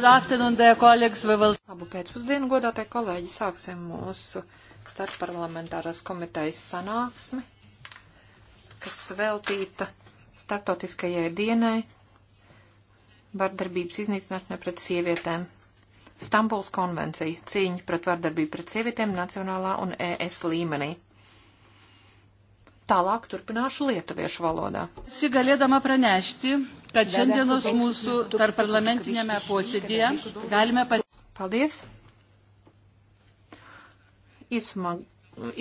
Will... Labu pēcpusdienu, godātie kolēģi, sāksim mūsu starpparlamentārās komitejas sanāksmi, kas veltīta starptautiskajai dienai vardarbības iznīcināšanai pret sievietēm. Stambuls konvencija - cīņa pret vardarbību pret sievietēm nacionālā un ES līmenī. Tālāk turpināšu lietuviešu valodā. Sigalēdama pranešti, ka šiandienos mūsų tarparlamentinėme posėdėje galime pas... Paldies. Īsumā,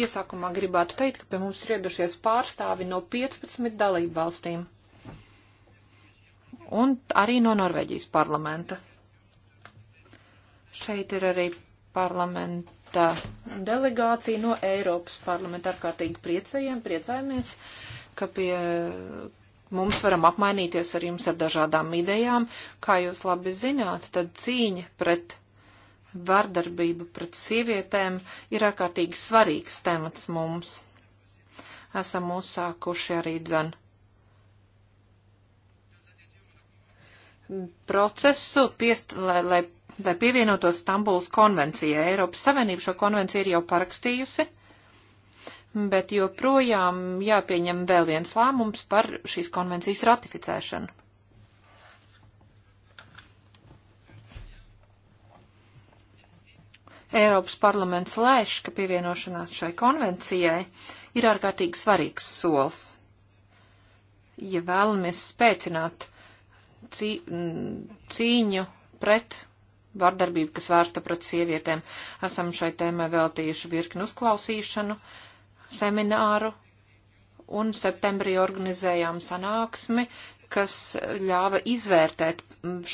iesākumā gribētu teikt, ka pie mums ir iedušies pārstāvi no 15 dalību valstīm un arī no Norvēģijas parlamenta. Šeit ir arī parlamenta tā delegācija no Eiropas parlamenta ārkārtīgi priecējiem, priecājamies, ka pie mums varam apmainīties ar jums ar dažādām idejām. Kā jūs labi zināt, tad cīņa pret vardarbību pret sievietēm ir ārkārtīgi svarīgs temats mums. Esam uzsākuši arī dzan procesu, piest, lai, lai lai pievienotos Stambulas konvencijai. Eiropas Savienība šo konvenciju ir jau parakstījusi, bet joprojām jāpieņem vēl viens lēmums par šīs konvencijas ratificēšanu. Eiropas parlaments lēš, ka pievienošanās šai konvencijai ir ārkārtīgi svarīgs solis. Ja vēlamies spēcināt cī, cīņu pret vardarbību, kas vērsta pret sievietēm. Esam šai tēmai veltījuši virkni uzklausīšanu, semināru, un septembrī organizējām sanāksmi, kas ļāva izvērtēt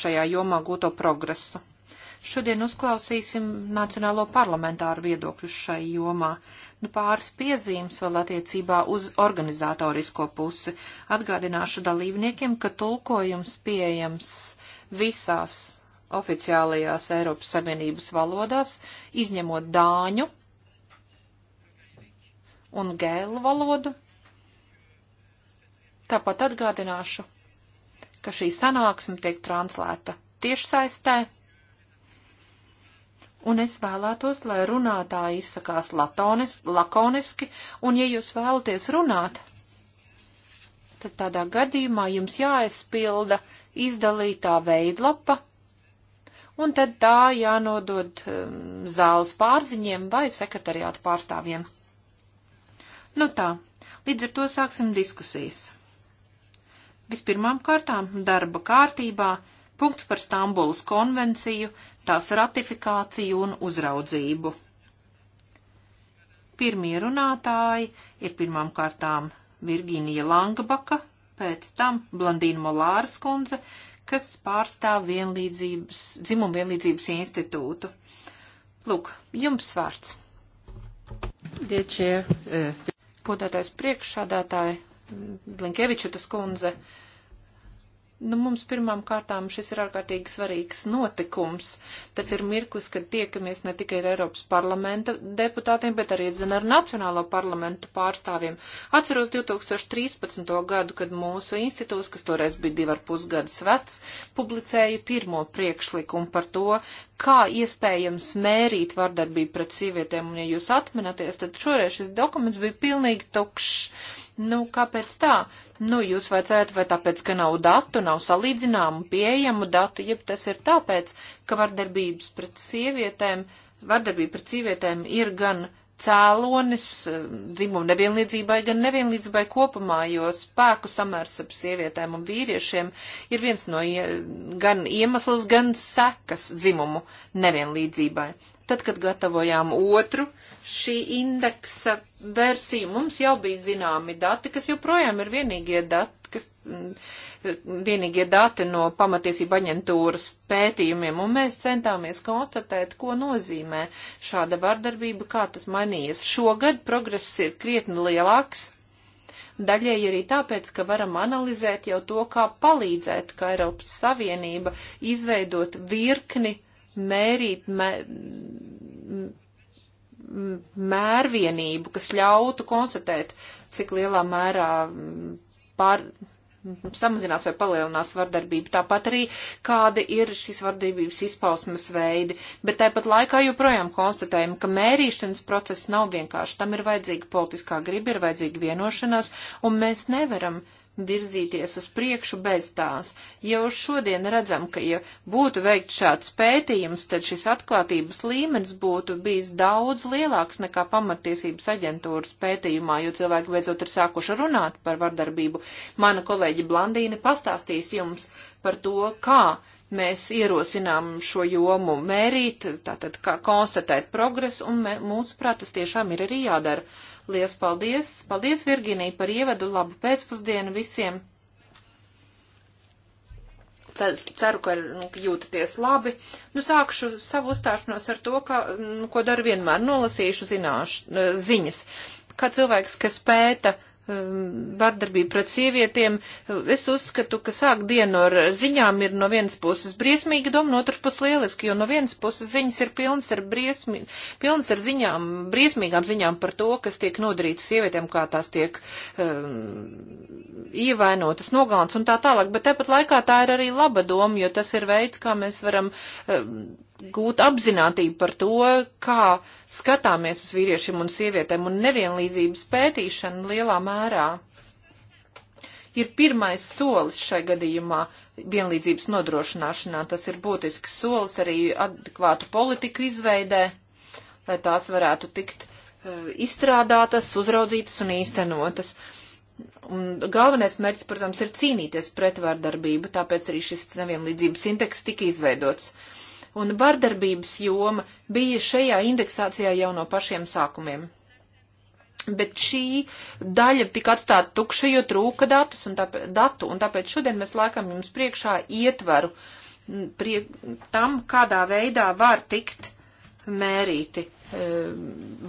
šajā jomā gūto progresu. Šodien uzklausīsim Nacionālo parlamentāru viedokļus šai jomā. Nu, pāris piezīmes vēl attiecībā uz organizatorisko pusi. Atgādināšu dalībniekiem, ka tulkojums pieejams visās oficiālajās Eiropas Savienības valodās, izņemot dāņu un gēlu valodu. Tāpat atgādināšu, ka šī sanāksme tiek translēta tiešsaistē, un es vēlētos, lai runātāji izsakās latonis, lakoniski, un ja jūs vēlaties runāt, tad tādā gadījumā jums jāaizpilda izdalītā veidlapa un tad tā jānodod um, zāles pārziņiem vai sekretariātu pārstāvjiem. Nu tā, līdz ar to sāksim diskusijas. Vispirmām kārtām darba kārtībā punkts par Stambulas konvenciju, tās ratifikāciju un uzraudzību. Pirmie runātāji ir pirmām kārtām Virginija Langbaka, pēc tam Blandīna Molāras kundze, kas pārstāv vienlīdzības, dzimumu vienlīdzības institūtu. Lūk, jums vārds. Uh, Godātais priekšsādātāji, Blinkevičutas kundze, Nu, mums pirmām kārtām šis ir ārkārtīgi svarīgs notikums. Tas ir mirklis, kad tiekamies ne tikai ar Eiropas parlamenta deputātiem, bet arī zina ar Nacionālo parlamentu pārstāvjiem. Atceros 2013. gadu, kad mūsu institūts, kas toreiz bija divi ar pusgadus vecs, publicēja pirmo priekšlikumu par to, kā iespējams mērīt vardarbību pret sievietēm. Un, ja jūs atminaties, tad šoreiz šis dokuments bija pilnīgi tukšs. Nu, kāpēc tā? Nu, jūs vajadzētu vai tāpēc, ka nav datu, nav salīdzināmu pieejamu datu, jeb tas ir tāpēc, ka vardarbības pret sievietēm, vardarbība pret sievietēm ir gan cēlonis eh, dzimumu nevienlīdzībai, gan nevienlīdzībai kopumā, jo spēku samērs ap sievietēm un vīriešiem ir viens no ie, gan iemesls, gan sekas dzimumu nevienlīdzībai. Tad, kad gatavojām otru šī indeksa versiju mums jau bija zināmi dati, kas joprojām ir vienīgie dati, kas, mm, vienīgie dati no pamatiesība aģentūras pētījumiem, un mēs centāmies konstatēt, ko nozīmē šāda vardarbība, kā tas mainījies. Šogad progress ir krietni lielāks, daļēji arī tāpēc, ka varam analizēt jau to, kā palīdzēt, kā Eiropas Savienība izveidot virkni mērīt, mē, mērvienību, kas ļautu konstatēt, cik lielā mērā mm, pār, samazinās vai palielinās vardarbība. Tāpat arī kādi ir šīs vardarbības izpausmes veidi. Bet tāpat laikā joprojām konstatējam, ka mērīšanas process nav vienkārši. Tam ir vajadzīga politiskā griba, ir vajadzīga vienošanās, un mēs nevaram uh, virzīties uz priekšu bez tās. Jau šodien redzam, ka, ja būtu veikt šāds pētījums, tad šis atklātības līmenis būtu bijis daudz lielāks nekā pamatiesības aģentūras pētījumā, jo cilvēki beidzot ir sākuši runāt par vardarbību. Mana kolēģi Blandīne pastāstīs jums par to, kā mēs ierosinām šo jomu mērīt, tātad kā konstatēt progresu, un mūsuprāt tas tiešām ir arī jādara Lielas paldies! Paldies, Virginija, par ievadu! Labu pēcpusdienu visiem! Ceru, ka nu, jūtaties labi. Nu, sākšu savu uzstāšanos ar to, ka, nu, ko daru vienmēr. Nolasīšu zināš, ziņas. Kā cilvēks, kas pēta Um, vardarbību pret sievietiem. Es uzskatu, ka sāk dienu ar ziņām ir no vienas puses briesmīgi doma, no otras puses lieliski, jo no vienas puses ziņas ir pilnas ar, briesmi, pilnas ar ziņām, briesmīgām ziņām par to, kas tiek nodarīts sievietēm, kā tās tiek um, ievainotas, nogalnas un tā tālāk, bet tāpat laikā tā ir arī laba doma, jo tas ir veids, kā mēs varam um, gūt apzinātību par to, kā skatāmies uz vīriešiem un sievietēm, un nevienlīdzības pētīšana lielā mērā ir pirmais solis šai gadījumā vienlīdzības nodrošināšanā. Tas ir būtisks solis arī adekvātu politiku izveidē, lai tās varētu tikt uh, izstrādātas, uzraudzītas un īstenotas. Un galvenais mērķis, protams, ir cīnīties pret vārdarbību, tāpēc arī šis nevienlīdzības indeks tika izveidots. Uh, un vardarbības joma bija šajā indeksācijā jau no pašiem sākumiem. Bet šī daļa tika atstāta tukša, jo trūka datus un tāpēc, datu, un tāpēc šodien mēs laikam jums priekšā ietveru prie tam, kādā veidā var tikt mērīti e,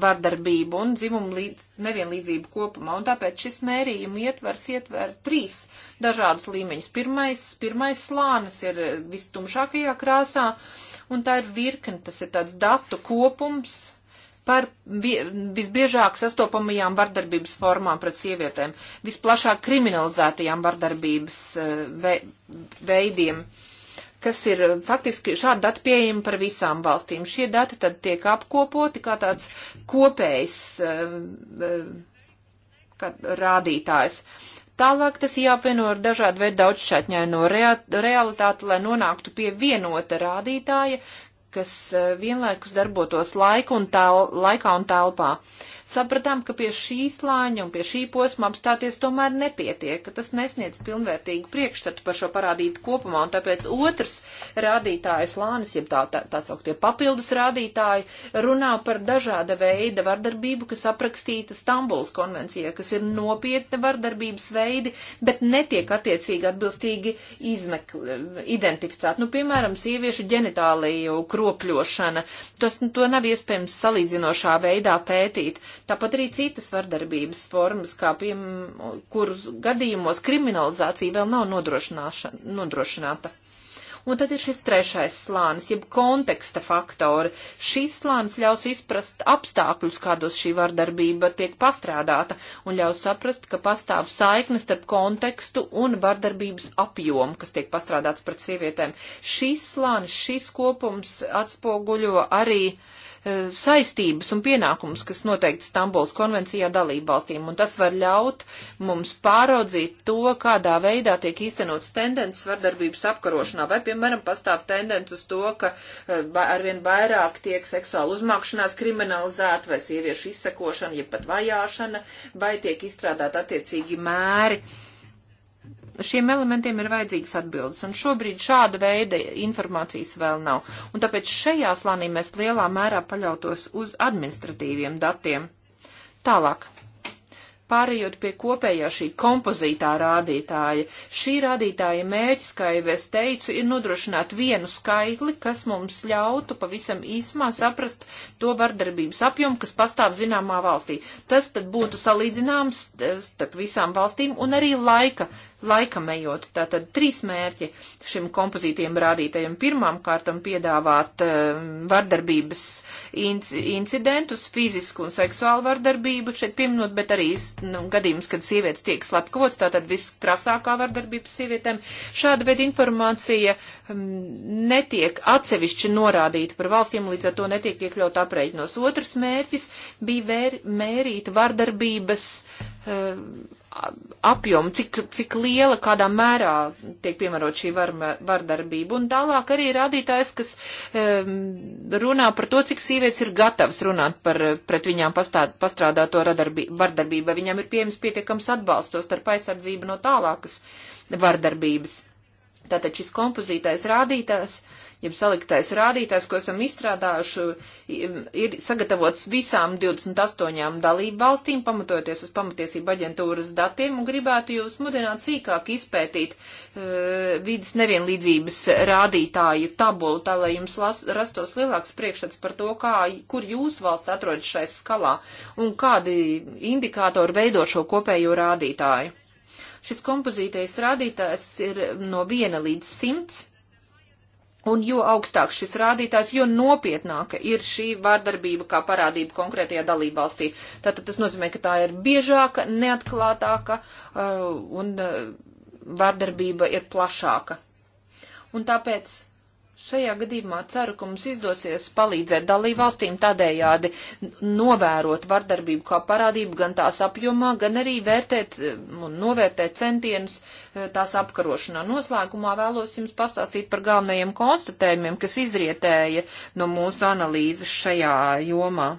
vardarbību un dzimumu līdz, nevienlīdzību kopumā. Un tāpēc šis mērījuma ietvers ietver trīs dažādus līmeņus. Pirmais, pirmais slānis ir vistumšākajā krāsā, un tā ir virkne, tas ir tāds datu kopums, par visbiežāk sastopamajām vardarbības formām pret sievietēm, visplašāk kriminalizētajām vardarbības e, veidiem. Uh, kas ir eh, faktiski šādi dati pieejami par visām valstīm. Šie dati tad tiek apkopoti kā tāds kopējs eh, eh, kā rādītājs. Tālāk tas jāapvieno ar dažādu veidu daudzšķaitņaino realitāti, lai nonāktu pie vienota rādītāja, kas vienlaikus darbotos laiku un tel, laikā un telpā. Uh, sapratām, ka pie šī slāņa un pie šī posma apstāties tomēr nepietiek, ka tas nesniedz pilnvērtīgu priekšstatu par šo parādītu kopumā, un tāpēc otrs rādītāju slānis, jeb tā, tā, tā sauktie papildus rādītāji, runā par dažāda veida vardarbību, kas aprakstīta Stambuls konvencijā, kas ir nopietna vardarbības veidi, bet netiek attiecīgi atbilstīgi izmek, identificēt. Nu, piemēram, sieviešu ģenitāliju kropļošana. Tas, nu, to nav iespējams salīdzinošā veidā pētīt. Tāpat arī citas vardarbības formas, kā piem, kur gadījumos kriminalizācija vēl nav nodrošināta. Un tad ir šis trešais slānis, jeb konteksta faktori. Šīs slānis ļaus izprast apstākļus, kādos šī vardarbība tiek pastrādāta, un ļaus saprast, ka pastāv saiknes starp kontekstu un vardarbības apjomu, kas tiek pastrādāts pret sievietēm. Šīs slānis, šīs kopums atspoguļo arī uh, E, saistības un pienākumus, kas noteikti Stambuls konvencijā dalību valstīm, un tas var ļaut mums pāraudzīt to, kādā veidā tiek īstenots tendences vardarbības apkarošanā, vai, piemēram, pastāv tendence uz to, ka e, arvien vairāk tiek seksuāla uzmākšanās kriminalizēta, vai sieviešu izsekošana, ja pat vajāšana, vai tiek izstrādāt attiecīgi mēri šiem elementiem ir vajadzīgas atbildes, un šobrīd šāda veida informācijas vēl nav. Un tāpēc šajā slānī mēs lielā mērā paļautos uz administratīviem datiem. Tālāk. Pārējot pie kopējā šī kompozītā rādītāja, šī rādītāja mērķis, kā jau es teicu, ir nodrošināt vienu skaitli, kas mums ļautu pavisam īsumā saprast to vardarbības apjomu, kas pastāv zināmā valstī. Tas tad būtu salīdzināms eh, starp visām valstīm un arī laika laikam ejot. Tātad trīs mērķi šim kompozītiem rādītājiem. Pirmām kārtam piedāvāt uh, vardarbības inc incidentus, fizisku un seksuālu vardarbību šeit pieminot, bet arī nu, gadījums, kad sievietes tiek slepkavots, tātad viskrasākā vardarbības sievietēm. Šāda veida informācija um, netiek atsevišķi norādīta par valstīm, līdz ar to netiek iekļaut aprēķinos. Otrs mērķis bija vēr, mērīt vardarbības uh, apjomu, cik, cik liela, kādā mērā tiek piemērot šī var, vardarbība. Un tālāk arī rādītājs, kas um, runā par to, cik sievietes ir gatavas runāt par pret viņām pastā, pastrādāto vardarbību, vai viņām ir pieejams pietiekams atbalstos starp aizsardzību no tālākas vardarbības. Tātad šis kompozītais rādītājs. Uh, jeb saliktais rādītājs, ko esam izstrādājuši, ir sagatavots visām 28 dalību valstīm, pamatojoties uz pamatiesību aģentūras datiem, un gribētu jūs mudināt sīkāk izpētīt uh, vidas nevienlīdzības rādītāju tabulu, tā lai jums las, rastos lielāks priekšstats par to, kā, kur jūs valsts atrodas šai skalā un kādi indikātori veido šo kopējo rādītāju. Šis kompozītais rādītājs ir no 1 līdz 100 Un jo augstāks šis rādītājs, jo nopietnāka ir šī vārdarbība kā parādība konkrētajā dalībvalstī. Tātad tas nozīmē, ka tā ir biežāka, neatklātāka uh, un uh, vārdarbība ir plašāka. Un tāpēc Šajā gadījumā ceru, ka mums izdosies palīdzēt dalībvalstīm tādējādi novērot vardarbību kā parādību gan tās apjomā, gan arī vērtēt eh, un novērtēt centienus eh, tās apkarošanā. Noslēgumā vēlos jums pastāstīt par galvenajiem konstatējumiem, kas izrietēja no mūsu analīzes šajā jomā.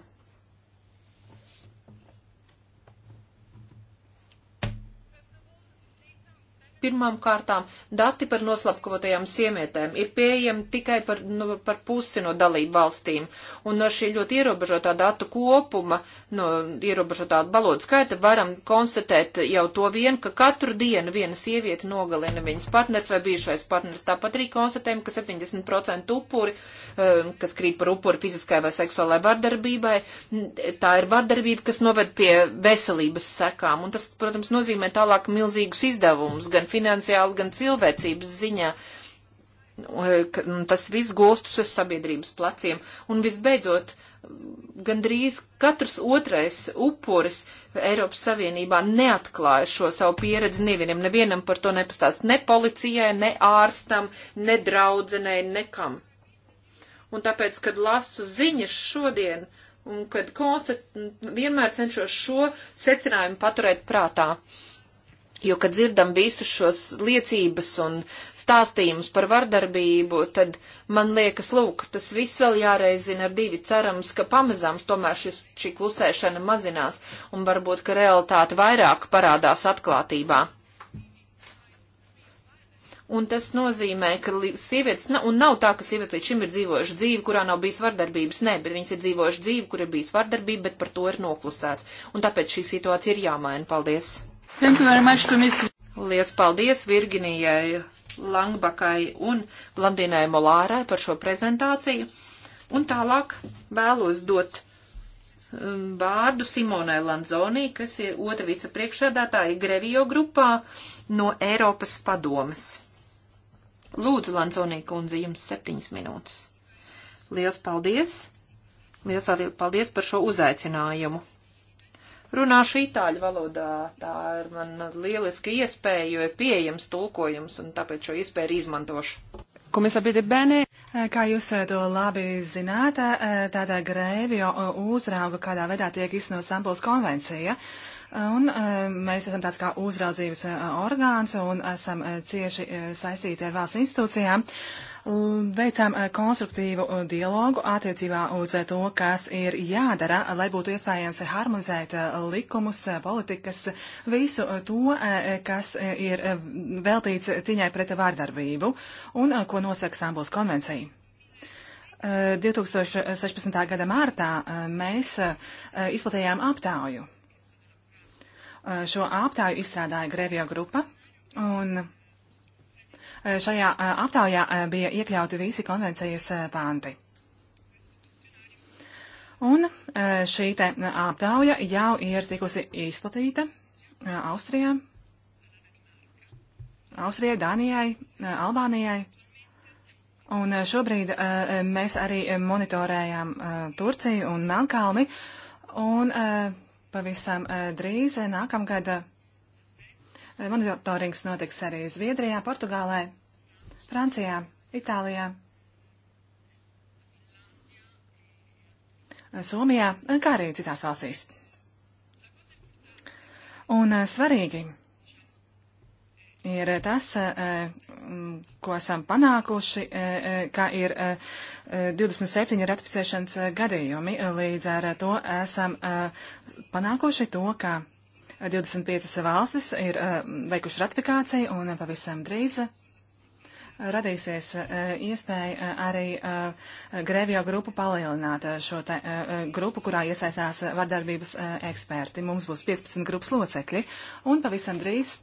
Pirmām kārtām dati par noslapkavotajām sievietēm ir pieejami tikai par, nu, par pusi no dalību valstīm. Un no šī ļoti ierobežotā datu kopuma, no ierobežotā balodu skaita, varam konstatēt jau to vien, ka katru dienu viena sieviete nogalina viņas partners vai bijušais partners. Tāpat arī konstatējam, ka 70% upuri, um, kas krīt par upuri fiziskai vai seksuālai vardarbībai, tā ir vardarbība, kas noved pie veselības sekām. Un tas, protams, nozīmē tālāk milzīgus izdevumus gan finansiāli, finansiāli, gan cilvēcības ziņā. Eh, mm, tas viss gulstus uz sabiedrības pleciem. Un visbeidzot, gandrīz katrs otrais upuris Eiropas Savienībā neatklāja šo savu pieredzi nevienam. Nevienam par to nepastāst ne policijai, ne ārstam, ne draudzenei, nekam. Un tāpēc, kad lasu ziņas šodien, un kad konstat, vienmēr cenšos šo secinājumu paturēt prātā. Uh, Jo, kad dzirdam visus šos liecības un stāstījumus par vardarbību, tad man liekas, lūk, tas viss vēl jāreizina ar divi cerams, ka pamazām tomēr šis, šī klusēšana mazinās un varbūt, ka realitāte vairāk parādās atklātībā. Un tas nozīmē, ka sievietes, un nav tā, ka sievietes līdz šim ir dzīvojuši dzīvi, kurā nav bijis vardarbības, nē, bet viņas ir dzīvojuši dzīvi, kur ir bijis vardarbība, bet par to ir noklusēts. Un tāpēc šī situācija ir jāmaina. Paldies! Thank you very much to Miss. Lies paldies Virginijai Langbakai un Blandinai Molārai par šo prezentāciju. Un tālāk vēlos dot um, vārdu Simonai Lanzonī, kas ir otra vicepriekšādātāja Grevijo grupā no Eiropas padomas. Lūdzu, Lanzonī kundze, jums septiņas minūtes. Liels paldies! Liels paldies par šo uzaicinājumu! Runāšu itāļu valodā, tā ir man lieliska iespēja, jo ir pieejams tulkojums, un tāpēc šo iespēju arī izmantošu. Come sapete bene, eh, kā jūs eh, to labi zināt, eh, tādā grēvio uzrauga, kādā veidā tiek iznot Stambuls konvencija. Un mēs esam tāds kā uzraudzības orgāns un esam cieši saistīti ar valsts institūcijām veicām eh, konstruktīvu eh, dialogu attiecībā uz eh, to, kas ir jādara, lai būtu iespējams harmonizēt likumus, politikas, visu to, kas ir veltīts ciņai pret vārdarbību un ko nosaka Stambuls konvencija. 2016. gada mārtā mēs izplatījām aptauju. Šo aptauju izstrādāja Grevio grupa un Eh, šajā eh, aptaujā eh, bija iekļauti visi konvencijas panti. Un šī te aptauja jau ir tikusi izplatīta Austrijā, Austrijai, Dānijai, Albānijai. Un šobrīd mēs arī monitorējam Turciju un Melnkalni. Un pavisam drīz nākamgad monitorings notiks arī Zviedrijā, Portugālē, Francijā, Itālijā, Somijā, kā arī citās valstīs. Un eh, svarīgi ir tas, eh, ko esam panākuši, eh, ka ir 27 ratificēšanas gadījumi. Līdz ar to esam panākuši to, ka 25 valstis ir veikuši ratifikāciju un pavisam drīz radīsies e, iespēja e, arī e, grēvio grupu palielināt šo te, grupu, kurā iesaistās vardarbības eksperti. Mums būs 15 grupas locekļi un pavisam drīz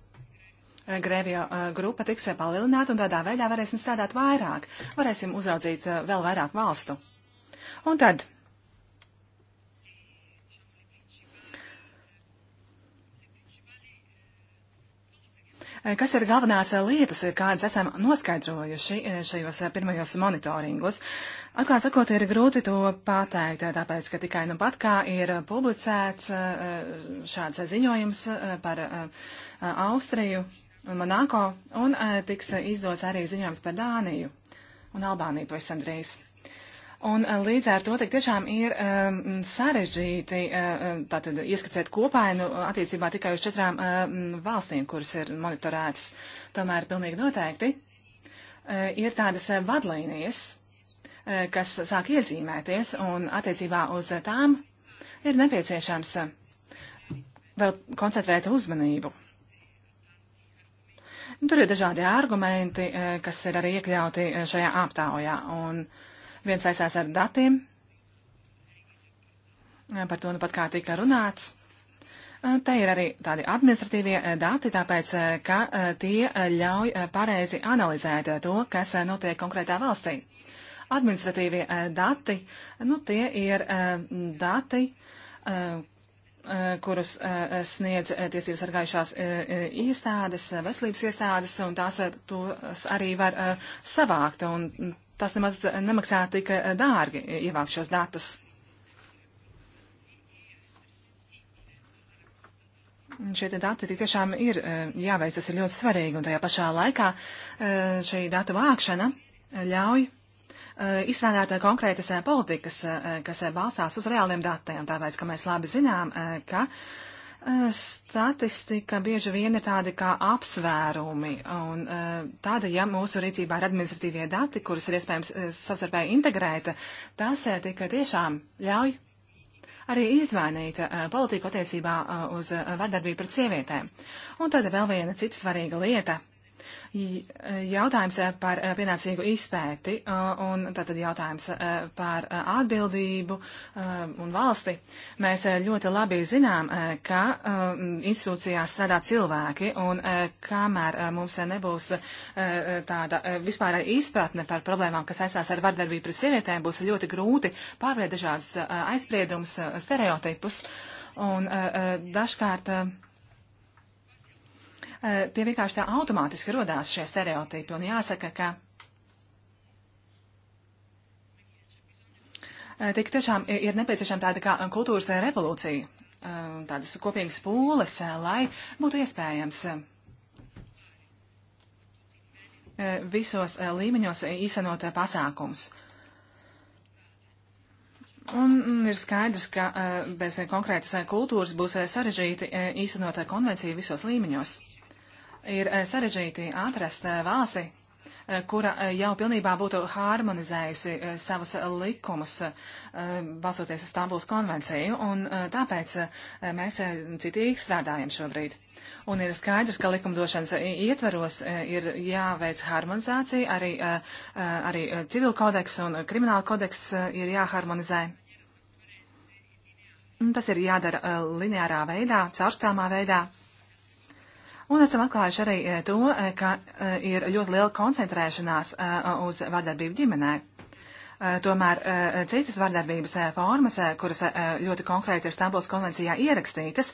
grēvio grupa tiks palielināta un tādā veidā varēsim strādāt vairāk, varēsim uzraudzīt vēl vairāk valstu. Un tad Kas ir galvenās lietas, kādas esam noskaidrojuši eh, šajos eh, pirmajos monitoringos? Atklāt sakot, ir grūti to pateikt, eh, tāpēc, ka tikai nu pat kā ir publicēts šāds ziņojums par Austriju un Monako, un tiks izdots arī ziņojums par Dāniju un Albāniju pavisam drīz. Un eh, līdz ar to tik tiešām ir um, sarežģīti um, tātad ieskicēt kopainu attiecībā tikai uz četrām um, valstīm, kuras ir monitorētas. Tomēr pilnīgi noteikti uh, ir tādas vadlīnijas, uh, kas sāk iezīmēties, un attiecībā uz tām ir nepieciešams uh, vēl koncentrēt uzmanību. Nu, tur ir dažādi argumenti, uh, kas ir arī iekļauti šajā aptaujā. Un, uh, Viens saistās ar datiem. Par to nu pat kā tika runāts. Te ir arī tādi administratīvie dati, tāpēc, ka tie ļauj pareizi analizēt to, kas notiek konkrētā valstī. Administratīvie dati, nu tie ir dati, kurus sniedz tiesības sargājušās iestādes, veselības iestādes, un tās tos arī var savākt. Un tas nemaz nemaksā tik dārgi ievākt šos datus. Šie dati tik tiešām ir e, jāveic, tas ir ļoti svarīgi, un tajā pašā laikā e, šī datu vākšana ļauj e, izstrādāt konkrētas politikas, kas balstās uz reāliem datiem. Tāpēc, ka mēs labi zinām, ka Statistika bieži vien ir tāda kā apsvērumi, un e, tāda, ja mūsu rīcībā ir administratīvie dati, kurus ir iespējams e, savstarpēji integrēt, tas e, tikai tiešām ļauj arī izvainīt politiku attiecībā uz vardarbību pret sievietēm. Un tad vēl viena cita svarīga lieta Jautājums eh, par eh, pienācīgu izpēti eh, un tātad jautājums par atbildību un valsti. Mēs ļoti labi zinām, ka institūcijās strādā cilvēki un kamēr mums nebūs tāda vispār izpratne par problēmām, kas aizstās ar vardarbību pret sievietēm, būs ļoti grūti pārvarēt dažādus aizspriedumus, stereotipus. Un dažkārt Eh, tie vienkārši tā automātiski rodās šie stereotipi. Un jāsaka, ka eh, tik tiešām ir nepieciešama tāda kā kultūras revolūcija, eh, tādas kopīgas pūles, lai būtu iespējams visos līmeņos īstenot pasākums. Un mm, ir skaidrs, ka bez konkrētas kultūras būs sarežģīti īstenot konvenciju visos līmeņos ir eh, sarežģīti atrast eh, valsti, eh, kura jau pilnībā būtu harmonizējusi savus likumus, balsoties uz Stambuls konvenciju, un tāpēc mēs citīgi strādājam šobrīd. Un ir skaidrs, ka likumdošanas ietvaros ir jāveic harmonizācija, arī, arī civil kodeks un krimināla kodeks ir jāharmonizē. Tas ir jādara lineārā veidā, caurskatāmā veidā. Un esam atklājuši arī e, to, e, ka e, ir ļoti liela koncentrēšanās uz vardarbību ģimenē. Tomēr citas vardarbības formas, kuras ļoti konkrēti ir Stambuls konvencijā ierakstītas,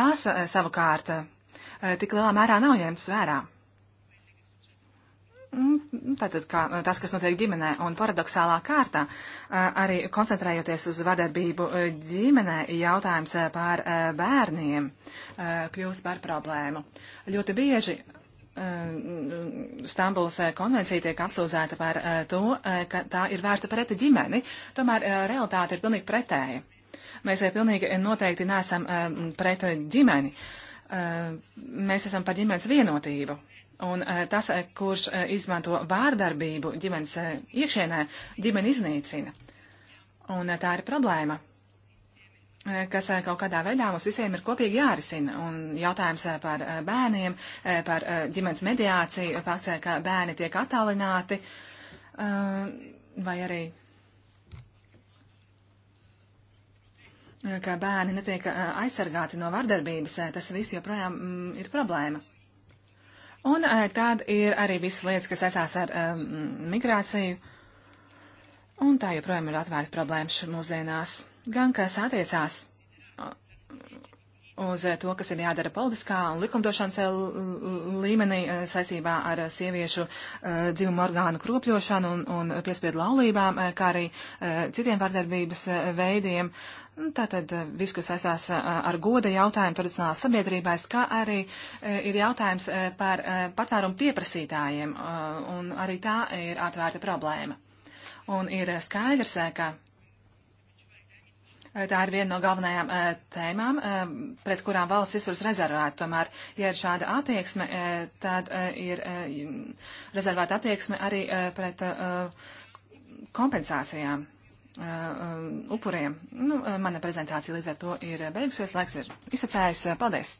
tās savukārt tik lielā mērā nav ņemtas vērā. Mm, tātad kā, tas, kas notiek ģimenē un paradoxālā kārtā, arī koncentrējoties uz vardarbību ģimenē, jautājums par bērniem kļūst par problēmu. Ļoti bieži Stambulas konvencija tiek apsūdzēta par to, ka tā ir vērsta pret ģimeni, tomēr realitāte ir pilnīgi pretēja. Mēs pilnīgi noteikti neesam pret ģimeni. Mēs esam par ģimenes vienotību Un e, tas, e, kurš e, izmanto vārdarbību ģimenes iekšienē, ģimeni iznīcina. Un tā ir problēma, kas kaut kādā veidā mums visiem ir kopīgi jārisina. Un jautājums par bērniem, par ģimenes mediāciju, fakts, ka bērni tiek attālināti, vai arī ka bērni netiek aizsargāti no vardarbības, tas viss joprojām mm, ir problēma. Un eh, tāda ir arī visas lietas, kas saistās ar um, migrāciju. Un tā joprojām ir atvērta problēma mūsdienās. Gan kas attiecās eh, uz eh, to, kas ir jādara politiskā un likumdošanas līmenī saistībā ar sieviešu dzimumu orgānu kropļošanu un, un piespiedu laulībām, kā arī citiem vardarbības veidiem. Uh, Nu, tātad eh, viss, kas saistās eh, ar goda jautājumu tradicionālās sabiedrībās, kā arī eh, ir jautājums par patvērumu pieprasītājiem, un arī tā ir atvērta problēma. Un ir skaidrs, ka tā ir viena no galvenajām tēmām, pret kurām valsts izsvars rezervēt. Tomēr, ja ir šāda attieksme, tad ir rezervēta attieksme arī pret kompensācijām. Uh, uh, upuriem. Nu, uh, mana prezentācija līdz ar to ir beigusies, laiks ir izsacējis. Uh, paldies!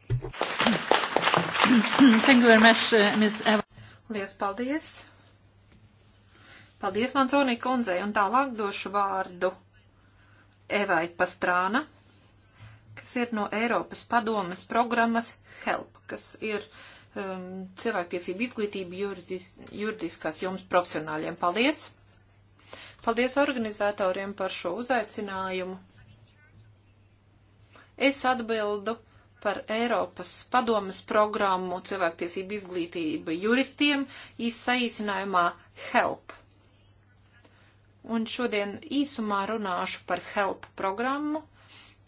Thank you very much, Ms. Eva. Lies paldies! Paldies, Lanzonī kundzei, un tālāk došu vārdu Evai Pastrāna, kas ir no Eiropas padomas programmas HELP, kas ir um, cilvēktiesība izglītība juridis, juridiskās jums profesionāļiem. Paldies! Paldies organizatoriem par šo uzaicinājumu. Es atbildu par Eiropas padomas programmu cilvēktiesību izglītība juristiem īsaīsinājumā HELP. Un šodien īsumā runāšu par HELP programmu,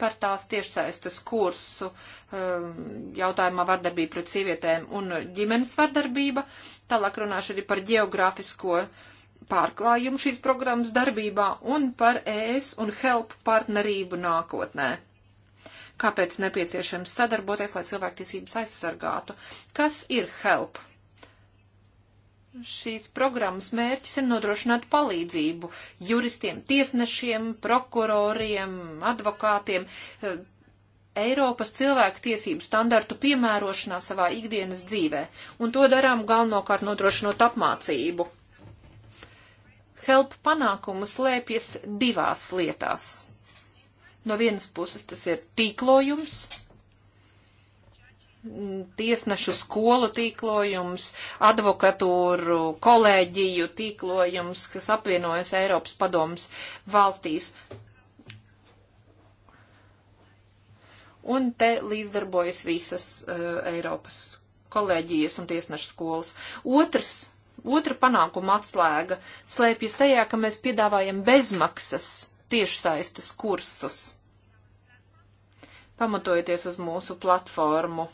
par tās tiešsaistes kursu um, jautājumā vardarbība pret sievietēm un ģimenes vardarbība. Tālāk runāšu arī par geogrāfisko uh, pārklājumu šīs programmas darbībā un par ES un HELP partnerību nākotnē. Kāpēc nepieciešams sadarboties, lai cilvēktiesības aizsargātu? Kas ir HELP? Šīs programmas mērķis ir nodrošināt palīdzību juristiem, tiesnešiem, prokuroriem, advokātiem, eh, Eiropas cilvēku tiesību standartu piemērošanā savā ikdienas dzīvē, un to darām galvenokārt nodrošinot apmācību help panākumu slēpjas divās lietās. No vienas puses tas ir tīklojums, tiesnešu skolu tīklojums, advokatūru, kolēģiju tīklojums, kas apvienojas Eiropas padomus valstīs. Un te līdzdarbojas visas uh, Eiropas kolēģijas un tiesnešu skolas. Otrs Otra panākuma atslēga slēpjas tajā, ka mēs piedāvājam bezmaksas tiešsaistes kursus, pamatojoties uz mūsu platformu.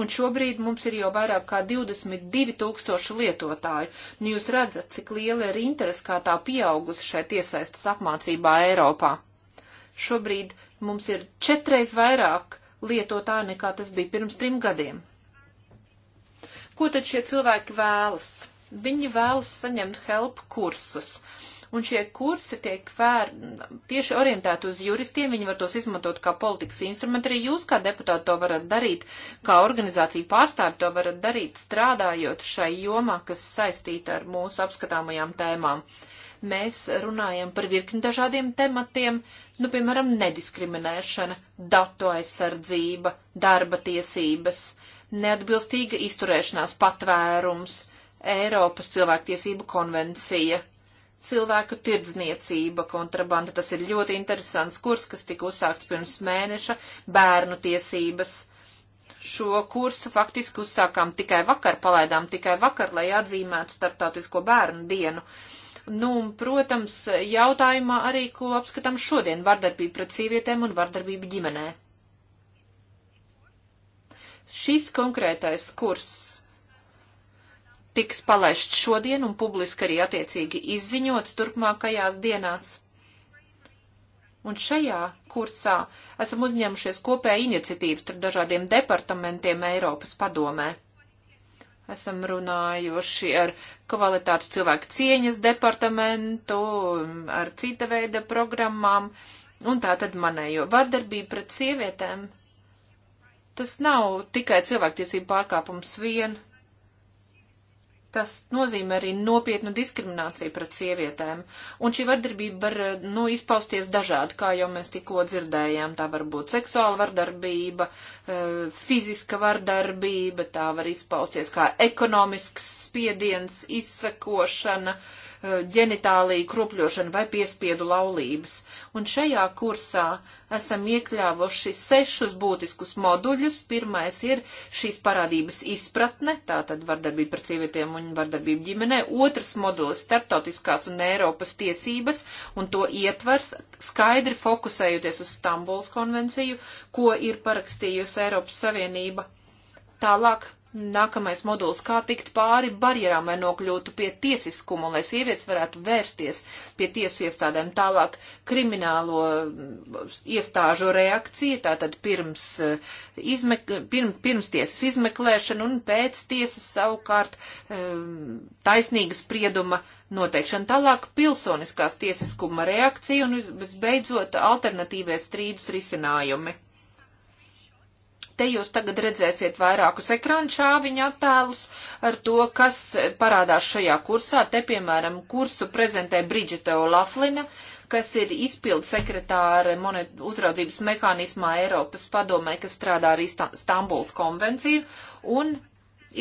Un šobrīd mums ir jau vairāk kā 22 tūkstoši lietotāju. Nu, jūs redzat, cik liela ir interese, kā tā pieaugusi šai tiesaistas apmācībā Eiropā. Šobrīd mums ir četreiz vairāk lietotāju nekā tas bija pirms trim gadiem. Ko tad šie cilvēki vēlas? Viņi vēlas saņemt help kursus. Un šie kursi tiek vēr, tieši orientēti uz juristiem, viņi var tos izmantot kā politikas instrumentu, arī jūs kā deputāti to varat darīt, kā organizācija pārstāvi to varat darīt, strādājot šai jomā, kas saistīta ar mūsu apskatāmajām tēmām mēs runājam par virkni dažādiem tematiem, nu, piemēram, nediskriminēšana, datu aizsardzība, darba tiesības, neatbilstīga izturēšanās patvērums, Eiropas cilvēktiesību konvencija, cilvēku tirdzniecība, kontrabanda, tas ir ļoti interesants kurs, kas tika uzsākts pirms mēneša, bērnu tiesības. Šo kursu faktiski uzsākām tikai vakar, palaidām tikai vakar, lai atzīmētu starptautisko bērnu dienu. Nu, un, protams, jautājumā arī, ko apskatām šodien - vardarbība pret sievietēm un vardarbība ģimenē. Šis konkrētais kurs tiks palaists šodien un publiski arī attiecīgi izziņots turpmākajās dienās. Un šajā kursā esam uzņēmušies kopēju iniciatīvas starp dažādiem departamentiem Eiropas padomē. Esam runājuši ar kvalitātes cilvēku cieņas departamentu, ar cita veida programmām, un tā tad manējo vardarbību pret sievietēm tas nav tikai cilvēktiesību pārkāpums vien. Tas nozīmē arī nopietnu diskrimināciju pret sievietēm, un šī vardarbība var, nu, izpausties dažādi, kā jau mēs tikko dzirdējām. Tā var būt seksuāla vardarbība, eh, fiziska vardarbība, tā var izpausties kā ekonomisks spiediens, izsekošana, uh, Uh, ģenitāliju kropļošanu vai piespiedu laulības. Un šajā kursā esam iekļāvuši sešus būtiskus moduļus. Pirmais ir šīs parādības izpratne, tātad vardarbība par sievietēm un vardarbība ģimenē. Otrs modulis - starptautiskās un Eiropas tiesības, un to ietvers skaidri fokusējoties uz Stambuls konvenciju, ko ir parakstījusi Eiropas Savienība. Tālāk Nākamais moduls, kā tikt pāri barjerām, lai nokļūtu pie tiesiskuma, lai sievietes varētu vērsties pie tiesu iestādēm. Tālāk kriminālo mm, iestāžu reakcija, tātad pirms, eh, izmek, pirm, pirms tiesas izmeklēšana un pēc tiesas savukārt eh, taisnīga sprieduma noteikšana. Tālāk pilsoniskās tiesiskuma reakcija un, visbeidzot, alternatīvie strīdus risinājumi. Te jūs tagad redzēsiet vairākus ekrānu šāviņu attēlus ar to, kas parādās šajā kursā. Te, piemēram, kursu prezentē Bridžita Olaflina, kas ir izpildu sekretāre uzraudzības mehānismā Eiropas padomē, kas strādā arī Stambuls konvenciju. Un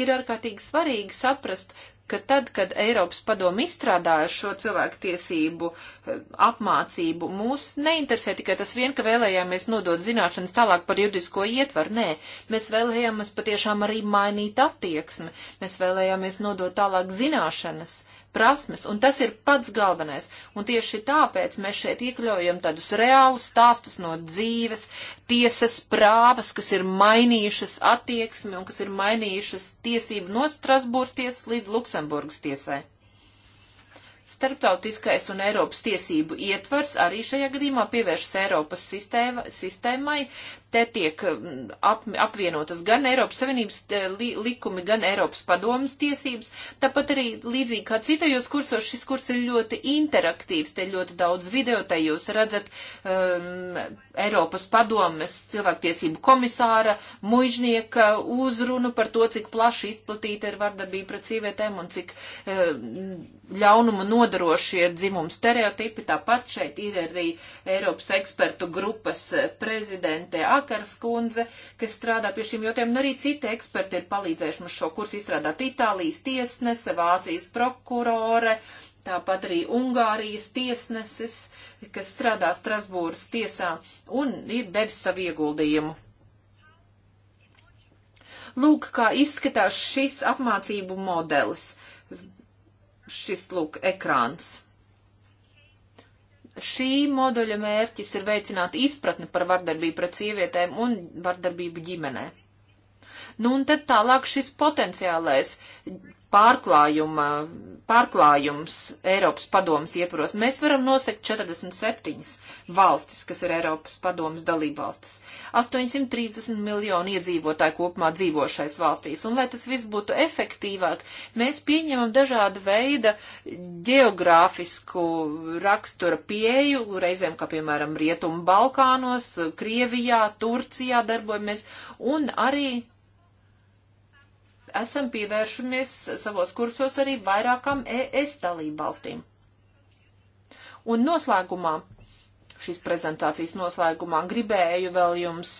ir ārkārtīgi svarīgi saprast, ka tad, kad Eiropas padomu izstrādāja šo cilvēku tiesību eh, apmācību, mūs neinteresē tikai tas vien, ka vēlējāmies nodot zināšanas tālāk par juridisko ietvaru. Nē, mēs vēlējāmies patiešām arī mainīt attieksmi. Mēs vēlējāmies nodot tālāk zināšanas. Uh, prasmes, un tas ir pats galvenais. Un tieši tāpēc mēs šeit iekļaujam tādus reālus stāstus no dzīves, tiesas prāvas, kas ir mainījušas attieksmi un kas ir mainījušas tiesību no Strasbūras tiesas līdz Luksemburgas tiesai. Starptautiskais un Eiropas tiesību ietvars arī šajā gadījumā pievēršas Eiropas sistēma, sistēmai, Te tiek ap, apvienotas gan Eiropas Savienības li, likumi, gan Eiropas padomas tiesības. Tāpat arī līdzīgi kā citajos kursos, šis kurs ir ļoti interaktīvs. Te ļoti daudz video, te jūs redzat um, Eiropas padomas cilvēktiesību komisāra, mužnieka uzrunu par to, cik plaši izplatīta ir vardarbība pret sievietēm un cik um, ļaunumu nodarošie dzimumu stereotipi. Tāpat šeit ir arī Eiropas ekspertu grupas prezidente Akars kundze, kas strādā pie šiem jautājumiem, un arī citi eksperti ir palīdzējuši mums šo kursu izstrādāt Itālijas tiesnese, Vācijas prokurore, tāpat arī Ungārijas tiesneses, kas strādā Strasbūras tiesā un ir devis savu ieguldījumu. Lūk, kā izskatās šis apmācību modelis, šis, lūk, ekrāns. Šī moduļa mērķis ir veicināt izpratni par vardarbību pret sievietēm un vardarbību ģimenē. Nu, un tad tālāk šis potenciālais pārklājuma, pārklājums Eiropas padomas ietvaros. Mēs varam nosekt 47 valstis, kas ir Eiropas padomas dalībvalstis. 830 miljonu iedzīvotāju kopumā dzīvo šais valstīs. Un, lai tas viss būtu efektīvāk, mēs pieņemam dažādu veidu geogrāfisku rakstura pieju, reizēm, kā piemēram Rietumu Balkānos, Krievijā, Turcijā darbojamies, un arī esam pievēršamies savos kursos arī vairākām ES dalību valstīm. Un noslēgumā, šīs prezentācijas noslēgumā, gribēju vēl jums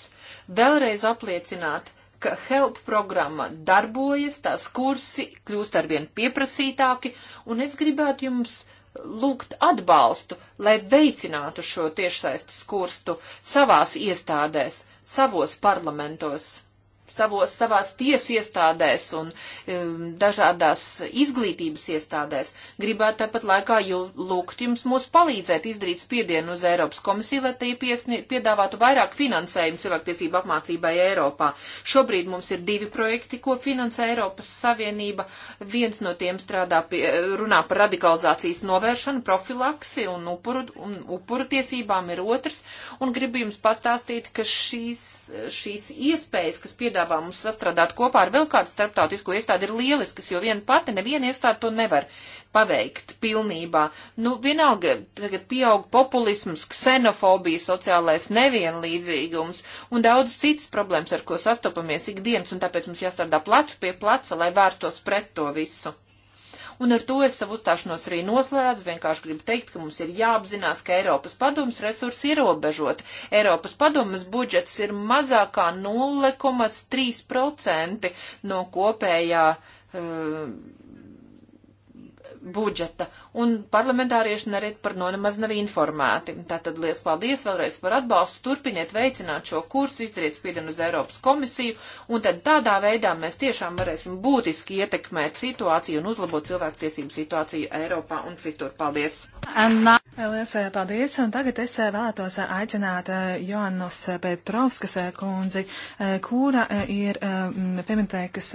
vēlreiz apliecināt, ka HELP programma darbojas, tās kursi kļūst arvien pieprasītāki, un es gribētu jums lūgt atbalstu, lai veicinātu šo tiešsaistes kurstu savās iestādēs, savos parlamentos savos, savās tiesu iestādēs un um, dažādās izglītības iestādēs. Gribētu tāpat laikā jau lūgt jums mūs palīdzēt izdarīt spiedienu uz Eiropas komisiju, lai tie piesni, piedāvātu vairāk finansējumu cilvēktiesību apmācībai Eiropā. Šobrīd mums ir divi projekti, ko finansē Eiropas Savienība. Viens no tiem strādā pie, runā par radikalizācijas novēršanu, profilaksi un upuru, un upuru tiesībām ir otrs. Un gribu jums pastāstīt, ka šīs, šīs iespējas, kas piedāvā piedāvā mums sastrādāt kopā ar vēl kādu starptautisku iestādi ir lielisks, jo viena pati neviena iestāde to nevar paveikt pilnībā. Nu, vienalga, tagad pieaug populisms, ksenofobija, sociālais nevienlīdzīgums un daudz citas problēmas, ar ko sastopamies ikdienas, un tāpēc mums jāstrādā plecu pie pleca, lai vērstos pret to visu. Un ar to es savu uzstāšanos arī noslēdzu. Vienkārši gribu teikt, ka mums ir jāapzinās, ka Eiropas padomas resursi ir ierobežoti. Eiropas padomas budžets ir mazākā 0,3% no kopējā. Uh, budžeta, un parlamentārieši nerīt par no nemaz nav informēti. Tātad liels paldies vēlreiz par atbalstu, turpiniet veicināt šo kursu, izdariet spiedienu uz Eiropas komisiju, un tad tādā veidā mēs tiešām varēsim būtiski ietekmēt situāciju un uzlabot cilvēktiesību situāciju Eiropā un citur. Paldies! Liels eh, paldies, un tagad es vēlētos aicināt Joannus Petrovskas kundzi, kura ir Femintekas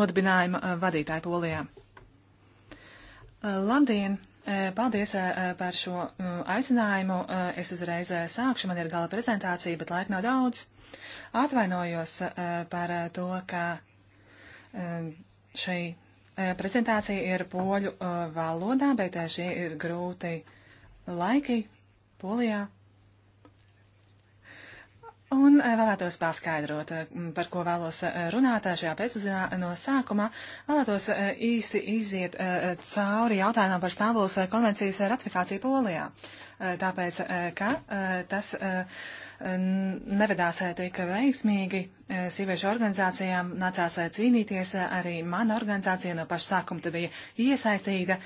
nodibinājuma vadītāja Polijā. Eh, labdien! Eh, paldies eh, par šo mm, aicinājumu. Es uzreiz sākšu, man ir gala prezentācija, bet laika nav daudz. Atvainojos par to, ka šī prezentācija ir poļu valodā, bet šie ir grūti laiki Polijā. Un eh, vēlētos paskaidrot, eh, par ko vēlos eh, runāt šajā pēcpusdienā no sākumā. Vēlētos īsti iziet cauri jautājumam par Stambulas konvencijas ratifikāciju Polijā. Tāpēc, ka tas nevedās tik veiksmīgi Eh, sieviešu organizācijām nācās eh, cīnīties. Eh, arī mana organizācija no paša sākuma te bija iesaistīta,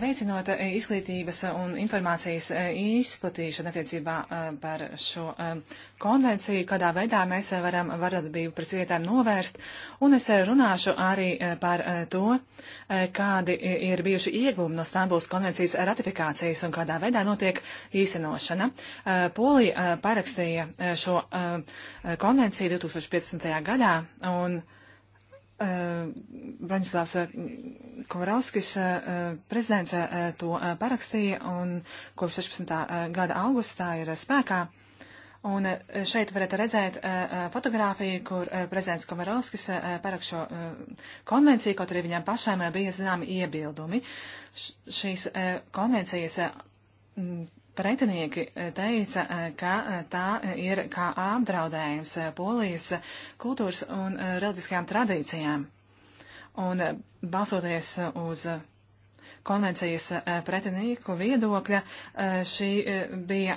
veicinot izglītības un informācijas izplatīšanu attiecībā par šo konvenciju, kādā veidā mēs varam vardarbību pret sievietēm novērst. Un es runāšu arī par to, kādi ir bijuši iegūmi no Stambuls konvencijas ratifikācijas un kādā veidā notiek īstenošana. Polija parakstīja šo konvenciju 2005. 2015. gadā, un Uh, Braņislavs uh, Kovarovskis, uh, eh, prezidents, eh, to parakstīja un kopš 16. gada augustā ir spēkā. Un šeit varat redzēt fotogrāfiju, kur prezidents Kovarovskis parakst šo konvenciju, kaut arī viņam pašām bija zināmi iebildumi. Š šīs konvencijas pretinieki teica, eh, ka eh, tā eh, ir kā apdraudējums polijas kultūras un reliģiskajām tradīcijām. Un balsoties uz konvencijas pretinieku viedokļa, šī, bija,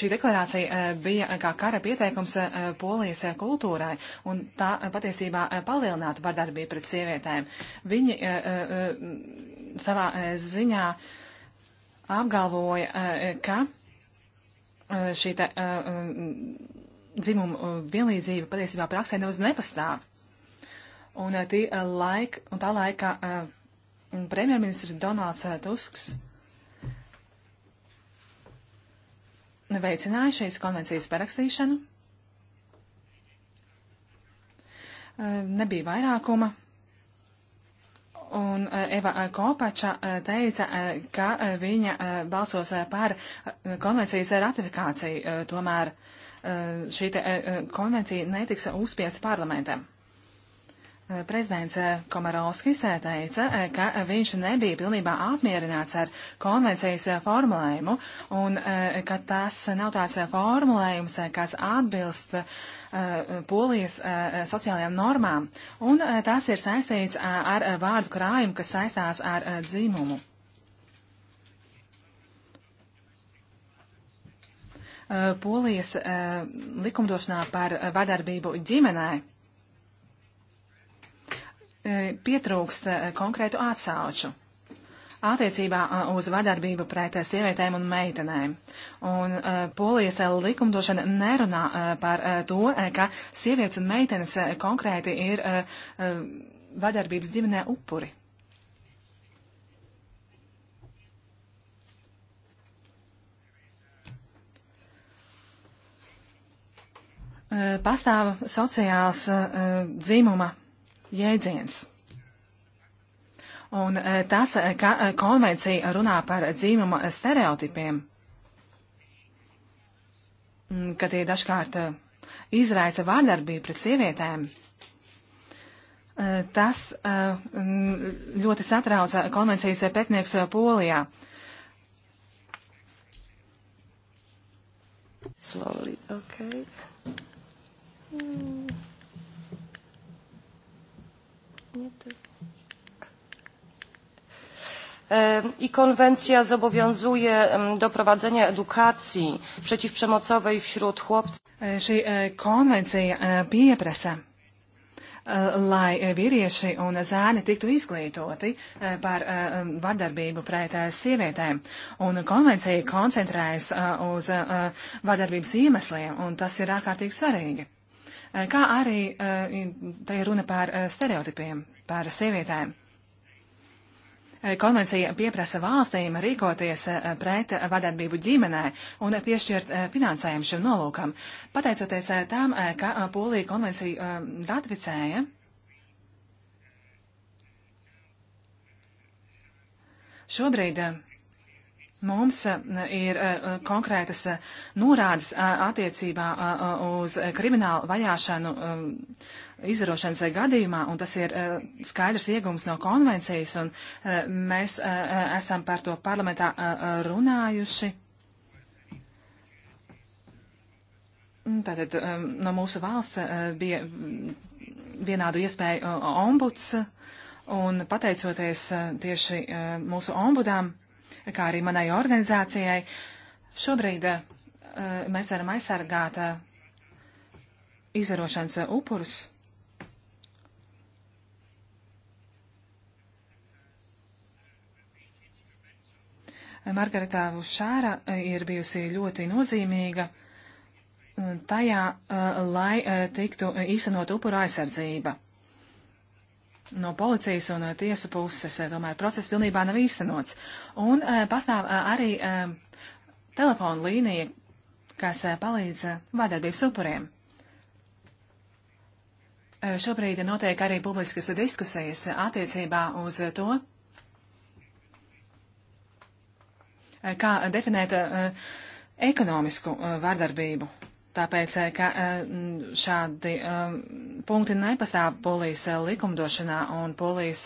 šī deklarācija bija kā kara pieteikums polijas kultūrai, un tā patiesībā palielinātu vardarbību pret sievietēm. Viņi savā ziņā uh, apgalvoja, eh, ka eh, šī tā, eh, dzimuma vienlīdzība patiesībā praksē nemaz nepastāv. Un, tī, laik, un tā laikā premjerministrs Donalds Tusks veicināja šīs konvencijas parakstīšanu. Nebija vairākuma Un e, Eva e, Kopača e, teica, ka viņa balsos par konvencijas ratifikāciju, tomēr šī konvencija netiks uzspiesta parlamentam. Prezidents Komarovskis teica, ka viņš nebija pilnībā apmierināts ar konvencijas formulējumu un eh, ka tas nav tāds formulējums, kas atbilst eh, polijas eh, sociālajām normām. Un tas ir saistīts ar vārdu krājumu, kas saistās ar dzimumu. Polijas likumdošanā par vardarbību ģimenei E, pietrūkst e, konkrētu atsauču attiecībā e, uz vardarbību pret sievietēm un meitenēm. Un polijas likumdošana nerunā par to, ka sievietes un meitenes konkrēti ir vardarbības ģimenē upuri. Pastāv sociāls dzimuma jēdziens. Un e, tas, e, ka e, konvencija runā par dzīvuma stereotipiem, ka tie dažkārt izraisa vārdarbību pret sievietēm, tas ļoti satrauca konvencijas pētnieks Polijā. Slowly, okay. Mm nie ty. I konwencja zobowiązuje do prowadzenia edukacji przeciwprzemocowej wśród chłopców. E, šī e, konvencija e, pieprasa, lai vīrieši un zēni tiktu izglītoti par vardarbību pret sievietēm. Un konvencija koncentrējas uz vardarbības iemesliem, un tas ir ārkārtīgi svarīgi. Eh, kā arī eh, te ir runa par eh, stereotipiem, par sievietēm. Konvencija pieprasa valstīm rīkoties pret vardarbību ģimenē un piešķirt finansējumu šim nolūkam. Pateicoties tam, ka Polija konvenciju ratificēja, šobrīd Mums eh, ir eh, konkrētas eh, norādes attiecībā uz kriminālu vajāšanu izvarošanas gadījumā, un tas ir skaidrs iegums no konvencijas, un mēs esam par to parlamentā runājuši. Tātad no mūsu valsts bija vienādu iespēju ombuds, un pateicoties tieši mūsu ombudām, kā arī manai organizācijai. Šobrīd uh, mēs varam aizsargāt uh, izvarošanas upurus. Margaretā Vušāra eh, ir bijusi ļoti nozīmīga tajā, lai tiktu īstenot upuru aizsardzība no policijas un eh, tiesu puses. Tomēr eh, process pilnībā nav īstenots. Un eh, pastāv arī telefona līnija, kas palīdz vārdarbības upuriem. Šobrīd notiek arī publiskas diskusijas attiecībā uz to, kā definēt ekonomisku vārdarbību tāpēc, eh, ka eh, šādi eh, punkti nepastāv polijas likumdošanā, un polijas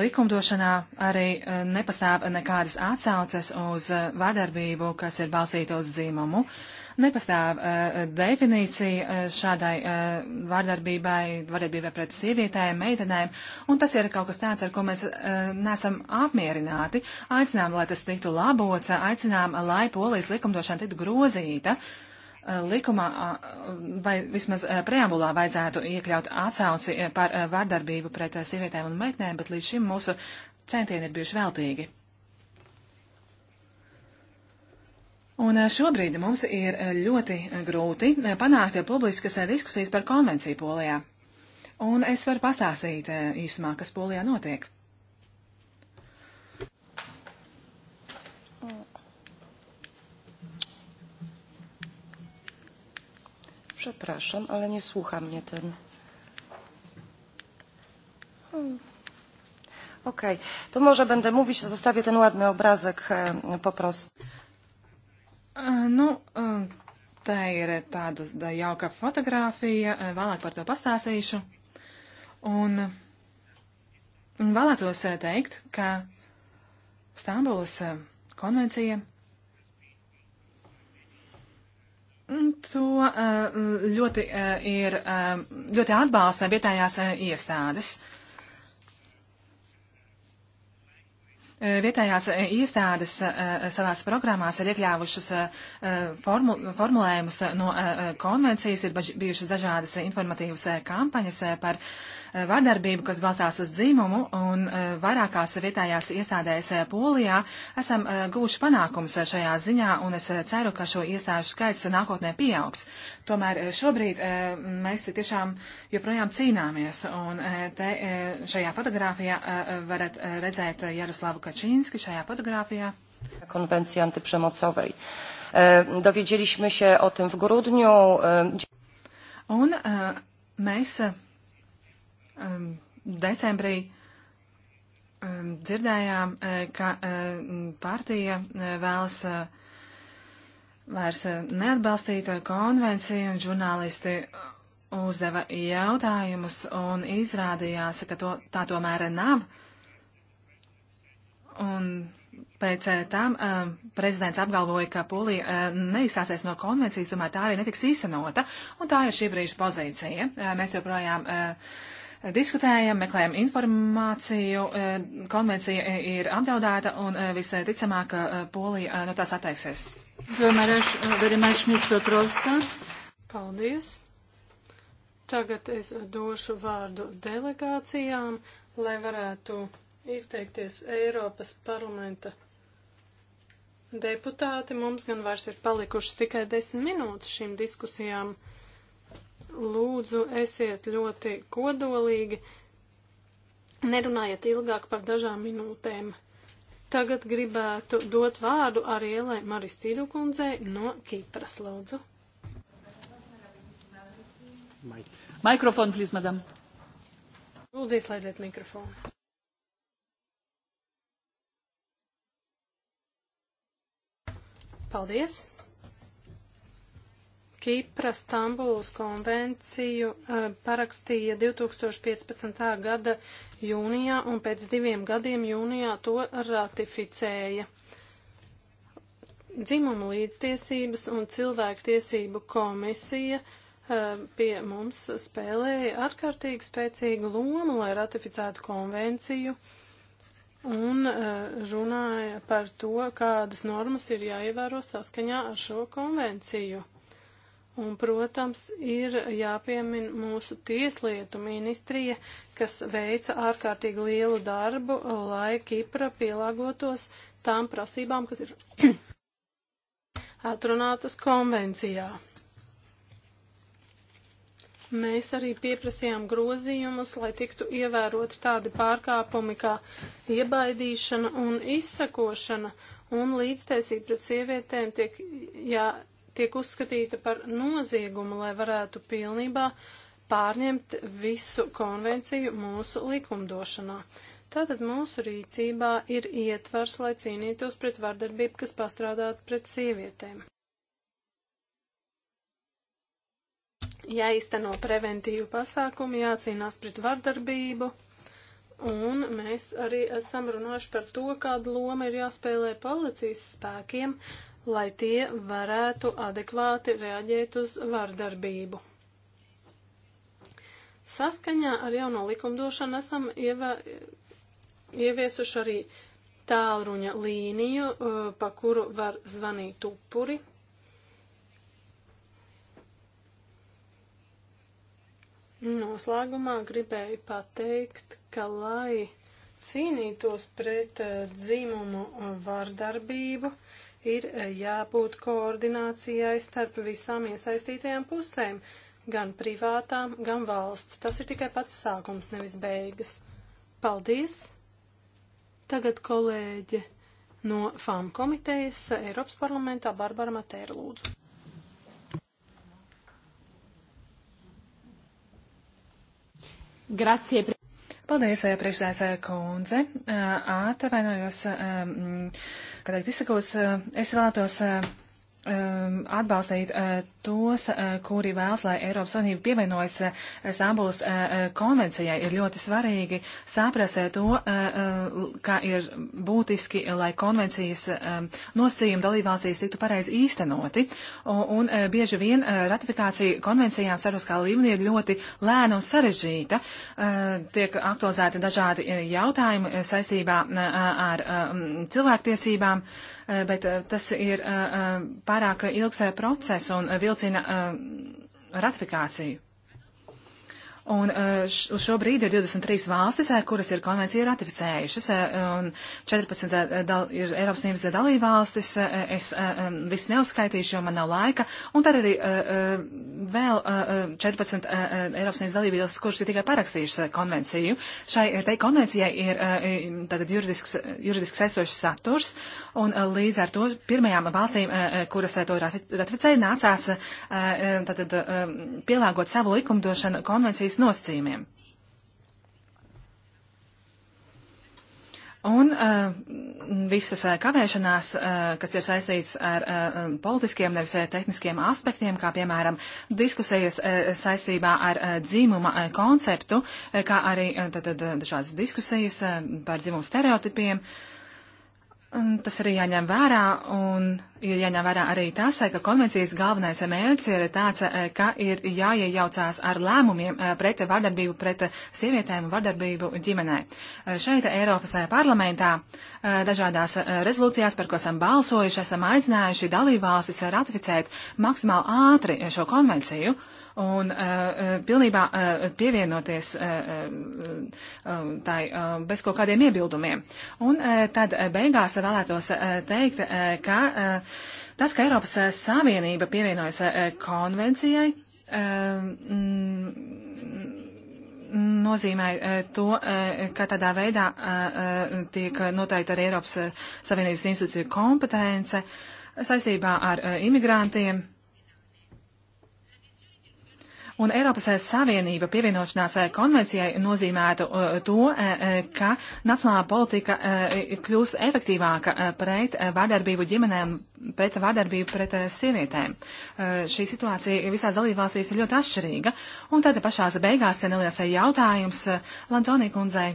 likumdošanā arī nepastāv nekādas atsauces uz vardarbību, kas ir balstīta uz dzīmumu. Uh, Nepastāv uh, definīcija uh, šādai uh, eh, vārdarbībai, vārdarbībai pret sievietēm, meitenēm, un tas ir kaut kas tāds, ar ko mēs uh, nesam apmierināti. Aicinām, lai tas tiktu labots, aicinām, lai polijas likumdošana tiktu grozīta. Uh, likumā uh, vai vismaz preambulā vajadzētu iekļaut atsauci par vārdarbību pret sievietēm un meitnēm, bet līdz šim mūsu centieni ir bijuši veltīgi. Un eh, šobrīd mums ir eh, ļoti eh, grūti panākt publiskas diskusijas par konvenciju Polijā. Un es varu pastāstīt īsumā, kas Polijā notiek. Przepraszam, ale nie słucha mnie ten. Hmm. Okej, okay. to może będę mówić, to zostawię ten ładny obrazek e, po prostu. Nu, tā ir tāda jauka fotografija, vēlāk par to pastāstīšu. Un vēlētos teikt, ka Stambulas konvencija to ļoti, ir, ļoti atbalsta vietējās iestādes. Eh, vietējās eh, iestādes eh, savās programmās ir iekļāvušas formu, formulējumus no konvencijas, ir bijušas dažādas informatīvas kampaņas par Eh, vardarbību, kas balstās uz dzimumu, un eh, vairākās vietējās iestādēs eh, Polijā esam gūši panākums šajā ziņā, un es ceru, ka šo iestāžu skaits nākotnē pieaugs. Tomēr šobrīd mēs tiešām joprojām cīnāmies, un te šajā fotografijā varat redzēt Jaroslavu Kačīnski šajā fotografijā. Konwencji antyprzemocowej. E, dowiedzieliśmy się o tym w grudniu. E, un e, mēs um, decembrī um, dzirdējām, uh, ka um, partija uh, vēlas uh, vairs neatbalstīt konvenciju, un žurnālisti uzdeva jautājumus, un izrādījās, ka to, tā tomēr nav. Un pēc tam um, prezidents apgalvoja, ka Polija um, neizstāsies no konvencijas, tomēr tā arī netiks īstenota, un tā ir šī brīža pozīcija. Um, mēs joprojām. Um, diskutējam, meklējam informāciju, e, konvencija e, ir apdraudēta un e, visticamāk Polija no tās atteiksies. Paldies! Tagad es došu vārdu delegācijām, lai varētu izteikties Eiropas parlamenta deputāti. Mums gan vairs ir palikušas tikai desmit minūtes šīm diskusijām. Uh, lūdzu esiet ļoti kodolīgi, nerunājiet ilgāk par dažām minūtēm. Tagad gribētu dot vārdu Arielai Maristīdu kundzei no Kīpras, lūdzu. Mikrofonu, please, madam. Lūdzu, ieslēdziet mikrofonu. Paldies! Kipra Stambulas konvenciju eh, parakstīja 2015. gada jūnijā un pēc diviem gadiem jūnijā to ratificēja. Dzimuma līdztiesības un cilvēku tiesību komisija eh, pie mums spēlēja ārkārtīgi spēcīgu lomu, lai ratificētu konvenciju un eh, runāja par to, kādas normas ir jāievēro saskaņā ar šo konvenciju. Un, protams, ir jāpiemin mūsu tieslietu ministrija, kas veica ārkārtīgi lielu darbu, lai Kipra pielāgotos tām prasībām, kas ir atrunātas konvencijā. Mēs arī pieprasījām grozījumus, lai tiktu ievēroti tādi pārkāpumi kā iebaidīšana un izsakošana, un līdztiesība pret sievietēm tiek jā, tiek uzskatīta par noziegumu, lai varētu pilnībā pārņemt visu konvenciju mūsu likumdošanā. Tātad mūsu rīcībā ir ietvars, lai cīnītos pret vardarbību, kas pastrādāta pret sievietēm. Jāizteno preventīvu pasākumu, jācīnās pret vardarbību, Un mēs arī esam runājuši par to, kāda loma ir jāspēlē policijas spēkiem, lai tie varētu adekvāti reaģēt uz vardarbību. Saskaņā ar jauno likumdošanu esam ievē, ieviesuši arī tālruņa līniju, uh, pa kuru var zvanīt upuri. Noslēgumā gribēju pateikt, ka lai cīnītos pret uh, dzīmumu uh, vardarbību, uh, ir e, jābūt koordinācijai starp visām iesaistītajām pusēm, gan privātām, gan valsts. Tas ir tikai pats sākums, nevis beigas. Paldies! Tagad kolēģi no FAM komitejas Eiropas parlamentā Barbara Matēra lūdzu. Grazie. Paldies, eh, priekšsēdētāja kundze. Eh, atvainojos, eh, kad izsakos, es vēlētos atbalstīt tos, eh, kuri vēlas, lai Eiropas Savienība pievienojas eh, Stambulas eh, konvencijai, ir ļoti svarīgi saprast to, kā ir būtiski, lai konvencijas nosacījumi dalībvalstīs tiktu pareizi īstenoti. Un, un bieži vien ratifikācija konvencijām starptautiskā līmenī ir ļoti lēna un sarežģīta. Tiek aktualizēti dažādi jautājumi saistībā ar cilvēktiesībām, bet tas ir pārāk ilgs process un vilcīgs vilcina eh, ratifikāciju. Un uh, uz šo brīdi ir 23 valstis, uh, kuras ir konvenciju ratificējušas, uh, un 14 dal, ir Eiropas Savienības dalībvalstis. Es um, visu neuzskaitīšu, jo man nav laika. Un tad arī vēl 14 Eiropas Savienības dalībvalstis, kuras ir tikai parakstījušas konvenciju. Šai te konvencijai ir tātad juridisks, juridisks aizstošs saturs, un līdz ar to pirmajām valstīm, kuras to ratificēja, nācās tātad um, pielāgot savu likumdošanu konvencijas kvalitātes nosacījumiem. Un uh, visas uh, kavēšanās, uh, kas ir saistīts ar uh, um, politiskiem, nevis uh, tehniskiem aspektiem, kā piemēram diskusijas uh, saistībā ar uh, dzīmuma uh, konceptu, uh, kā arī uh, tad, tad, uh, dažādas diskusijas uh, par dzīmumu stereotipiem. Uh, Un tas arī jāņem vērā, un ir jāņem vērā arī tas, ka konvencijas galvenais mērķis ir tāds, eh, ka ir jāiejaucās ar lēmumiem eh, pret vardarbību pret sievietēm un vardarbību ģimenē. Eh, šeit Eiropas parlamentā dažādās rezolūcijās, par ko esam balsojuši, esam aicinājuši dalībvalstis ratificēt maksimāli ātri šo konvenciju. Uh, un uh, pilnībā uh, pievienoties uh, uh, tai uh, bez kaut kādiem iebildumiem. Un uh, tad beigās vēlētos uh, teikt, uh, ka uh, tas, ka Eiropas Savienība pievienojas uh, konvencijai, uh, mm, nozīmē to, ka tādā veidā tiek noteikta arī Eiropas Savienības institūcija kompetence saistībā ar imigrantiem. Un Eiropas Savienība pievienošanās eh, konvencijai nozīmētu eh, to, eh, ka nacionālā politika kļūs efektīvāka pret vārdarbību ģimenēm, pret vārdarbību pret sievietēm. Šī situācija visās dalībvalstīs ir ļoti atšķirīga. Un tad pašās beigās neliels jautājums Lanzonī kundzei.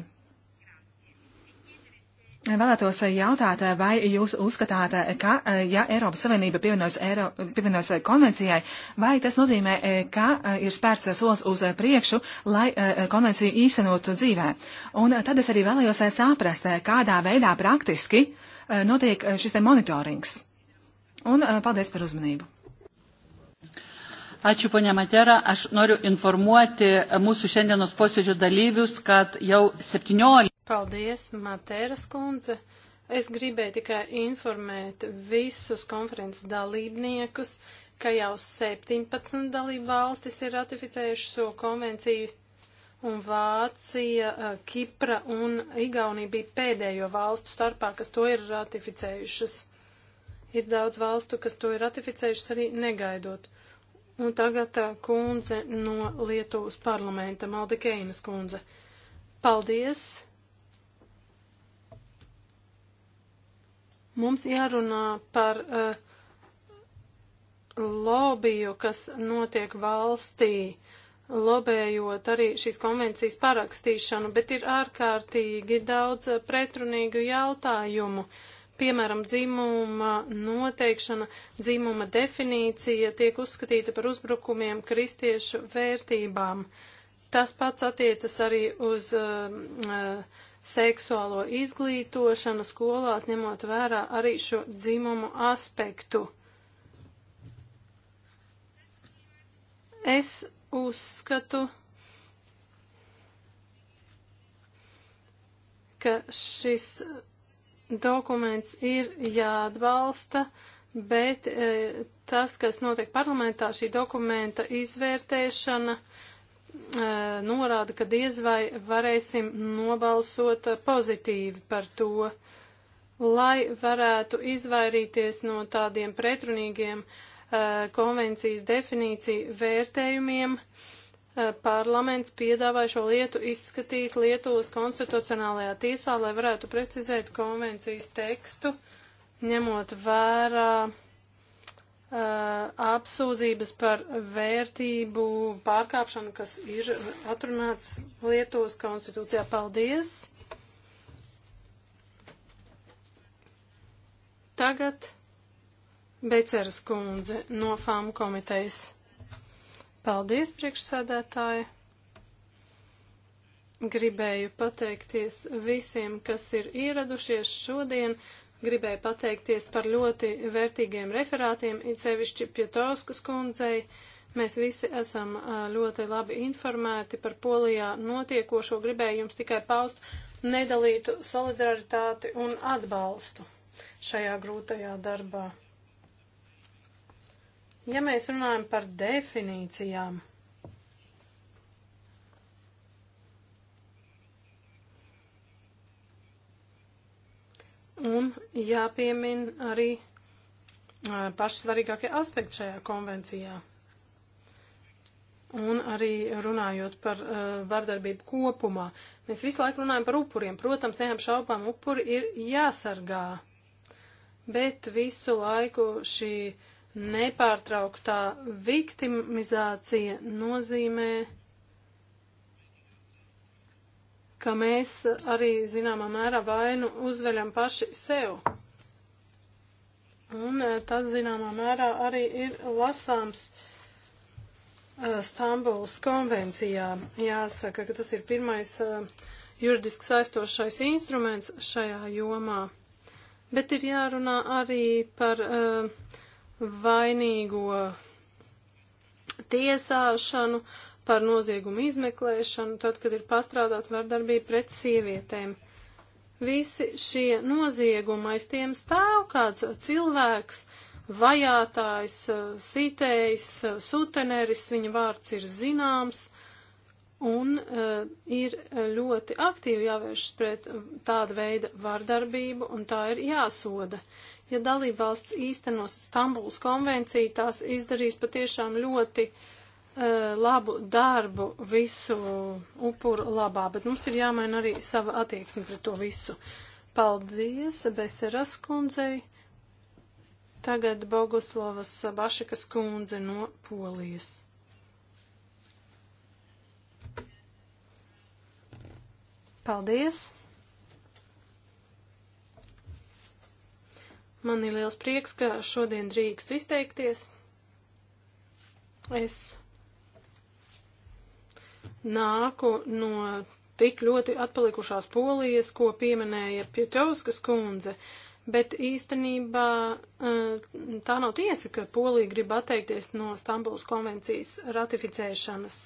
Vēlētos eh, jautāt, eh, vai jūs uzskatāt, eh, ka, ja Eiropas Savienība pievienojas, Eiro, pievienojas konvencijai, vai tas nozīmē, ka ir spērts solis uz priekšu, lai konvenciju īstenotu dzīvē? Un tad es arī vēlējos saprast, kādā veidā praktiski notiek šis te monitorings. Un paldies par uzmanību. Ačiū, ponia Matera. Aš noriu informuoti mūsų šiandienos posėdžio dalyvius, kad jau 17. Paldies, Matēras kundze. Es gribēju tikai informēt visus konferences dalībniekus, ka jau 17 dalību valstis ir ratificējuši šo so konvenciju, un Vācija, eh, Kipra un Igaunija bija pēdējo valstu starpā, kas to ir ratificējušas. Ir daudz valstu, kas to ir ratificējušas arī negaidot. Un tagad eh, kundze no Lietuvas parlamenta, Maldikēinas kundze. Paldies! Mums jārunā par uh, lobiju, kas notiek valstī, lobējot arī šīs konvencijas parakstīšanu, bet ir ārkārtīgi daudz eh, pretrunīgu jautājumu. Piemēram, dzimuma noteikšana, dzimuma definīcija tiek uzskatīta par uzbrukumiem kristiešu vērtībām. Tas pats attiecas arī uz uh, uh, seksuālo izglītošanu skolās, ņemot vērā arī šo dzimumu aspektu. Es uzskatu, ka šis dokuments ir jāatbalsta, bet e, tas, kas notiek parlamentā, šī dokumenta izvērtēšana norāda, ka diez vai varēsim nobalsot pozitīvi par to, lai varētu izvairīties no tādiem pretrunīgiem konvencijas definīciju vērtējumiem. Parlaments piedāvāja šo lietu izskatīt Lietuvas konstitucionālajā tiesā, lai varētu precizēt konvencijas tekstu, ņemot vērā uh, Uh, apsūdzības par vērtību pārkāpšanu, kas ir atrunāts Lietuvas konstitūcijā. Paldies! Tagad Beceras kundze no FAM komitejas. Paldies, priekšsādātāji! Gribēju pateikties visiem, kas ir ieradušies šodien gribēju pateikties par ļoti vērtīgiem referātiem, it sevišķi Pietauskas kundzei. Mēs visi esam ļoti labi informēti par polijā notiekošo, gribēju jums tikai paust nedalītu solidaritāti un atbalstu šajā grūtajā darbā. Ja mēs runājam par definīcijām, Un jāpiemin arī paši svarīgākie aspekti šajā konvencijā. Un arī runājot par uh, vardarbību kopumā, mēs visu laiku runājam par upuriem. Protams, neapšaubām upuri ir jāsargā, bet visu laiku šī nepārtrauktā viktimizācija nozīmē uh, ka mēs arī zināmā mērā vainu uzveļam paši sev. Un eh, tas zināmā mērā arī ir lasāms. Eh, Stambulas konvencijā jāsaka, ka tas ir pirmais uh, juridiski saistošais instruments šajā jomā. Bet ir jārunā arī par uh, vainīgo tiesāšanu par noziegumu izmeklēšanu, tad, kad ir pastrādāt vardarbība pret sievietēm. Visi šie noziegumi aiz tiem stāv kāds cilvēks, vajātājs, sitējs, suteneris, viņa vārds ir zināms un uh, ir ļoti aktīvi jāvēršas pret tādu veidu vardarbību, un tā ir jāsoda. Ja dalībvalsts īstenos Stambuls konvenciju, tās izdarīs patiešām ļoti uh, E, labu darbu visu upuru labā, bet mums ir jāmaina arī sava attieksme pret to visu. Paldies Beseras kundzei. Tagad Boguslavas Bašikas kundze no Polijas. Paldies! Man ir liels prieks, ka šodien drīkstu izteikties. Es nāku no tik ļoti atpalikušās polijas, ko pieminēja Pietovskas kundze, bet īstenībā eh, tā nav tiesa, ka Polija grib atteikties no Stambulas konvencijas ratificēšanas.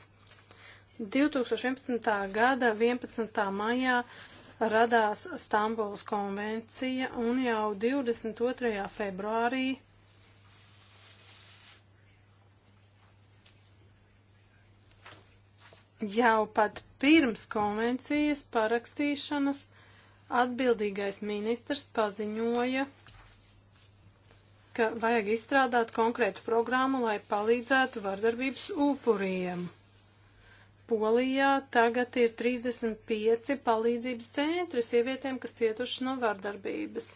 2011. gada 11. maijā radās Stambulas konvencija un jau 22. februārī jau pat pirms konvencijas parakstīšanas atbildīgais ministrs paziņoja, ka vajag izstrādāt konkrētu programmu, lai palīdzētu vardarbības upuriem. Polijā tagad ir 35 palīdzības centri sievietēm, kas cietuši no vardarbības.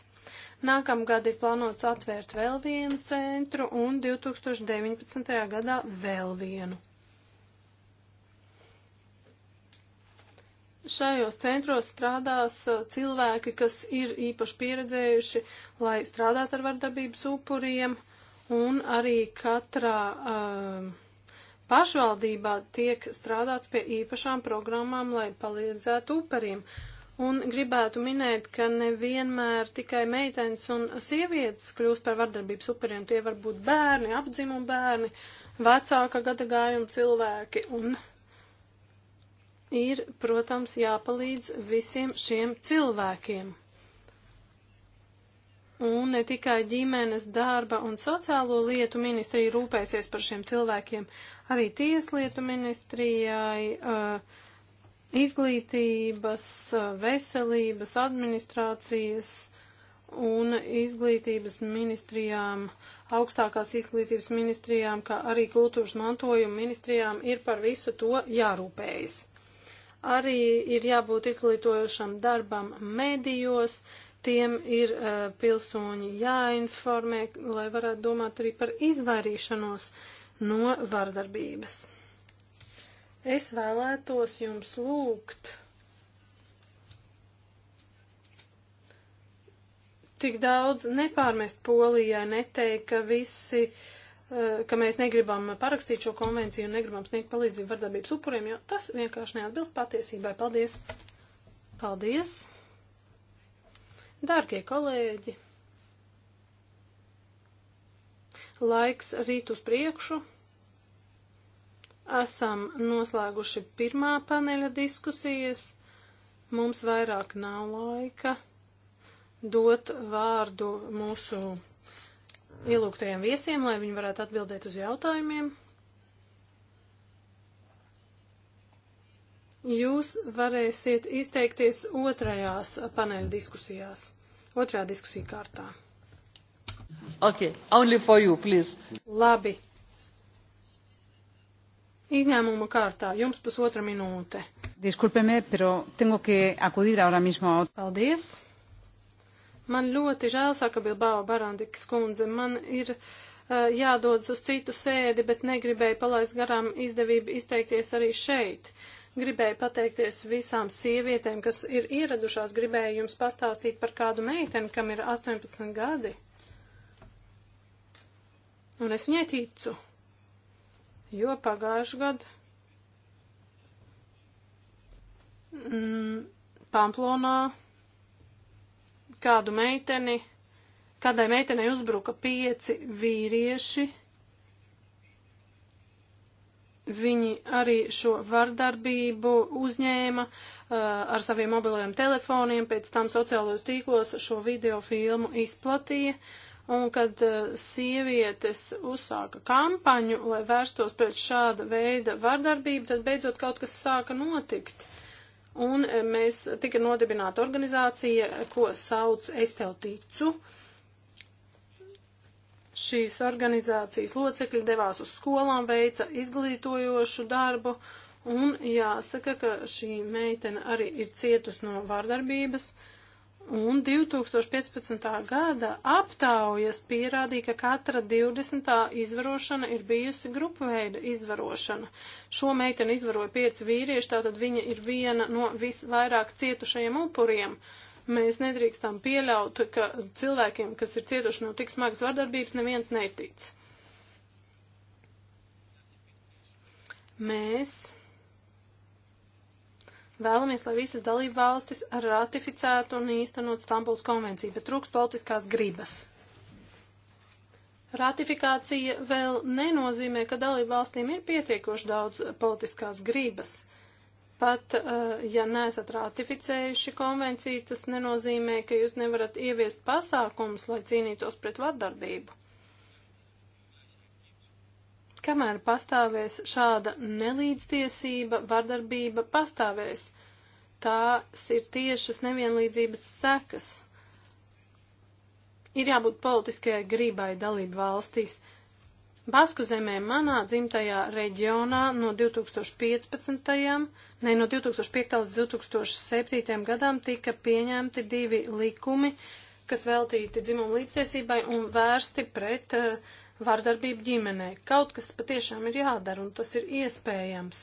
Nākamgad ir plānots atvērt vēl vienu centru un 2019. gadā vēl vienu. šajos centros strādās uh, cilvēki, kas ir īpaši pieredzējuši, lai strādātu ar vardarbības upuriem, un arī katrā um, pašvaldībā tiek strādāts pie īpašām programmām, lai palīdzētu upuriem. Un gribētu minēt, ka nevienmēr tikai meitenes un sievietes kļūst par vardarbības upuriem. Tie var būt bērni, apdzimumu bērni, vecāka gadagājuma cilvēki. Un ir, protams, jāpalīdz visiem šiem cilvēkiem. Un ne tikai ģimenes darba un sociālo lietu ministrija rūpēsies par šiem cilvēkiem, arī tieslietu ministrijai, uh, izglītības, uh, veselības, administrācijas un izglītības ministrijām, augstākās izglītības ministrijām, kā arī kultūras mantojuma ministrijām ir par visu to jārūpējas arī ir jābūt izglītojošam darbam medijos, tiem ir uh, pilsoņi jāinformē, lai varētu domāt arī par izvairīšanos no vardarbības. Es vēlētos jums lūgt tik daudz nepārmest polijai, neteikt, ka visi uh, Eh, ka mēs negribam parakstīt šo konvenciju un negribam sniegt palīdzību vardarbības upuriem, jo tas vienkārši neatbilst patiesībai. Paldies! Paldies! Dārgie kolēģi! Laiks rīt uz priekšu. Esam noslēguši pirmā paneļa diskusijas. Mums vairāk nav laika dot vārdu mūsu ielūgtajiem viesiem, lai viņi varētu atbildēt uz jautājumiem. Jūs varēsiet izteikties otrajās paneļa diskusijās, otrajā diskusija kārtā. Ok, only for you, please. Labi. Izņēmuma kārtā jums pusotra minūte. Disculpeme, pero tengo que acudir ahora mismo a otro. Paldies. Man ļoti žēl, saka Bilbao Barandikas kundze, man ir uh, jādodas uz citu sēdi, bet negribēju palaist garām izdevību izteikties arī šeit. Gribēju pateikties visām sievietēm, kas ir ieradušās, gribēju jums pastāstīt par kādu meiteni, kam ir 18 gadi. Un es viņai ticu, jo pagājuši gadu. Mm, Pamplonā kādu meiteni, kādai meitenei uzbruka pieci vīrieši. Viņi arī šo vardarbību uzņēma uh, ar saviem mobiliem telefoniem, pēc tam sociālajos tīklos šo video filmu izplatīja. Un kad uh, sievietes uzsāka kampaņu, lai vērstos pret šāda veida vardarbību, tad beidzot kaut kas sāka notikt. Uh, un e, mēs tika nodibināta organizācija, ko sauc Es tev ticu. Šīs organizācijas locekļi devās uz skolām, veica izglītojošu darbu, un jāsaka, ka šī meitene arī ir cietusi no vārdarbības. Uh, Un 2015. gada aptaujas pierādīja, ka katra 20. izvarošana ir bijusi grupveida izvarošana. Šo meiteni izvaroja pieci vīrieši, tātad viņa ir viena no visvairāk cietušajiem upuriem. Mēs nedrīkstam pieļaut, ka cilvēkiem, kas ir cietuši no tik smagas vardarbības, neviens netic. Mēs Vēlamies, lai visas dalība valstis ratificētu un īstenot Stambuls konvenciju, bet trūks politiskās gribas. Ratifikācija vēl nenozīmē, ka dalību valstīm ir pietiekoši daudz politiskās gribas. Pat, uh, ja neesat ratificējuši konvenciju, tas nenozīmē, ka jūs nevarat ieviest pasākumus, lai cīnītos pret vardarbību. Kamēr pastāvēs šāda nelīdztiesība, vardarbība pastāvēs, tās ir tiešas nevienlīdzības sekas. Ir jābūt politiskajai grībai dalību valstīs. Basku zemē manā dzimtajā reģionā no 2015. ne no 2005. līdz 2007. gadam tika pieņemti divi likumi, kas veltīti dzimumu līdztiesībai un vērsti pret uh, vardarbību ģimenē. Kaut kas patiešām ir jādara, un tas ir iespējams.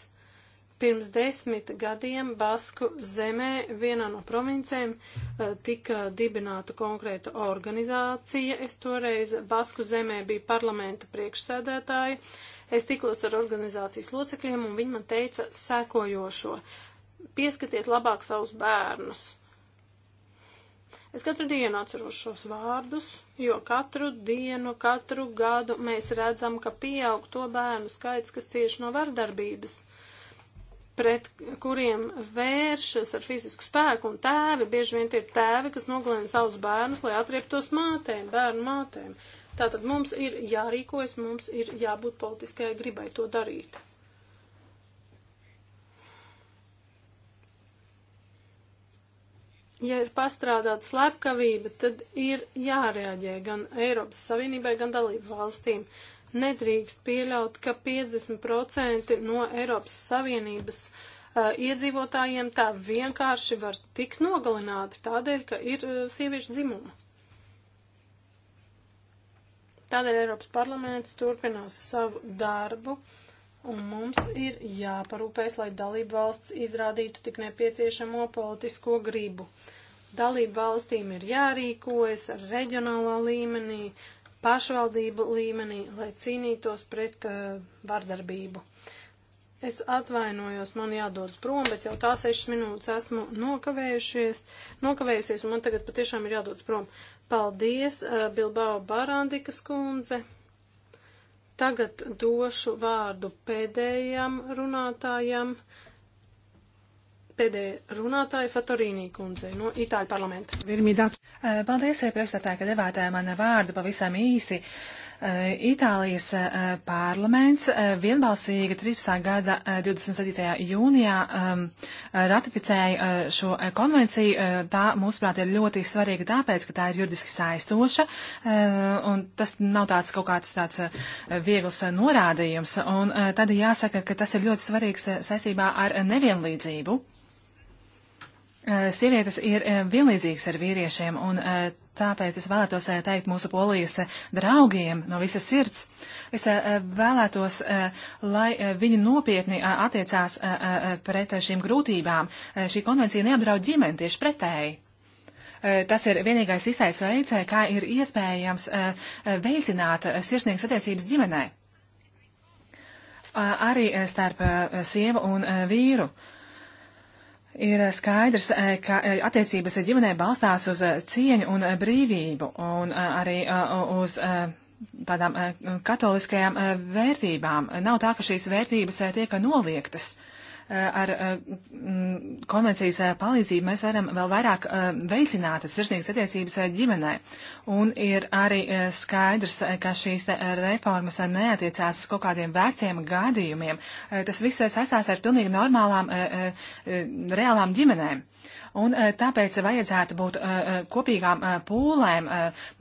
Pirms desmit gadiem Basku zemē vienā no provincēm eh, tika dibināta konkrēta organizācija. Es toreiz Basku zemē biju parlamenta priekšsēdētāja. Es tikos ar organizācijas locekļiem, un viņi man teica sekojošo. Pieskatiet labāk savus bērnus, Es katru dienu atceros šos vārdus, jo katru dienu, katru gadu mēs redzam, ka pieaug to bērnu skaits, kas cieši no vardarbības, pret kuriem vēršas ar fizisku spēku un tēvi. Bieži vien tie ir tēvi, kas nogalina savus bērnus, lai atrieptos mātēm, bērnu mātēm. Tātad mums ir jārīkojas, mums ir jābūt politiskai gribai to darīt. ja ir pastrādāta slepkavība, tad ir jārēģē gan Eiropas Savienībai, gan dalību valstīm. Nedrīkst pieļaut, ka 50% no Eiropas Savienības uh, iedzīvotājiem tā vienkārši var tik nogalināti tādēļ, ka ir uh, sieviešu dzimuma. Tādēļ Eiropas parlaments turpinās savu darbu. Un mums ir jāparūpēs, lai dalība valsts izrādītu tik nepieciešamo politisko gribu. Uh, Dalību valstīm ir jārīkojas reģionālā līmenī, pašvaldību līmenī, lai cīnītos pret uh, vardarbību. Es atvainojos, man jādodas prom, bet jau tā 6 minūtes esmu nokavējušies, nokavējusies, un man tagad patiešām ir jādodas prom. Paldies, uh, Bilbao Barandikas kundze. Tagad došu vārdu pēdējam runātājam, pēdējai runātāji Fatorīnī kundzei no Itāļu parlamenta. Virmidāt. Paldies, eh, priekšstādātāji, ka devāt eh, man vārdu pavisam īsi. Itālijas parlaments vienbalsīgi 13. gada 27. jūnijā ratificēja šo konvenciju. Tā, mūsuprāt, ir ļoti svarīga tāpēc, ka tā ir juridiski saistoša, un tas nav tāds kaut kāds tāds viegls norādījums. Un tad jāsaka, ka tas ir ļoti svarīgs saistībā ar nevienlīdzību. Eh, sievietes ir eh, vienlīdzīgas ar vīriešiem, un eh, tāpēc es vēlētos teikt mūsu polijas draugiem no visas sirds. Es vēlētos, lai viņi nopietni attiecās pret šīm grūtībām. Šī konvencija neapdraud ģimeni tieši pretēji tas ir vienīgais īstais veids, kā ir iespējams veicināt sirsnīgas attiecības ģimenē. Arī starp sievu un vīru. Ir skaidrs, eh, ka eh, attiecības ģimenē balstās uz eh, cieņu un brīvību un arī uz tādām katoliskajām vērtībām. Nav tā, ka šīs vērtības tiek noliektas. Uh, Eh, ar eh, mm, konvencijas eh, palīdzību mēs varam vēl vairāk veicināt sirsnīgas attiecības ģimenē. Un ir arī skaidrs, ka šīs reformas neatiecās uz kaut kādiem veciem gadījumiem. Tas viss saistās ar pilnīgi normālām, reālām ģimenēm. Un tāpēc vajadzētu būt kopīgām pūlēm.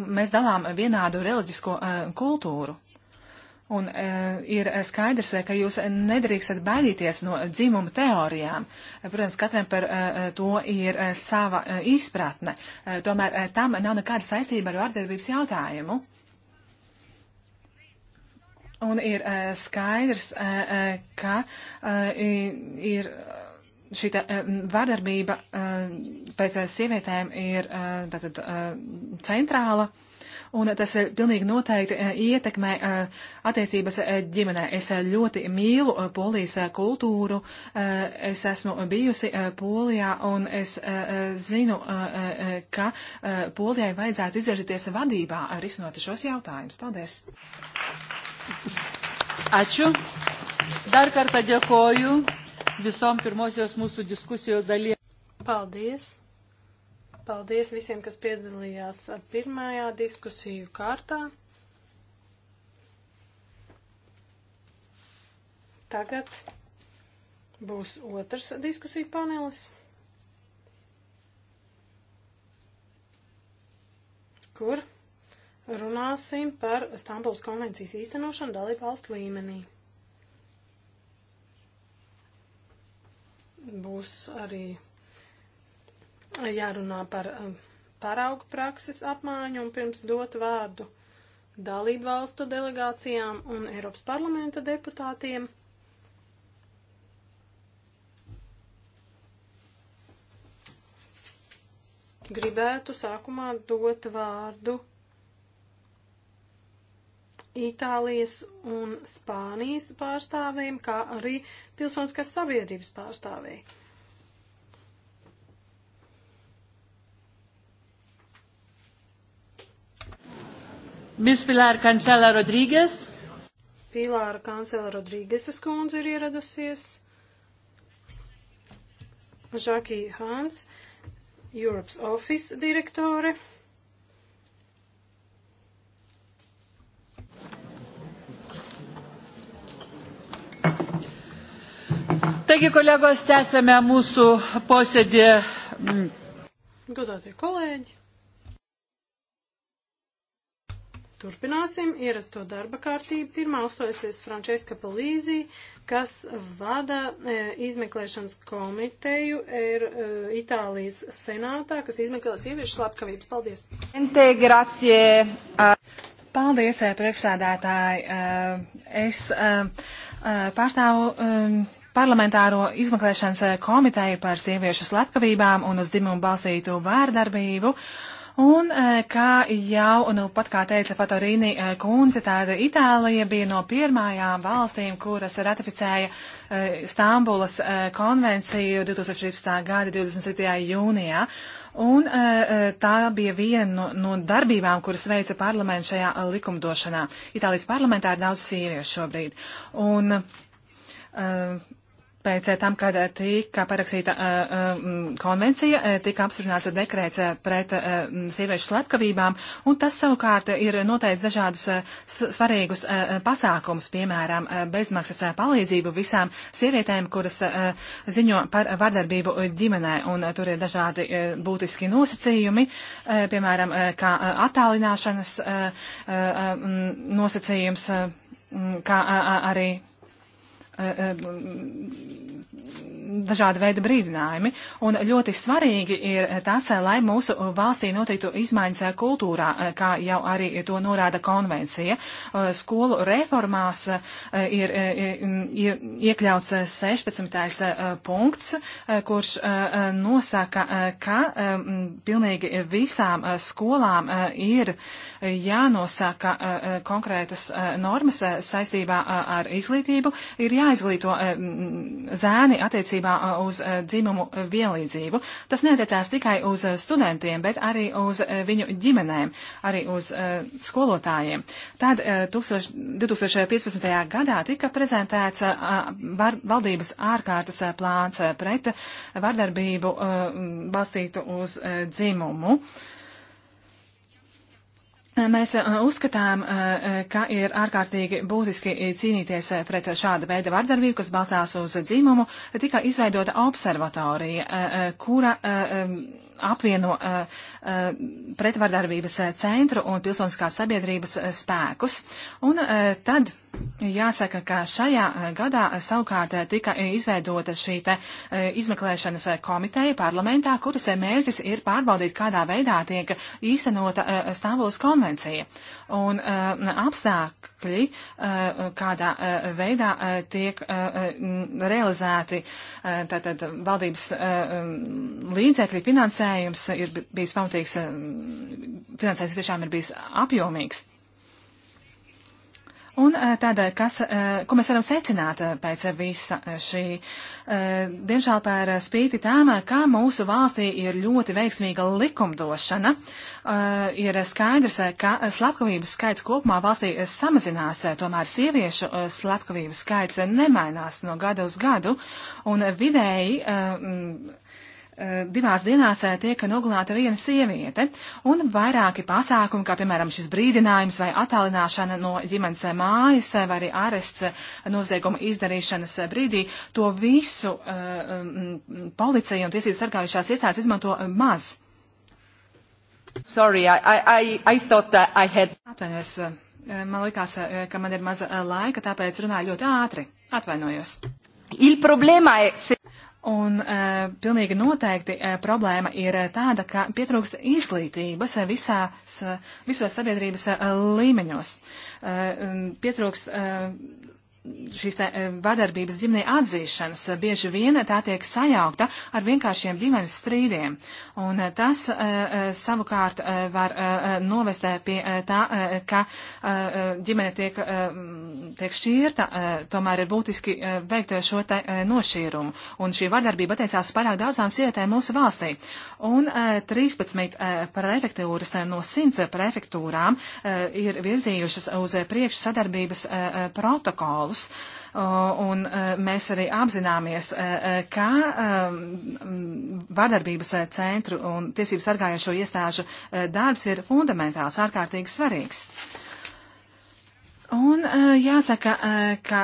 Mēs dalām vienādu reliģisko kultūru. Un uh, ir skaidrs, e, ka jūs nedrīkstat baidīties no dzimuma teorijām. E, protams, katram par uh, to ir uh, sava uh, izpratne. Uh, tomēr uh, tam nav nekāda saistība ar vārdarbības jautājumu. Un ir uh, skaidrs, uh, uh, ka uh, ir. Uh, šī vardarbība pret sievietēm ir tātad, centrāla un tas eh, pilnīgi noteikti eh, ietekmē eh, attiecības ģimenē. Es ļoti mīlu polijas kultūru, es esmu bijusi polijā, un es zinu, ka polijai vajadzētu izvirzīties vadībā risinot šos jautājumus. Paldies! Ačiū. Dar kartą dėkoju visom pirmosios mūsų diskusijos dalyje. Paldies. Paldies visiem, kas piedalījās pirmajā diskusiju kārtā. Tagad būs otrs diskusiju panelis, kur runāsim par Stambuls konvencijas īstenošanu dalību valstu līmenī. Būs arī jārunā par um, paraugu prakses apmaiņu un pirms dot vārdu dalību valstu delegācijām un Eiropas parlamenta deputātiem. Gribētu sākumā dot vārdu Itālijas un Spānijas pārstāvēm, kā arī pilsoniskās sabiedrības pārstāvēm. Miss Pilar Kancela Rodrīgas. Pilāra Kancela Rodrīgeses kundze ir ieradusies. Žakī Hāns, Europe's Office direktore. Taigi, kolegos, tęsėme mūsų posėdį. Mm. Godātie kolēģi! Turpināsim ierasto darba kārtību. Pirmā uzstājusies Frančeska Palīzī, kas vada e, izmeklēšanas komiteju ir e, Itālijas senātā, kas izmeklē sieviešu slepkavības. Paldies! Integrācie! Paldies, e, priekšsēdētāji! E, es e, pārstāvu parlamentāro izmeklēšanas komiteju par sieviešu slepkavībām un uz dzimumu balstītu vārdarbību. Un e, kā jau, nu, pat kā teica Patorīni e, kundze, tāda Itālija bija no pirmajām valstīm, kuras ratificēja uh, Stambulas uh, konvenciju 2016. gada 27. jūnijā. Un uh, tā bija viena no, no darbībām, kuras veica parlaments šajā likumdošanā. Itālijas parlamentā ir daudz sieviešu šobrīd. Un, uh, Pēc eh, tam, kad eh, tika parakstīta uh, um, konvencija, tika apstiprināts dekrēts pret uh, sieviešu slepkavībām, un tas savukārt ir noteicis dažādus uh, svarīgus uh, pasākums, piemēram, uh, bezmaksas uh, palīdzību visām sievietēm, kuras uh, ziņo par vardarbību ģimenē, un uh, tur ir dažādi uh, būtiski nosacījumi, uh, piemēram, uh, kā uh, attālināšanas uh, uh, um, nosacījums, uh, kā uh, arī dažāda veida brīdinājumi. Un ļoti svarīgi ir tas, lai mūsu valstī notiktu izmaiņas kultūrā, kā jau arī to norāda konvencija. Skolu reformās ir iekļauts 16. punkts, kurš nosaka, ka um, pilnīgi visām skolām ir jānosaka uh, konkrētas uh, normas saistībā uh, ar izglītību. Ir jā jāizglīto eh, zēni attiecībā eh, uz eh, dzimumu vienlīdzību. Tas neatiecās tikai uz studentiem, bet arī uz viņu ģimenēm, arī uz skolotājiem. Tad 2015. gadā tika prezentēts valdības ārkārtas plāns pret vardarbību balstītu uz dzimumu. Uh, Mēs eh, uzskatām, eh, eh, ka ir ārkārtīgi būtiski cīnīties pret šāda veida vardarbību, kas balstās uz dzimumu. Tika izveidota observatorija, kura apvieno pretvardarbības centru un pilsoniskās sabiedrības spēkus. Un tad Jāsaka, ka šajā e, gadā e, savukārt e, tika izveidota šī te izmeklēšanas komiteja parlamentā, kuras mērķis ir pārbaudīt, kādā veidā tiek īstenota Stambuls konvencija. Un apstākļi, kādā veidā tiek realizēti tātad valdības līdzekļi finansējums, ir bijis pamatīgs, finansējums tiešām ir bijis apjomīgs. Un eh, tādēļ, kas, eh, ko mēs varam secināt eh, pēc visa šī, diemžēl par spīti tām, kā mūsu valstī ir ļoti veiksmīga likumdošana, ir skaidrs, ka slepkavības skaits kopumā valstī samazinās, tomēr sieviešu slepkavības skaits nemainās no gada uz gadu, un vidēji Eh, divās dienās eh, tiek nogalināta viena sieviete, un vairāki pasākumi, kā piemēram šis brīdinājums vai attālināšana no ģimenes eh, mājas, vai arī arests nozieguma izdarīšanas brīdī, to visu uh, policija un tiesību sargājušās iestādes izmanto maz. Sorry, I, I, I thought that I had. Atvainojos, man likās, ka man ir maz laika, tāpēc runāju ļoti ātri. Atvainojos. Il problēma ir. Un uh, pilnīgi noteikti uh, problēma ir e, tāda, ka pietrūkst izglītības visās, uh, visos sabiedrības uh, līmeņos. Uh, pietrūkst uh, šīs tā, eh, vardarbības ģimnē atzīšanas. Eh, bieži vien tā tiek sajaukta ar vienkāršiem ģimenes strīdiem. Un tas savukārt var novest pie tā, ka ģimene tiek, eh, tiek šķirta, tomēr ir būtiski veikt šo te nošķīrumu. Un šī vardarbība attiecās pārāk daudzām sievietēm mūsu valstī. Un 13 prefektūras no 100 prefektūrām ir virzījušas uz priekšu sadarbības protokolus iemeslus. Un e, mēs arī apzināmies, e, e, kā vardarbības centru un tiesību sargājošo iestāžu darbs ir fundamentāls, ārkārtīgi svarīgs. Un jāsaka, ka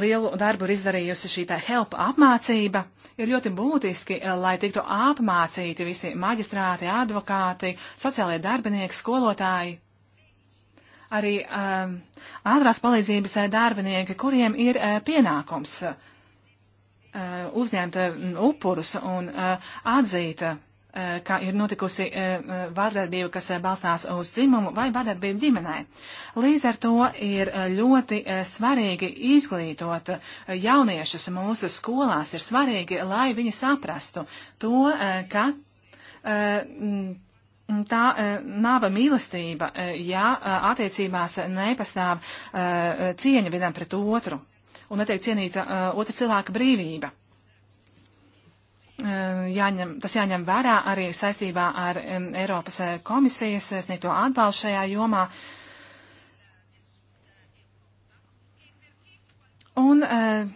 lielu darbu ir izdarījusi šī tā help apmācība. Ir ļoti būtiski, lai tiktu apmācīti visi maģistrāti, advokāti, sociālai darbinieki, skolotāji arī um, ātrās palīdzības eh, darbinieki, kuriem ir uh, pienākums uh, uzņemt uh, upurus un uh, atzīt, uh, ka ir notikusi uh, vardarbība, kas uh, balstās uz dzimumu vai vardarbību ģimenē. Līdz ar to ir uh, ļoti uh, svarīgi izglītot uh, jauniešus mūsu skolās, ir svarīgi, lai viņi saprastu to, uh, ka. Uh, tā e, nāva mīlestība, e, ja e, attiecībās nepastāv cieņa vienam pret otru un netiek cienīta otra cilvēka brīvība. Jāņem, tas jāņem vērā arī saistībā ar Eiropas komisijas sniegto atbalstu šajā jomā. Un uh,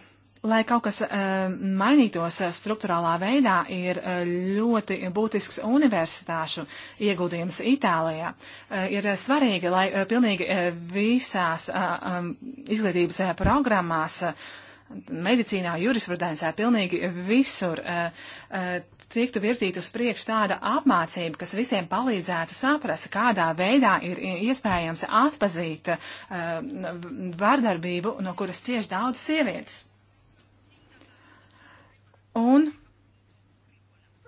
Lai kaut kas eh, mainītos eh, struktūrālā veidā, ir eh, ļoti būtisks universitāšu ieguldījums Itālijā. Ir svarīgi, lai pilnīgi visās um, izglītības programmās, medicīnā, jurisprudencē, pilnīgi visur tiktu virzīta uz priekšu tāda apmācība, kas visiem palīdzētu saprast, kādā veidā ir iespējams atpazīt vardarbību, no kuras cieši daudz sievietes. Un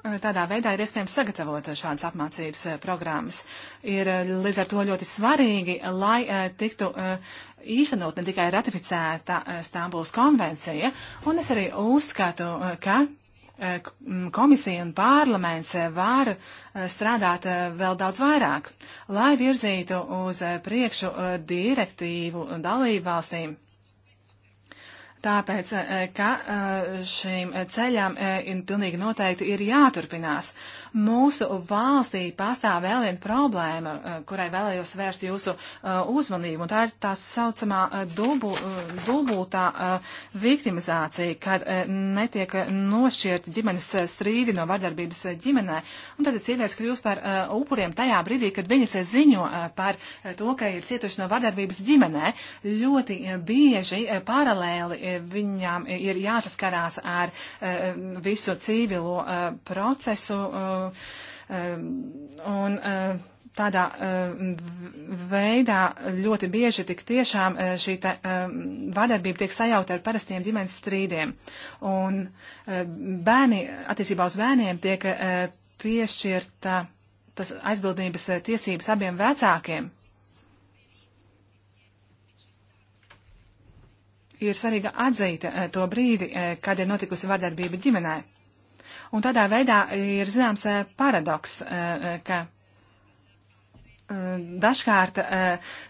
eh, Tādā veidā ir iespējams sagatavot šādas apmācības eh, programmas. Ir eh, līdz ar to ļoti svarīgi, lai tiktu īstenot ne tikai ratificēta Stambuls konvencija, un es arī uzskatu, ka komisija un parlaments var strādāt vēl daudz vairāk, lai virzītu uz priekšu direktīvu dalību valstīm Tāpēc, e, ka e, šīm ceļām e, ir pilnīgi noteikti ir jāturpinās. Mūsu valstī pastāv vēl viena problēma, kurai vēlējos vērst jūsu uzmanību, un tā ir tā saucamā dubu, dubultā viktimizācija, kad netiek nošķirt ģimenes strīdi no vardarbības ģimenē, un tad sievietes kļūst par upuriem tajā brīdī, kad viņas ziņo par to, ka ir cietuši no vardarbības ģimenē. Ļoti bieži paralēli viņām ir jāsaskarās ar eh, visu civilo eh, procesu eh, un tādā veidā ļoti bieži tik tiešām šī ta, vardarbība tiek sajauta ar parastiem ģimenes strīdiem. Un bērni, attiecībā uz bērniem tiek piešķirta tas aizbildnības tiesības abiem vecākiem. ir svarīgi atzīt eh, to brīdi, eh, kad ir notikusi vardarbība ģimenē. Un tādā veidā ir zināms eh, paradoks, ka dažkārt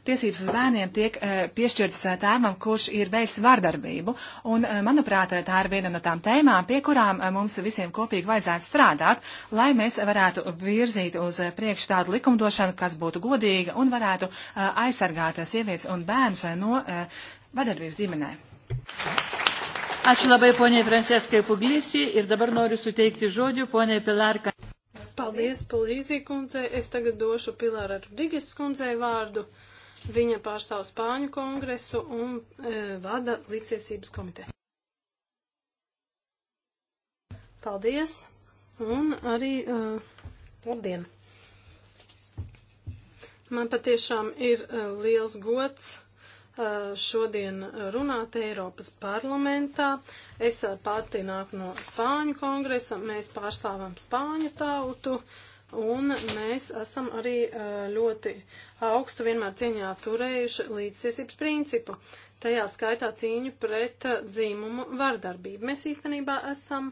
tiesības uz bērniem tiek piešķirtas tēvam, kurš ir veids vardarbību. Un, manuprāt, tā ir viena no tām tēmām, pie kurām mums visiem kopīgi vajadzētu strādāt, lai mēs varētu virzīt uz priekšu tādu likumdošanu, kas būtu godīga un varētu aizsargāt sievietes un bērnus no vadarbības ģimenē. Ačiū labai poniai Franceskai Puglisi ir dabar noriu suteikti žodžiu poniai Pilarka. Paldies, Polīzija kundzei. Es tagad došu Pilāra Rodrigis kundzei vārdu. Viņa pārstāv Spāņu kongresu un e, vada līdziesības komiteju. Paldies un arī e, labdien. Man patiešām ir e, liels gods. E, šodien runāt Eiropas parlamentā. Es pati nāku no Spāņu kongresa, mēs pārstāvam Spāņu tautu. Un mēs esam arī ļoti augstu vienmēr cieņā turējuši līdztiesības principu. Tajā skaitā cīņu pret dzīmumu vardarbību. Mēs īstenībā esam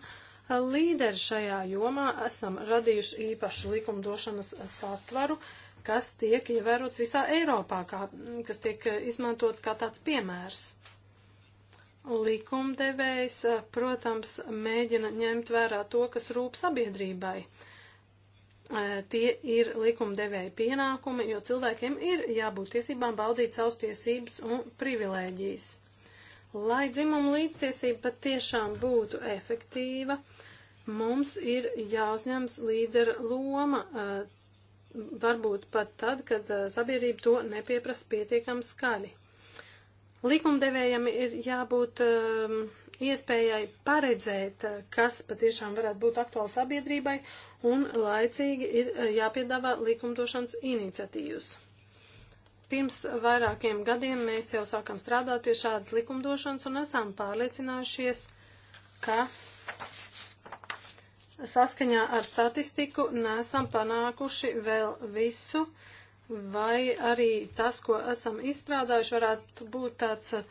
līderi šajā jomā, esam radījuši īpašu likumdošanas satvaru, uh, kas tiek ievērots visā Eiropā, kā, kas tiek izmantots kā tāds piemērs. Likumdevējs, eh, protams, mēģina ņemt vērā to, kas rūp sabiedrībai. Eh, tie ir likumdevēja pienākumi, jo cilvēkiem ir jābūt tiesībām baudīt savus tiesības un privilēģijas. Lai dzimuma līdztiesība patiešām būtu efektīva, mums ir jāuzņems līdera loma eh, varbūt pat tad, kad eh, sabiedrība to nepieprasa pietiekami skaļi. Likumdevējam ir jābūt um, iespējai paredzēt, eh, kas patiešām varētu būt aktuāli sabiedrībai, un laicīgi ir eh, jāpiedāvā likumdošanas iniciatīvas. Pirms vairākiem gadiem mēs jau sākam strādāt pie šādas likumdošanas un esam pārliecinājušies, ka saskaņā ar statistiku nesam panākuši vēl visu, vai arī tas, ko esam izstrādājuši, varētu būt tāds uh,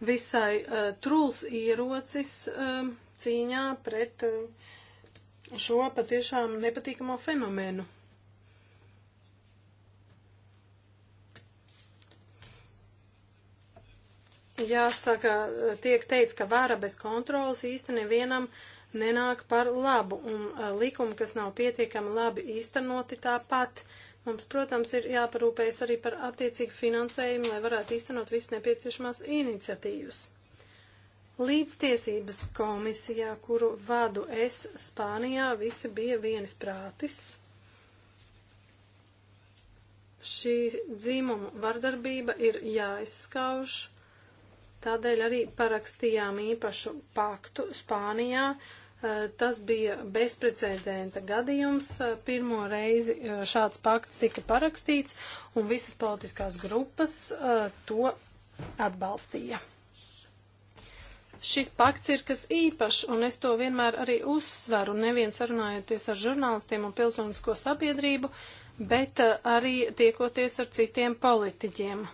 visai uh, truls ierocis uh, cīņā pret uh, šo patiešām nepatīkamo fenomenu. Jāsaka, uh, tiek teikts, ka vara bez kontrolas īsti nevienam uh, nenāk par labu, un e, likumi, kas nav pietiekami labi īstenoti tāpat. Mums, protams, ir jāparūpējas arī par attiecīgu finansējumu, lai varētu īstenot visas nepieciešamās iniciatīvas. Līdztiesības komisijā, kuru vadu es Spānijā, visi bija vienis prātis šī dzīmumu vardarbība ir jāizskauž. Tādēļ arī parakstījām īpašu paktu Spānijā, Tas bija bezprecedenta gadījums. Pirmo reizi uh, šāds pakts tika parakstīts, un visas politiskās grupas uh, to atbalstīja. Šis pakts ir kas īpašs, un es to vienmēr arī uzsveru, nevien sarunājoties ar žurnālistiem un pilsonisko sabiedrību, bet uh, arī tiekoties ar citiem politiķiem.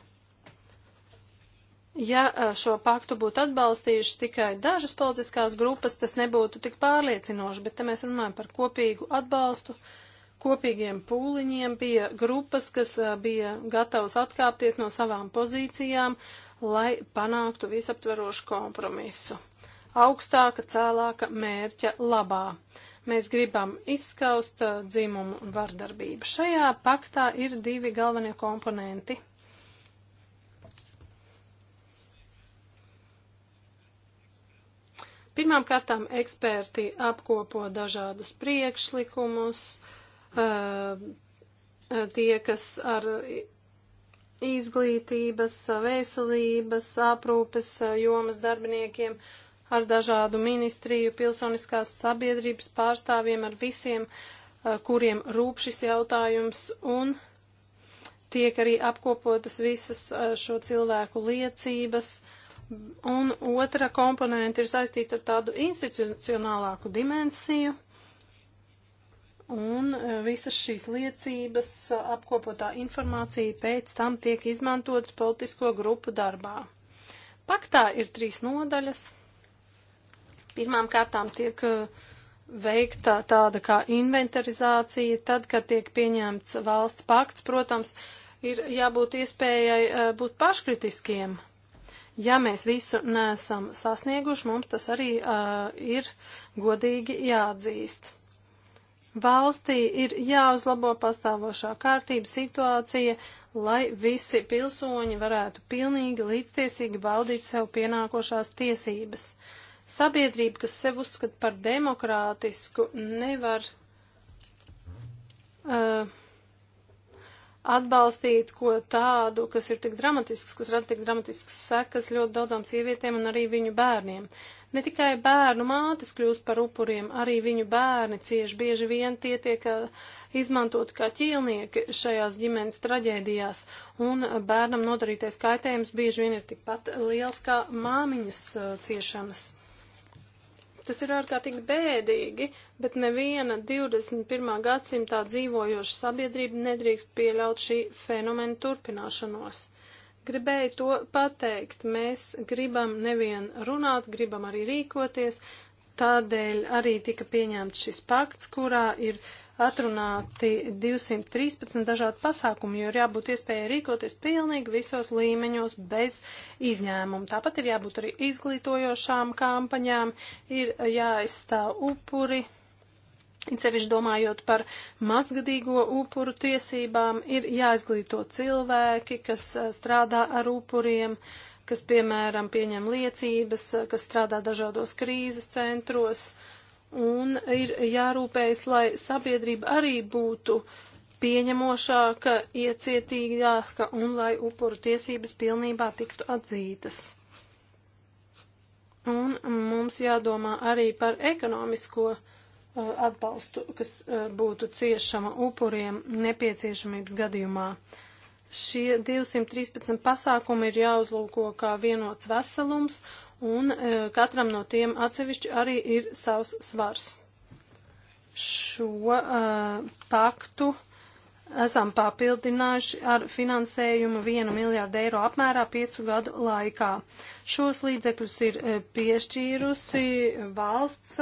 Ja šo paktu būtu atbalstījuši tikai dažas politiskās grupas, tas nebūtu tik pārliecinoši, bet te mēs runājam par kopīgu atbalstu, kopīgiem pūliņiem, bija grupas, kas bija gatavas atkāpties no savām pozīcijām, lai panāktu visaptverošu kompromisu. Augstāka, cēlāka mērķa labā. Mēs gribam izskaust dzimumu vardarbību. Šajā paktā ir divi galvenie komponenti Pirmām kārtām eksperti apkopo dažādus priekšlikumus, eh, eh, tie, kas ar izglītības, veselības, aprūpes eh, jomas darbiniekiem, ar dažādu ministriju, pilsoniskās sabiedrības pārstāvjiem, ar visiem, kuriem rūp šis jautājums, un tiek arī apkopotas visas šo cilvēku liecības, uh, Un otra komponenta ir saistīta ar tādu institucionālāku dimensiju. Un e, visas šīs liecības e, apkopotā informācija pēc tam tiek izmantotas politisko grupu darbā. Paktā ir trīs nodaļas. Pirmām kārtām tiek e, veikta tāda kā inventarizācija, tad, kad tiek pieņemts valsts pakts, protams, ir jābūt iespējai būt paškritiskiem Ja mēs visu nesam sasnieguši, mums tas arī uh, ir godīgi jāatzīst. Valstī ir jāuzlabo pastāvošā kārtība situācija, lai visi pilsoņi varētu pilnīgi līdztiesīgi baudīt sev pienākošās tiesības. Sabiedrība, kas sev uzskata par demokrātisku, nevar. Uh, atbalstīt ko tādu, kas ir tik dramatisks, kas rada tik dramatisks sekas ļoti daudzām sievietēm un arī viņu bērniem. Ne tikai bērnu mātes kļūst par upuriem, arī viņu bērni cieši bieži vien tie tiek izmantot kā ķīlnieki šajās ģimenes traģēdijās, un bērnam nodarītais kaitējums bieži vien ir tikpat liels kā māmiņas ciešanas. Tas ir ārkārtīgi bēdīgi, bet neviena 21. gadsimtā dzīvojoša sabiedrība nedrīkst pieļaut šī fenomena turpināšanos. Gribēju to pateikt, mēs gribam nevien runāt, gribam arī rīkoties, tādēļ arī tika pieņemts šis pakts, kurā ir uh, atrunāti 213 dažādi pasākumi, jo ir jābūt iespējai rīkoties pilnīgi visos līmeņos bez izņēmuma. Tāpat ir jābūt arī izglītojošām kampaņām, ir jāizstāv upuri. Cevišķi domājot par mazgadīgo upuru tiesībām, ir jāizglīto cilvēki, kas strādā ar upuriem, kas, piemēram, pieņem liecības, kas strādā dažādos krīzes centros, uh, un ir jārūpējas, lai sabiedrība arī būtu pieņemošāka, iecietīgāka un lai upuru tiesības pilnībā tiktu atzītas. Un mums jādomā arī par ekonomisko uh, atbalstu, kas uh, būtu ciešama upuriem nepieciešamības gadījumā. Šie 213 pasākumi ir jāuzlūko kā vienots veselums, un e, katram no tiem atsevišķi arī ir savs svars. Šo uh, paktu esam papildinājuši ar finansējumu 1 miljārdu eiro apmērā 5 gadu laikā. Šos līdzekļus ir e, piešķīrusi valsts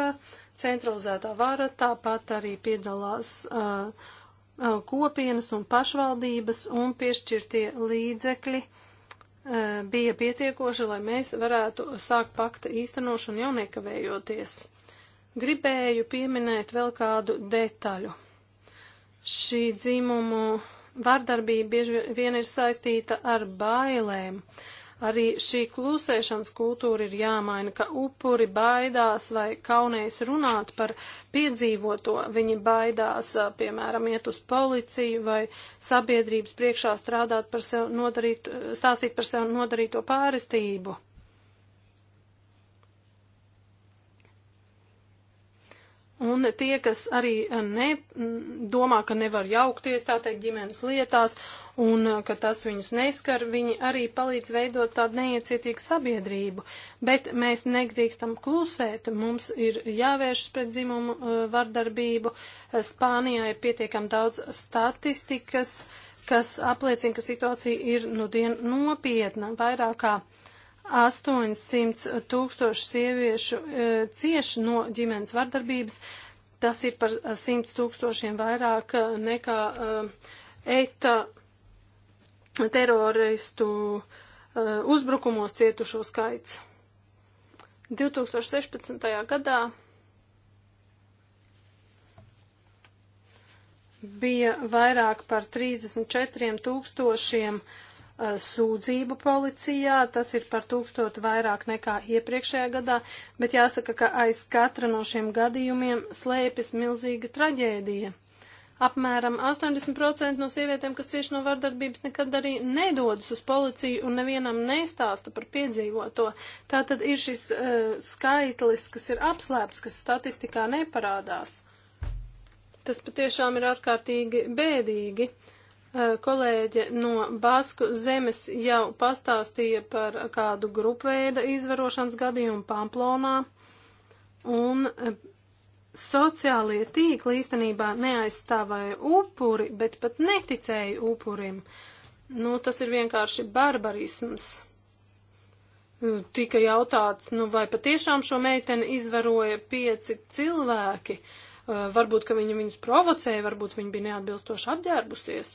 centralizētā vara, tāpat arī piedalās uh, kopienas un pašvaldības un piešķirtie līdzekļi uh, bija pietiekoši, lai mēs varētu sākt pakta īstenošanu jau nekavējoties. Gribēju pieminēt vēl kādu detaļu. Šī dzīmumu vardarbība bieži vien ir saistīta ar bailēm. Uh, Arī šī klusēšanas kultūra ir jāmaina, ka upuri baidās vai kaunējas runāt par piedzīvoto. Viņi baidās, piemēram, iet uz policiju vai sabiedrības priekšā strādāt par sev nodarīt, stāstīt par sev nodarīto pārestību. Un tie, kas arī ne, domā, ka nevar jaukties, tā teikt, ģimenes lietās un uh, ka tas viņus neskar, viņi arī palīdz veidot tādu neiecietīgu sabiedrību. Bet mēs nedrīkstam klusēt, mums ir jāvēršas pret dzimumu uh, vardarbību. Uh, Spānijā ir pietiekam daudz statistikas, kas apliecina, ka situācija ir nu dien nopietna vairākā. 800 tūkstoši sieviešu e, cieši no ģimenes vardarbības, tas ir par 100 tūkstošiem vairāk nekā uh, ETA teroristu uh, uzbrukumos cietušo skaits. 2016. gadā bija vairāk par 34 tūkstošiem uh, sūdzību policijā, tas ir par tūkstotu vairāk nekā iepriekšējā gadā, bet jāsaka, ka aiz katra no šiem gadījumiem slēpjas milzīga traģēdija. Apmēram 80% no sievietēm, kas cieši no vardarbības, nekad arī nedodas uz policiju un nevienam nestāsta par piedzīvoto. Tā tad ir šis uh, skaitlis, kas ir apslēpts, kas statistikā neparādās. Tas patiešām ir ārkārtīgi bēdīgi. Uh, kolēģe no Basku zemes jau pastāstīja par kādu grupveida izvarošanas gadījumu Pamplonā. Un uh, sociālie tīkli īstenībā neaizstāvēja upuri, bet pat neticēja upurim. Nu, tas ir vienkārši barbarisms. Tika jautāts, nu vai patiešām šo meiteni izvaroja pieci cilvēki. Uh, varbūt, ka viņi viņus provocēja, varbūt viņi bija neatbilstoši apģērbusies.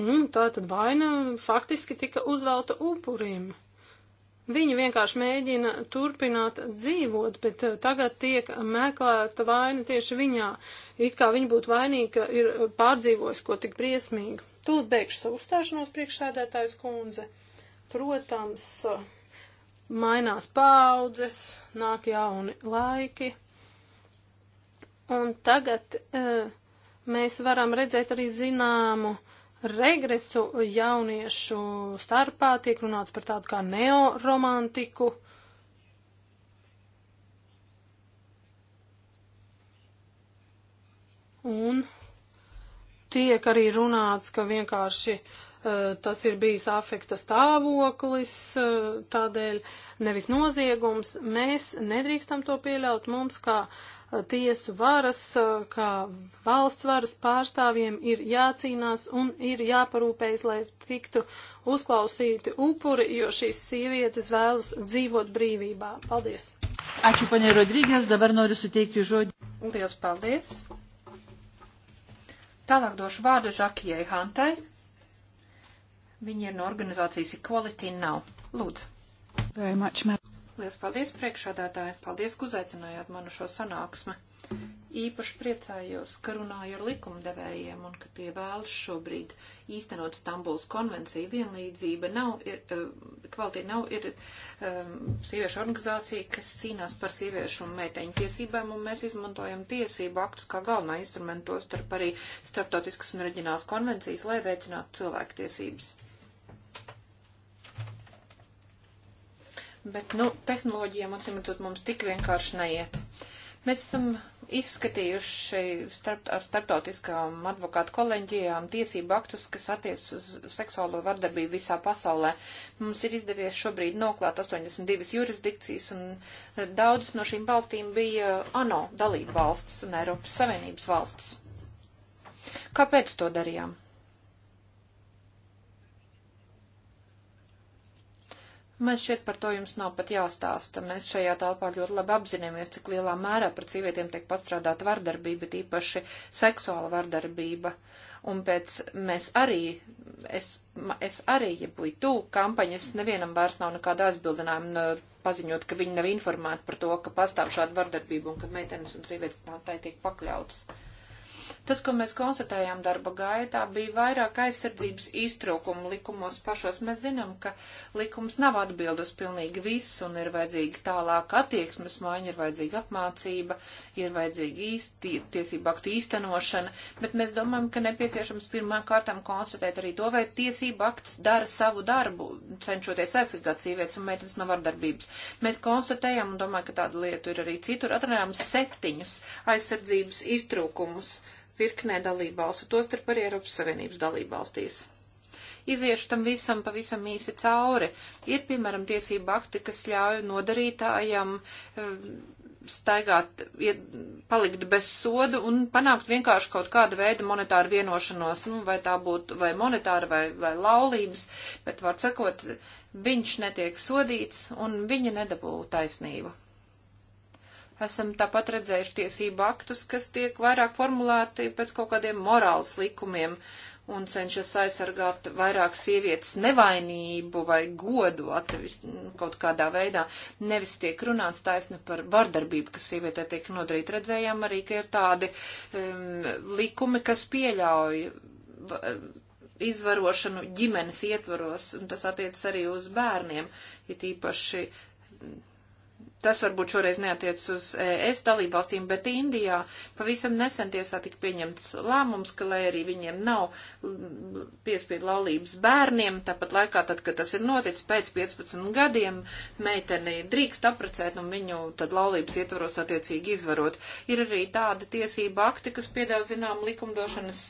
Un tā tad vaina faktiski tika uzvelta upurim. Viņi vienkārši mēģina turpināt dzīvot, bet eh, tagad tiek meklēta vaina tieši viņā. It kā viņa būtu vainīga, ka ir eh, pārdzīvojis ko tik briesmīgu. Tūlīt beigšu savu uzstāšanos priekšsēdētājs kundze. Protams, eh, mainās paudzes, nāk jauni laiki. Un tagad e, mēs varam redzēt arī zināmu regresu jauniešu starpā, tiek runāts par tādu kā neoromantiku. Un tiek arī runāts, ka vienkārši uh, tas ir bijis afekta stāvoklis, uh, tādēļ nevis noziegums. Mēs nedrīkstam to pieļaut. Mums kā uh, tiesu varas, kā valsts varas pārstāvjiem ir jācīnās un ir jāparūpējas, lai tiktu uzklausīti upuri, jo šīs sievietes vēlas dzīvot brīvībā. Paldies! Ačiū, panē Rodrīgas, dabar noriu suteikti žodį. Liels paldies! Tālāk došu vārdu Žakijai Hantai. Viņa ir no organizācijas Equality Now. Lūdzu! Very much, man. Lielas paldies priekšādātāji, paldies, ka uzaicinājāt manu šo sanāksmi. Īpaši priecājos, ka runāju ar likumdevējiem un ka tie vēlas šobrīd īstenot Stambuls konvenciju. Vienlīdzība nav, ir, eh, kvalitīte nav, ir um, sieviešu organizācija, kas cīnās par sieviešu un meiteņu tiesībām, un mēs izmantojam tiesību aktus kā galvenā instrumentu, starp arī starptautiskas un reģionālas konvencijas, lai veicinātu cilvēku tiesības. Bet, nu, tehnoloģijām, atsimot, mums tik vienkārši neiet. Mēs esam izskatījuši starp, ar starptautiskām advokātu kolēģijām tiesību aktus, kas attiec uz seksuālo vardarbību visā pasaulē. Mums ir izdevies šobrīd noklāt 82 jurisdikcijas, un e, daudzas no šīm valstīm bija ANO dalība valstis un Eiropas Savienības valstis. Kāpēc to darījām? Man šķiet, par to jums nav pat jāstāsta. Mēs šajā telpā ļoti labi apzināmies, cik lielā mērā pret sievietēm tiek pastrādāta vardarbība, tīpaši seksuāla vardarbība. Un pēc mēs arī, es, es arī, ja būtu tu kampaņas, nevienam vairs nav nekāda aizbildinājuma nu, paziņot, ka viņi nav informēti par to, ka pastāv šāda vardarbība un ka meitenes un sievietes tā, tā tiek pakļautas. Tas, ko mēs konstatējām darba gaitā, bija vairāk aizsardzības iztrūkumu likumos pašos. Mēs zinām, ka likums nav atbildus pilnīgi viss un ir vajadzīga tālāka attieksmes maiņa, ir vajadzīga apmācība, ir vajadzīga īsti, tiesību aktu īstenošana, bet mēs domājam, ka nepieciešams pirmām kārtām konstatēt arī to, vai tiesību akts dara savu darbu, cenšoties aizsargāt sievietes un meitenes no vardarbības. Mēs konstatējam un domāju, ka tāda lieta ir arī citur. Atradām septiņus aizsardzības iztrūkumus. Uh, virknē dalībvalstu, tostarp arī Eiropas Savienības dalībvalstīs. Iziešu tam visam pavisam īsi cauri. Ir, piemēram, tiesība akti, kas ļauj nodarītājam eh, staigāt, iet, palikt bez sodu un panākt vienkārši kaut kādu veidu monetāru vienošanos, nu, vai tā būtu vai monetāra vai, vai laulības, bet, var sakot, viņš netiek sodīts un viņa nedabū taisnību. Esam tāpat redzējuši tiesību aktus, kas tiek vairāk formulēti pēc kaut kādiem morāls likumiem un cenšas aizsargāt vairāk sievietes nevainību vai godu atsevišķi nu, kaut kādā veidā. Nevis tiek runāts taisni par vardarbību, kas sievietē tiek nodarīta. Redzējām arī, ka ir tādi um, likumi, kas pieļauj izvarošanu ģimenes ietvaros, un tas attiecas arī uz bērniem, it īpaši Tas varbūt šoreiz neatiec uz ES dalībvalstīm, bet Indijā pavisam nesen tiesā tika pieņemts lēmums, ka, lai arī viņiem nav piespiedu laulības bērniem, tāpat laikā, tad, kad tas ir noticis pēc 15 gadiem, meiteni drīkst aprecēt un viņu tad laulības ietvaros attiecīgi izvarot. Ir arī tāda tiesība akti, kas piedāv zinām likumdošanas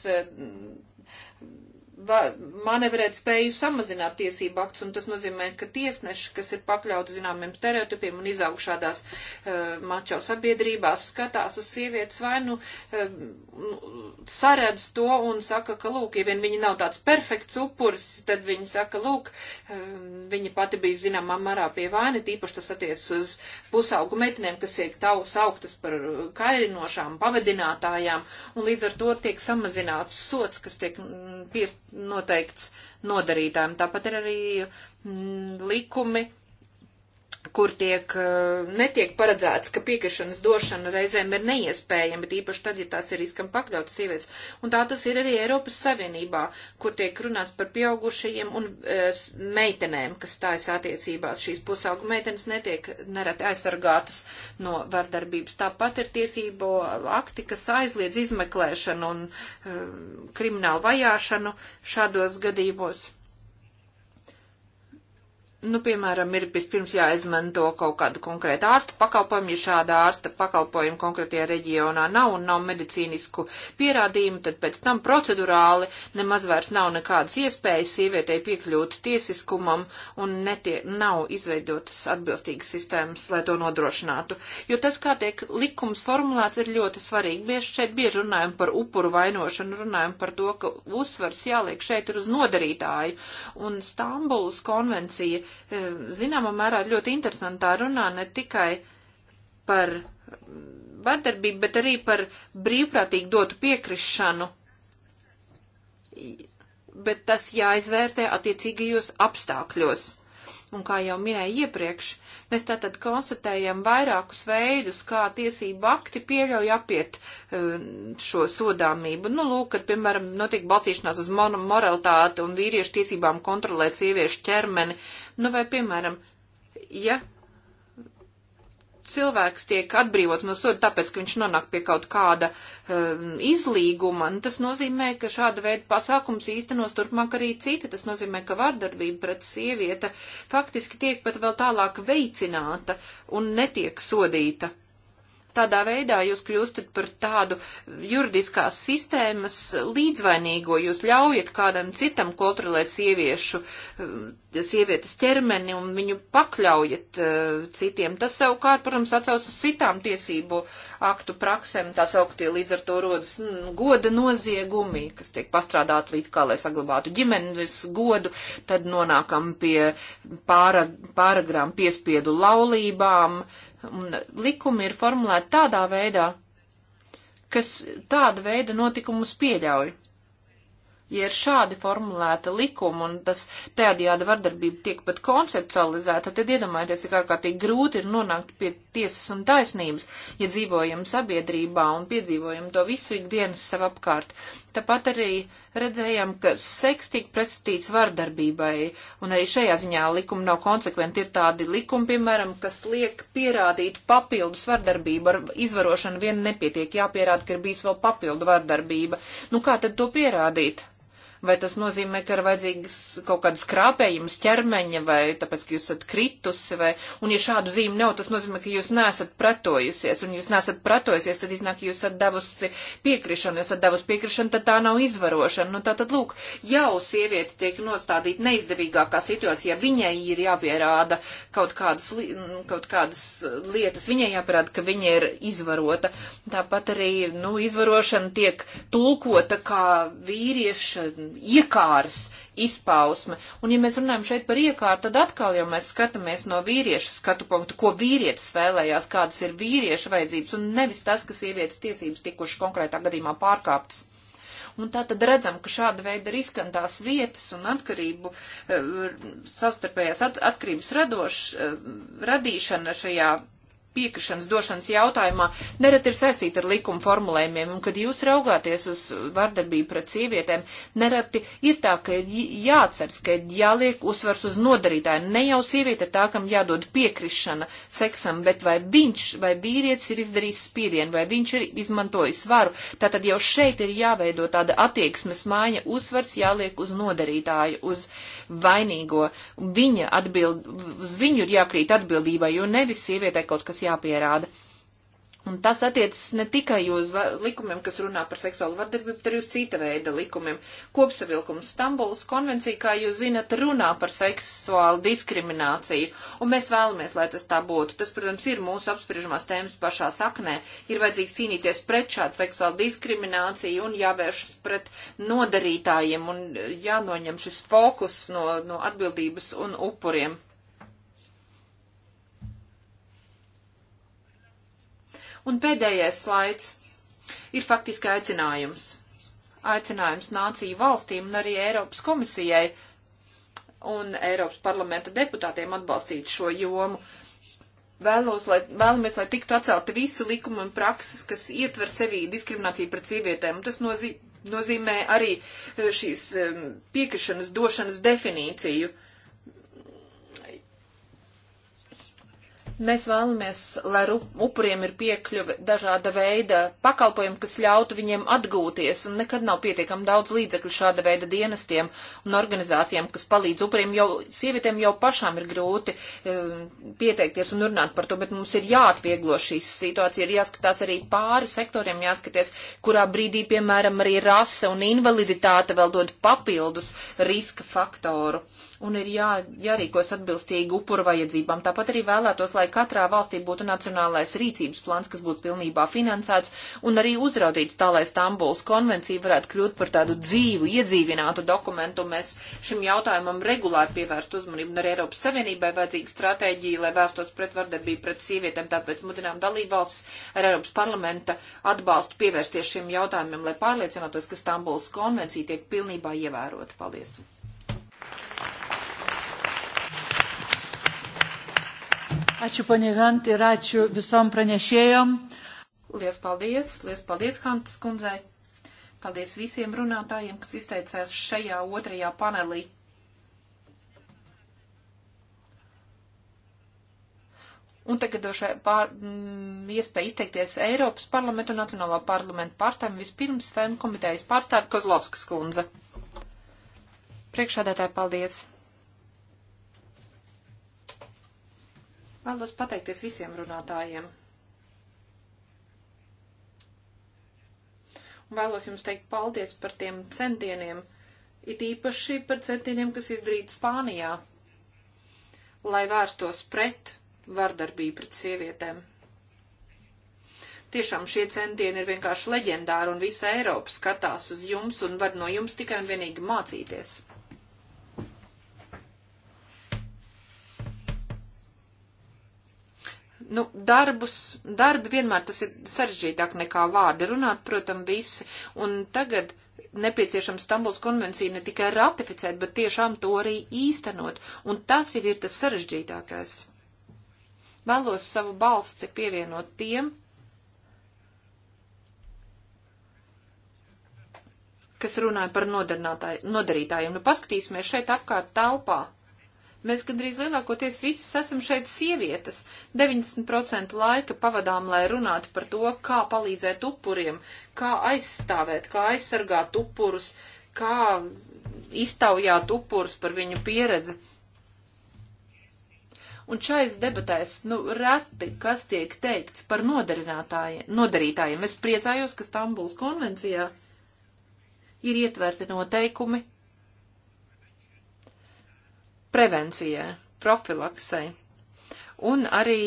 manevrēt spēju samazināt tiesību aktus, un tas nozīmē, ka tiesneši, kas ir pakļauti zināmiem stereotipiem un izaugšādās uh, eh, mačo sabiedrībās, skatās uz sievietes vainu, uh, eh, nu, saredz to un saka, ka, lūk, ja vien viņi nav tāds perfekts upuris, tad viņi saka, lūk, uh, viņi pati bija zināmā marā pie vaini, tīpaši tas attiec uz pusaugu metnēm, kas tiek tavs augtas par kairinošām pavadinātājām, un līdz ar to tiek samazināts sots, kas tiek mm, pie, noteikts nodarītājiem. Tāpat ir arī mm, likumi kur tiek, eh, netiek paredzēts, ka piekrišanas došana reizēm ir neiespējama, bet īpaši tad, ja tās ir riskam pakļautas sievietes. Un tā tas ir arī Eiropas Savienībā, kur tiek runāts par pieaugušajiem un e, meitenēm, kas stājas attiecībās. Šīs pusaugu meitenes netiek nereti aizsargātas no vardarbības. Tāpat ir tiesību akti, kas aizliedz izmeklēšanu un e, kriminālu vajāšanu šādos gadījumos nu, piemēram, ir vispirms jāizmanto kaut kādu konkrētu ārsta pakalpojumu, ja šāda ārsta pakalpojuma konkrētajā reģionā nav un nav medicīnisku pierādījumu, tad pēc tam procedurāli nemaz vairs nav nekādas iespējas sievietei piekļūt tiesiskumam un netie, nav izveidotas atbilstīgas sistēmas, lai to nodrošinātu. Jo tas, kā tiek likums formulēts, ir ļoti svarīgi. Bieži šeit bieži runājam par upuru vainošanu, runājam par to, ka uzsvars jāliek šeit ir uz nodarītāju. Un Stambulas konvencija E, zināmā mērā ļoti interesantā runā ne tikai par vardarbību, bet arī par brīvprātīgi dotu piekrišanu. Bet tas jāizvērtē attiecīgajos apstākļos. Un kā jau minēju iepriekš, Mēs tātad konstatējam vairākus veidus, kā tiesību akti pieļauj apiet e, šo sodāmību. Nu, lūk, kad, piemēram, notiek balstīšanās uz moralitāti un vīriešu tiesībām kontrolēt sieviešu ķermeni, nu, vai, piemēram, ja cilvēks tiek atbrīvots no soda, tāpēc, ka viņš nonāk pie kaut kāda um, izlīguma, un nu, tas nozīmē, ka šāda veida pasākums īstenos turpmāk arī citi. Tas nozīmē, ka vardarbība pret sieviete faktiski tiek pat vēl tālāk veicināta un netiek sodīta. Tādā veidā jūs kļūstat par tādu juridiskās sistēmas līdzvainīgo, jūs ļaujat kādam citam kontrolēt sieviešu, um, sievietes ķermeni un viņu pakļaujat uh, citiem. Tas savukārt, protams, atsauc uz citām tiesību aktu praksēm, tā sauktie līdz ar to rodas mm, goda noziegumi, kas tiek pastrādāti līdz kā, lai saglabātu ģimenes godu, tad nonākam pie pāra, pāragrām piespiedu laulībām, uh, Un likumi ir formulēti tādā veidā, kas tāda veida notikumus pieļauj. Ja ir šādi formulēta likuma un tas tādajāda vardarbība tiek pat konceptualizēta, tad iedomājieties, cik ārkārtīgi grūti ir nonākt pie tiesas un taisnības, ja dzīvojam sabiedrībā un piedzīvojam to visu ikdienas sev apkārt. Tāpat arī redzējām, ka seks tiek pretstatīts vardarbībai, un arī šajā ziņā likumi nav konsekventi. Ir tādi likumi, piemēram, kas liek pierādīt papildus vardarbību, ar izvarošanu vien nepietiek, jāpierāda, ka ir bijis vēl papildu vardarbība. Nu kā tad to pierādīt? Vai tas nozīmē, ka ir vajadzīgs kaut kāds krāpējums ķermeņa, vai tāpēc, ka jūs esat kritusi, vai, un ja šādu zīmu nav, tas nozīmē, ka jūs nesat pretojusies, un jūs nesat pretojusies, tad iznāk, ka jūs esat devusi piekrišanu, esat devusi piekrišanu, tad tā nav izvarošana. Nu, tā tad, lūk, jau sievieti tiek nostādīta neizdevīgākā situācijā, viņai ir jāpierāda kaut kādas, kaut kādas lietas, viņai jāpierāda, ka viņa ir izvarota. Tāpat arī, nu, izvarošana tiek tulkota kā vīrieša iekāras izpausme. Un ja mēs runājam šeit par iekāru, tad atkal jau mēs skatāmies no vīrieša skatu punktu, ko vīrietis vēlējās, kādas ir vīrieša vajadzības, un nevis tas, ka sievietes tiesības tikuši konkrētā gadījumā pārkāptas. Un tā tad redzam, ka šāda veida riskantās vietas un atkarību, eh, savstarpējās at atkarības radoš, eh, radīšana šajā piekrišanas došanas jautājumā nereti ir saistīta ar likuma formulējumiem, un kad jūs raugāties uz vardarbību pret sievietēm, nereti ir tā, ka jāatceras, ka jāliek uzsvars uz nodarītāju. Ne jau sieviete ir tā, kam jādod piekrišana seksam, bet vai viņš vai vīrietis ir izdarījis spiedienu, vai viņš ir izmantojis varu. Tātad jau šeit ir jāveido tāda attieksmes māja, uzsvars jāliek uz nodarītāju, uz uh, vainīgo. Viņa atbild, uz viņu ir jākrīt atbildībai, jo nevis sievietē kaut kas jāpierāda. Un tas attiecas ne tikai uz likumiem, kas runā par seksuālu vardarbību, bet arī uz cita veida likumiem. Kopsavilkums Stambulas konvencija, kā jūs zinat, runā par seksuālu diskrimināciju, un mēs vēlamies, lai tas tā būtu. Tas, protams, ir mūsu apspriežamās tēmas pašā saknē. Ir vajadzīgs cīnīties pret šādu seksuālu diskrimināciju un jāvēršas pret nodarītājiem un jānoņem šis fokus no, no atbildības un upuriem. Un pēdējais slaids ir faktiski aicinājums. Aicinājums nāciju valstīm un arī Eiropas komisijai un Eiropas parlamenta deputātiem atbalstīt šo jomu. Vēlos, lai, vēlamies, lai tiktu atcelti visi likumi un prakses, kas ietver sevī diskrimināciju pret sievietēm. Un tas nozī, nozīmē arī eh, šīs eh, piekrišanas došanas definīciju. Uh, Mēs vēlamies, lai upuriem ir piekļuve dažāda veida pakalpojumu, kas ļautu viņiem atgūties, un nekad nav pietiekami daudz līdzekļu šāda veida dienestiem un organizācijām, kas palīdz upuriem. Jau sievietēm jau pašām ir grūti um, pieteikties un runāt par to, bet mums ir jāatvieglo šīs situācija, ir jāskatās arī pāri sektoriem, jāskatās, kurā brīdī, piemēram, arī rase un invaliditāte vēl dod papildus riska faktoru un ir jā, jārīkos atbilstīgi upuru vajadzībām. Tāpat arī vēlētos, lai katrā valstī būtu nacionālais rīcības plāns, kas būtu pilnībā finansēts un arī uzraudīts tā, lai Stambuls konvencija varētu kļūt par tādu dzīvu, iedzīvinātu dokumentu. Mēs šim jautājumam regulāri pievērst uzmanību un arī Eiropas Savienībai vajadzīga stratēģija, lai vērstos pret vardarbību pret sievietēm. Tāpēc mudinām dalībvalstis ar Eiropas parlamenta atbalstu pievērsties šiem jautājumiem, lai pārliecinātos, ka Stambuls konvencija tiek pilnībā ievērota. Paldies! Ačiū panėgant ir ačiū visom pranešėjom. Lies paldies, lies paldies Hantas kundzei. Paldies visiem runātājiem, kas izteicās šajā otrajā panelī. Un tagad došai pār, m, mm, iespēju izteikties Eiropas parlamentu un Nacionālā parlamentu pārstāvjiem vispirms FEM komitejas pārstāvi Kozlovskas kundze. Priekšādētāji, paldies! Vēlos pateikties visiem runātājiem. Un vēlos jums teikt paldies par tiem centieniem, it īpaši par centieniem, kas izdarīti Spānijā, lai vērstos pret vardarbību pret sievietēm. Tiešām šie centieni ir vienkārši leģendāri, un visa Eiropa skatās uz jums un var no jums tikai un vienīgi mācīties. nu, darbus, darbi vienmēr tas ir sarežģītāk nekā vārdi runāt, protams, visi. Un tagad nepieciešams Stambuls konvenciju ne tikai ratificēt, bet tiešām to arī īstenot. Un tas jau ir tas sarežģītākais. Vēlos savu balsi pievienot tiem, kas runāja par nodarītājiem. Nu, paskatīsimies šeit apkārt telpā. Mēs gandrīz lielākoties visas esam šeit sievietes. 90% laika pavadām, lai runātu par to, kā palīdzēt upuriem, kā aizstāvēt, kā aizsargāt upurus, kā iztaujāt upurus par viņu pieredzi. Un šais debatēs, nu, reti, kas tiek teikts par nodarītājiem. Es priecājos, ka Stambuls konvencijā ir ietverti noteikumi prevencijai, profilaksei un arī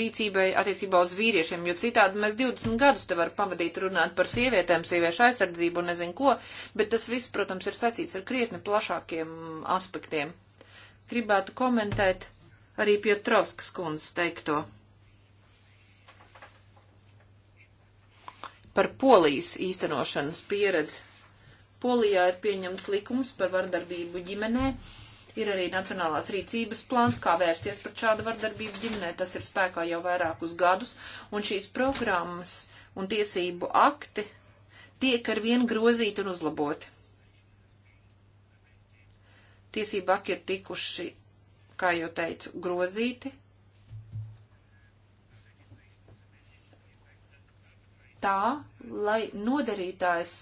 rīcībai attiecībā uz vīriešiem, jo citādi mēs 20 gadus te varam pavadīt runāt par sievietēm, sieviešu aizsardzību un nezinu ko, bet tas viss, protams, ir saistīts ar krietni plašākiem aspektiem. Gribētu komentēt arī Piotrovskas kundzes teikto. Par polijas īstenošanas pieredzi. Polijā ir pieņemts likums par vardarbību ģimenē, Ir arī nacionālās rīcības plāns, kā vērsties pret šādu vardarbību ģimenē. Tas ir spēkā jau vairākus gadus, un šīs programmas un tiesību akti tiek arvien grozīti un uzlaboti. Tiesību akti ir tikuši, kā jau teicu, grozīti, tā, lai nodarītājs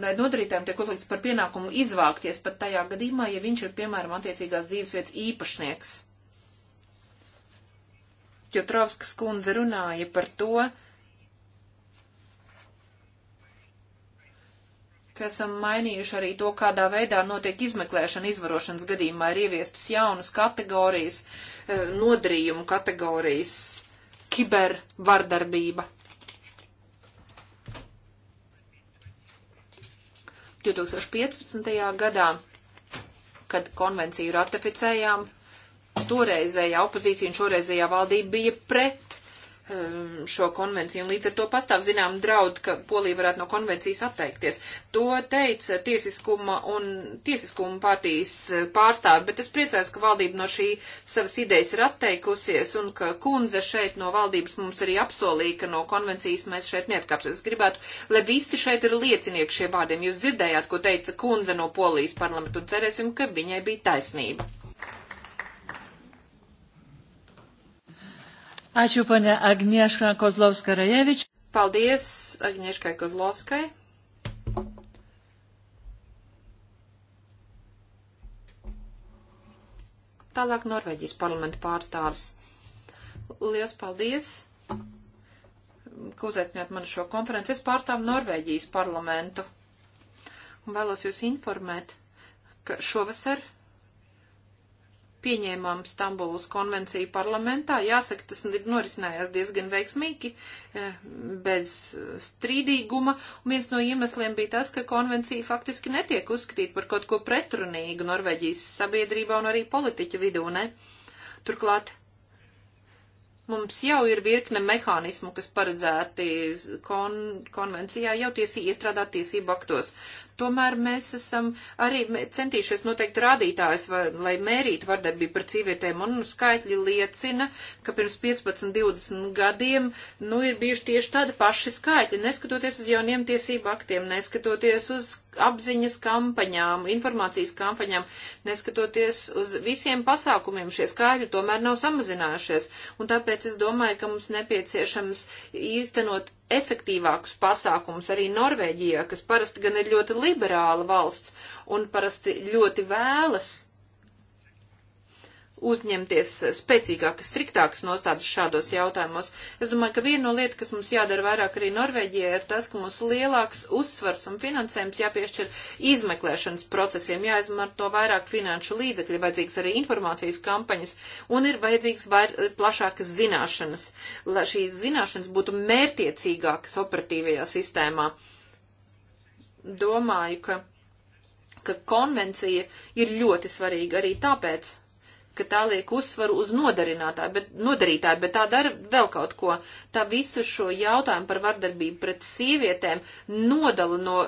lai nodarītājiem tiek uzlikts par pienākumu izvākties pat tajā gadījumā, ja viņš ir, piemēram, attiecīgās dzīvesvietas īpašnieks. Jotrovskas kundze runāja par to, ka esam mainījuši arī to, kādā veidā notiek izmeklēšana izvarošanas gadījumā, ir ieviestas jaunas kategorijas, eh, nodarījumu kategorijas, kibervardarbība. 2015. gadā, kad konvenciju ratificējām, toreizējā opozīcija un šoreizējā valdība bija pret Um, šo konvenciju. Un līdz ar to pastāv zinām draud, ka Polija varētu no konvencijas atteikties. To teica tiesiskuma un tiesiskuma partijas uh, pārstāvi, bet es priecājos, ka valdība no šī savas idejas ir atteikusies un ka kundze šeit no valdības mums arī apsolīja, ka no konvencijas mēs šeit neatkāpsies. Es gribētu, lai visi šeit ir liecinieki šiem vārdiem. Jūs dzirdējāt, ko teica kundze no Polijas parlamentu un cerēsim, ka viņai bija taisnība. Ačiū, pane Agnieška Kozlovska Rajevič. Paldies Agnieškai Kozlovskai. Tālāk Norvēģijas parlamenta pārstāvis. Lielas paldies, ka uzaicināt mani šo konferenci. Es pārstāvu Norvēģijas parlamentu. Un vēlos jūs informēt, ka šovasar pieņēmām Stambulas konvenciju parlamentā. Jāsaka, tas norisinājās diezgan veiksmīgi, eh, bez strīdīguma, un viens no iemesliem bija tas, ka konvencija faktiski netiek uzskatīta par kaut ko pretrunīgu Norvēģijas sabiedrībā un arī politiķu vidū, ne? Turklāt mums jau ir virkne mehānismu, kas paredzēti kon konvencijā, jau tiesī iestrādāt tiesību aktos. Tomēr mēs esam arī centīšies noteikt rādītājus, var, lai mērītu vardarbību par cīvietēm, un skaitļi liecina, ka pirms 15-20 gadiem, nu, ir bijuši tieši tādi paši skaitļi, neskatoties uz jauniem tiesību aktiem, neskatoties uz apziņas kampaņām, informācijas kampaņām, neskatoties uz visiem pasākumiem, šie skaļi tomēr nav samazinājušies. Un tāpēc es domāju, ka mums nepieciešams īstenot efektīvākus pasākumus arī Norvēģijā, kas parasti gan ir ļoti liberāla valsts un parasti ļoti vēlas uzņemties spēcīgākas, striktākas nostādes šādos jautājumos. Es domāju, ka viena no lieta, kas mums jādara vairāk arī Norvēģijai, ir tas, ka mums lielāks uzsvars un finansējums jāpiešķir izmeklēšanas procesiem, jāizmanto vairāk finanšu līdzekļu, vajadzīgs arī informācijas kampaņas un ir vajadzīgs vair, plašākas zināšanas, lai šīs zināšanas būtu mērtiecīgākas operatīvajā sistēmā. Domāju, ka, ka konvencija ir ļoti svarīga arī tāpēc, ka tā liek uzsvaru uz nodarinātāju, bet, nodarītāju, bet tā dara vēl kaut ko. Tā visu šo jautājumu par vardarbību pret sievietēm nodala no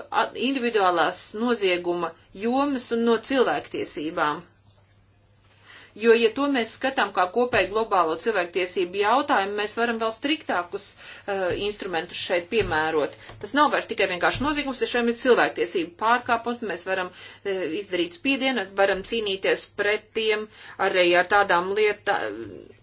individuālās nozieguma jomas un no cilvēktiesībām. Jo, ja to mēs skatām kā kopēju globālo cilvēktiesību jautājumu, mēs varam vēl striktākus uh, instrumentus šeit piemērot. Tas nav vairs tikai vienkārši noziegums, ja šiem ir cilvēktiesību pārkāpums, mēs varam uh, izdarīt spiedienu, varam cīnīties pret tiem arī ar tādām lietām. Uh,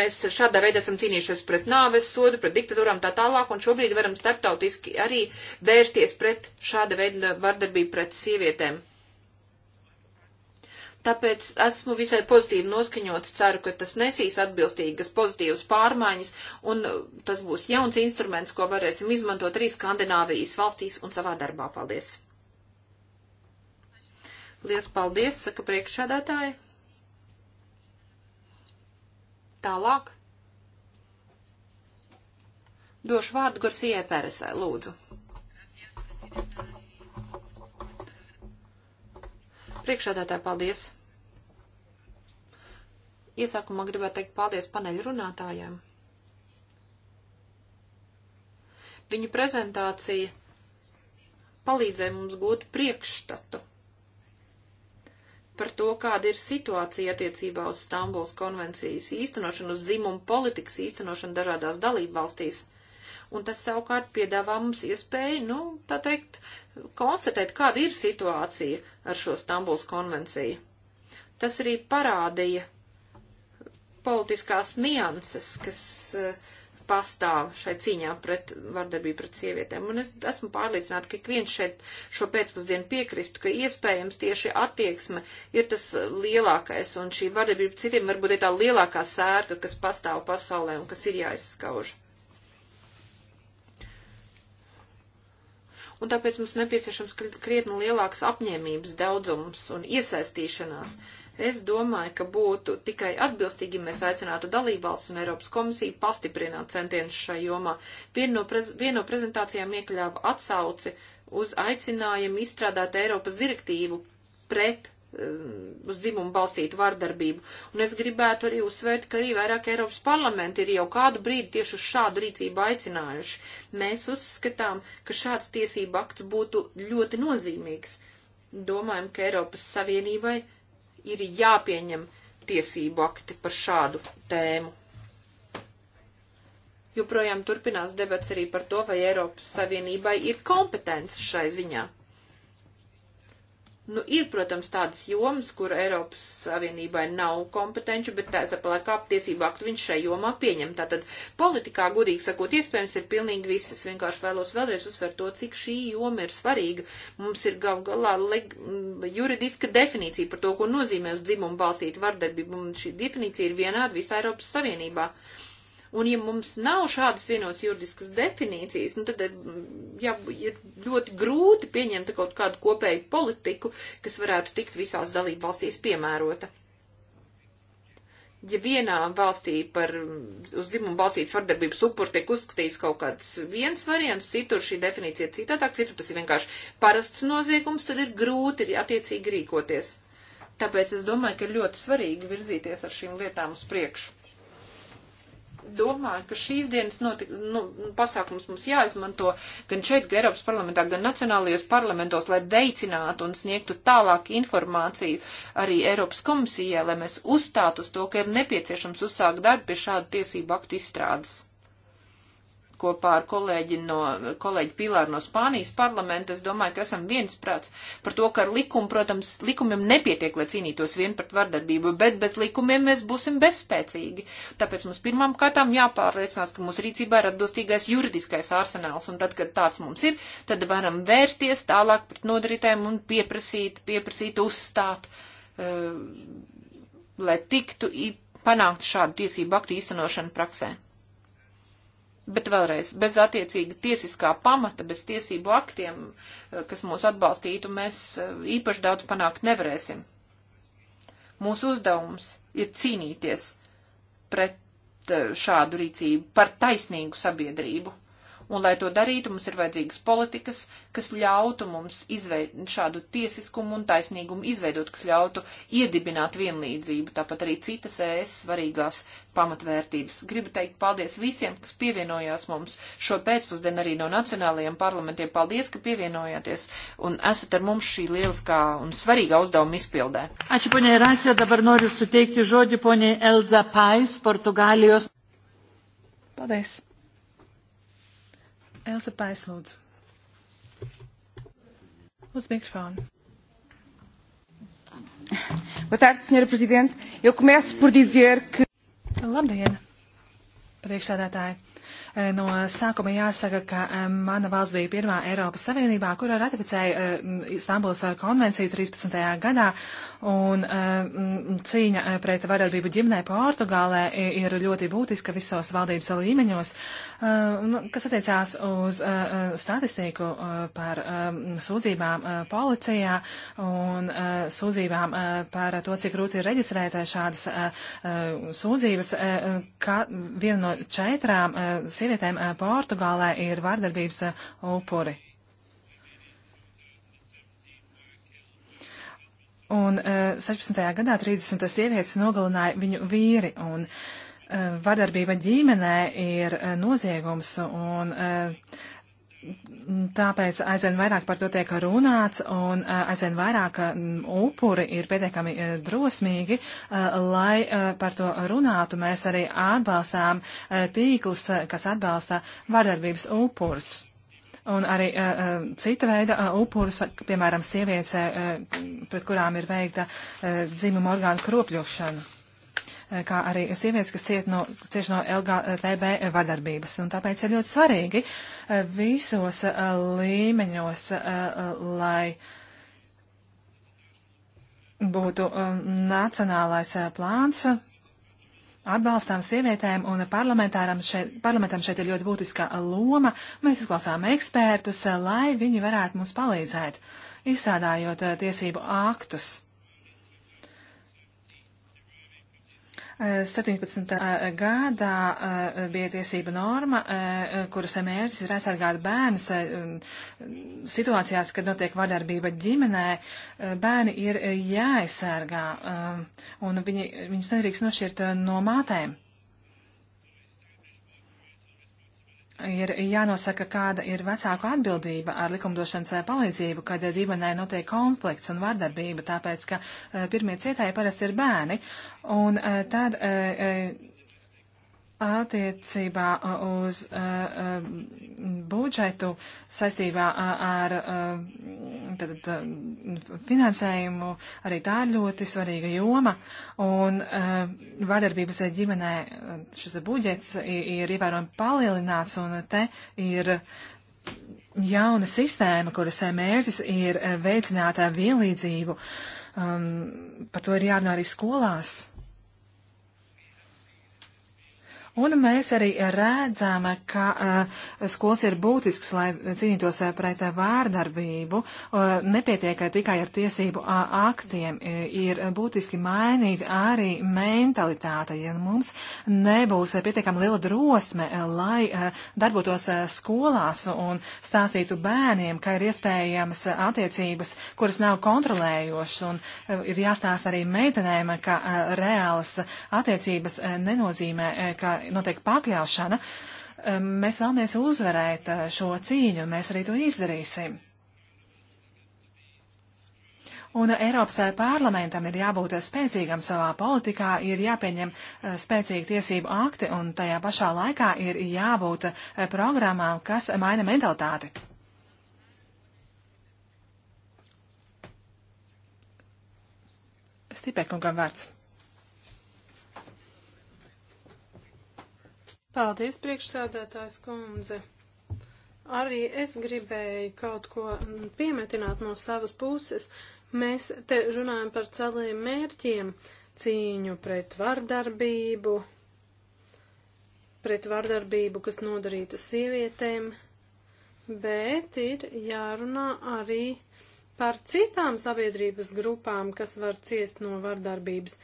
mēs šādā veidā esam cīnījušies pret nāves sodu, pret diktatūrām tā tālāk, un šobrīd varam starptautiski arī vērsties pret šāda veida vardarbību pret sievietēm. Tāpēc esmu visai pozitīvi noskaņots, ceru, ka tas nesīs atbilstīgas pozitīvas pārmaiņas, un uh, tas būs jauns instruments, ko varēsim izmantot arī Skandināvijas valstīs un savā darbā. Paldies! Lielas paldies, saka priekšsēdētāji. Tālāk. Došu vārdu Gorsijai Peresai, lūdzu. Priekšādātāji, paldies! Iesākumā gribētu teikt paldies paneļu runātājiem. Viņu prezentācija palīdzēja mums gūt priekšstatu par to, kāda ir situācija attiecībā uz Stambuls konvencijas īstenošanu, uz dzimumu politikas īstenošanu dažādās dalību valstīs. Un tas savukārt piedāvā mums iespēju, nu, tā teikt, konstatēt, kāda ir situācija ar šo Stambuls konvenciju. Tas arī parādīja, politiskās nianses, kas uh, pastāv šai cīņā pret vardarbību pret sievietēm. Un es esmu pārliecināta, ka ik viens šeit šo pēcpusdienu piekristu, ka iespējams tieši attieksme ir tas eh, lielākais, un šī vardarbība citiem varbūt ir tā lielākā sērga, kas pastāv pasaulē un kas ir jāizskauž. Un tāpēc mums nepieciešams krietni lielāks apņēmības daudzums un iesaistīšanās. Mm Es domāju, ka būtu tikai atbilstīgi, ja mēs aicinātu dalībvalsts un Eiropas komisiju pastiprināt centienus šai jomā. Viena no, prez, vien no prezentācijām iekļāva atsauci uz aicinājumu izstrādāt Eiropas direktīvu pret um, uz dzimumu balstītu vardarbību. Un es gribētu arī uzsvērt, ka arī vairāk Eiropas parlamenti ir jau kādu brīdi tieši uz šādu rīcību aicinājuši. Mēs uzskatām, ka šāds tiesība akts būtu ļoti nozīmīgs. Domājam, ka Eiropas Savienībai ir jāpieņem tiesību akti par šādu tēmu. Joprojām turpinās debats arī par to, vai Eiropas Savienībai ir kompetence šai ziņā. Nu, ir, protams, tādas jomas, kur Eiropas Savienībai nav kompetenci, bet tā sapalēkā tiesību aktu viņš šai jomā pieņem. Tātad politikā, gudīgi sakot, iespējams ir pilnīgi viss. Es vienkārši vēlos vēlreiz uzsvērt to, cik šī joma ir svarīga. Mums ir gal galā leg, mm, juridiska definīcija par to, ko nozīmē uz dzimumu balstīt vardarbību. Un šī definīcija ir vienāda visā Eiropas Savienībā. Uh, Un ja mums nav šādas vienotas juridiskas definīcijas, nu tad ir, mm, jā, ir ļoti grūti pieņemt kaut kādu kopēju politiku, kas varētu tikt visās dalību valstīs piemērota ja vienā valstī par mm, uz dzimumu balstītas vardarbības upuri tiek uzskatīts kaut kāds viens variants, citur šī definīcija ir citādāk, citur tas ir vienkārši parasts noziegums, tad ir grūti ir attiecīgi rīkoties. Tāpēc es domāju, ka ir ļoti svarīgi virzīties ar šīm lietām uz priekšu domāju, ka šīs dienas notik, nu, pasākums mums jāizmanto gan šeit, gan Eiropas parlamentā, gan nacionālajos parlamentos, lai veicinātu un sniegtu tālāk informāciju arī Eiropas komisijai, lai mēs uzstātu uz to, ka ir nepieciešams uzsākt darbu pie šādu tiesību aktu izstrādes kopā ar kolēģi, no, kolēģi Pilāru no Spānijas parlamenta. Es domāju, ka esam viensprāts par to, ka ar likumu, protams, likumiem nepietiek, lai cīnītos vien pret vardarbību, bet bez likumiem mēs būsim bezspēcīgi. Tāpēc mums pirmām kārtām jāpārliecinās, ka mūsu rīcībā ir atbilstīgais juridiskais arsenāls, un tad, kad tāds mums ir, tad varam vērsties tālāk pret nodarītēm un pieprasīt, pieprasīt uzstāt, uh, lai tiktu panākt šādu tiesību aktu īstenošanu praksē. Bet vēlreiz, bez attiecīga tiesiskā pamata, bez tiesību aktiem, eh, kas mūs atbalstītu, mēs eh, īpaši daudz panākt nevarēsim. Mūsu uzdevums ir cīnīties pret eh, šādu rīcību, par taisnīgu sabiedrību. Un, lai to darītu, mums ir vajadzīgas politikas, kas ļautu mums izveid, šādu tiesiskumu un taisnīgumu izveidot, kas ļautu iedibināt vienlīdzību, tāpat arī citas ēs e svarīgās pamatvērtības. Gribu teikt paldies visiem, kas pievienojās mums šo pēcpusdienu arī no nacionālajiem parlamentiem. Paldies, ka pievienojāties un esat ar mums šī lieliskā un svarīgā uzdevuma izpildē. Ačiū, ponie Rācija, dabar noriu suteikti žodžiu ponie Elza Pais, Portugālijos. Paldies! Elsa Paislūdzu. Uz mikrofonu. Boa tarde, Sra. Presidente. Eu começo por dizer que. Labdien, priekšsēdētāji. Eh, no sākuma jāsaka, ka eh, mana valsts bija pirmā Eiropas Savienībā, kura ratificēja Istambuls eh, konvenciju 13. gadā, Un um, cīņa eh, pret vardarbību ģimnē Portugālē ir ļoti būtiska visos valdības līmeņos, um, kas attiecās uz uh, statistiku uh, par um, sūdzībām uh, policijā un sūdzībām par to, cik grūti ir reģistrēt šādas sūdzības, ka viena no četrām sievietēm Portugālē ir vardarbības upuri. Un uh, e, 16. gadā 30 sievietes nogalināja viņu vīri, un uh, vardarbība ģimenē ir uh, noziegums, un uh, tāpēc aizvien vairāk par to tiek runāts, un uh, aizvien vairāk uh, upuri ir pietiekami uh, drosmīgi, uh, lai uh, par to runātu. Mēs arī atbalstām uh, tīklus, uh, kas atbalsta vardarbības upurus. Un arī uh, cita veida uh, upurus, piemēram, sievietes, uh, pret kurām ir veikta uh, dzimuma orgānu kropļošana, uh, kā arī sievietes, kas ciet no, cieši no LGTB vardarbības. Un tāpēc ir ļoti svarīgi uh, visos uh, līmeņos, uh, lai būtu uh, nacionālais uh, plāns. Uh, atbalstām sievietēm un parlamentāram šeit, parlamentam šeit ir ļoti būtiska loma. Mēs izklausām ekspertus, lai viņi varētu mums palīdzēt, izstrādājot eh, tiesību aktus. 17. Eh, gadā eh, bija tiesība norma, eh, kuras mērķis ir aizsargāt bērnus situācijās, kad notiek vardarbība ģimenē. Bērni ir jāaizsargā, un viņi, viņus nedrīkst nošķirt no mātēm. ir jānosaka, kāda ir vecāku atbildība ar likumdošanas eh, palīdzību, kad eh, divanai notiek konflikts un vardarbība, tāpēc, ka eh, pirmie cietēji parasti ir bērni, un tad Attiecībā uz uh, budžetu saistībā ar uh, tad, uh, finansējumu arī tā ir ļoti svarīga joma, un uh, vardarbības ģimenē šis budžets ir, ir ievērojami palielināts, un te ir jauna sistēma, kuras mērķis ir veicināt vienlīdzību. Um, par to ir jārunā arī skolās Un mēs arī redzam, ka uh, skolas ir būtisks, lai cīnītos eh, pret eh, vārdarbību. Uh, nepietiek tikai ar tiesību uh, aktiem, ir būtiski mainīt arī mentalitāte. Ja mums nebūs pietiekami liela drosme, lai darbotos skolās un stāstītu bērniem, ka ir iespējams attiecības, kuras nav kontrolējošas, un ir jāstāsta arī meitenēm, ka reālas attiecības nenozīmē, ka notiek pakļaušana, um, mēs vēlamies uzvarēt uh, šo cīņu, un mēs arī to izdarīsim. Un Eiropas uh, parlamentam ir jābūt uh, spēcīgam savā politikā, ir jāpieņem spēcīgi tiesību akti, un tajā pašā laikā ir jābūt programmām, kas maina mentalitāti. Stipekungam vārds. Paldies, priekšsēdētājs kundze. Arī es gribēju kaut ko piemetināt no savas puses. Mēs te runājam par celiem mērķiem - cīņu pret vardarbību, pret vardarbību, kas nodarīta sievietēm, bet ir jārunā arī par citām sabiedrības grupām, kas var ciest no vardarbības.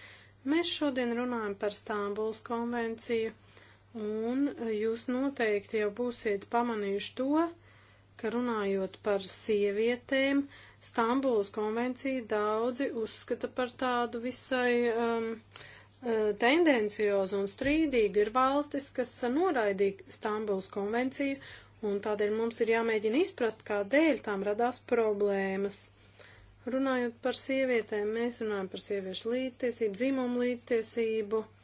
Mēs šodien runājam par Stambuls konvenciju Un jūs noteikti jau būsiet pamanījuši to, ka runājot par sievietēm, Stambulas konvenciju daudzi uzskata par tādu visai um, uh, tendenciozu un strīdīgu. Ir valstis, kas noraidīja Stambulas konvenciju, un tādēļ mums ir jāmēģina izprast, kādēļ tām radās problēmas. Runājot par sievietēm, mēs runājam par sieviešu līdztiesību, dzimumu līdztiesību. Uh,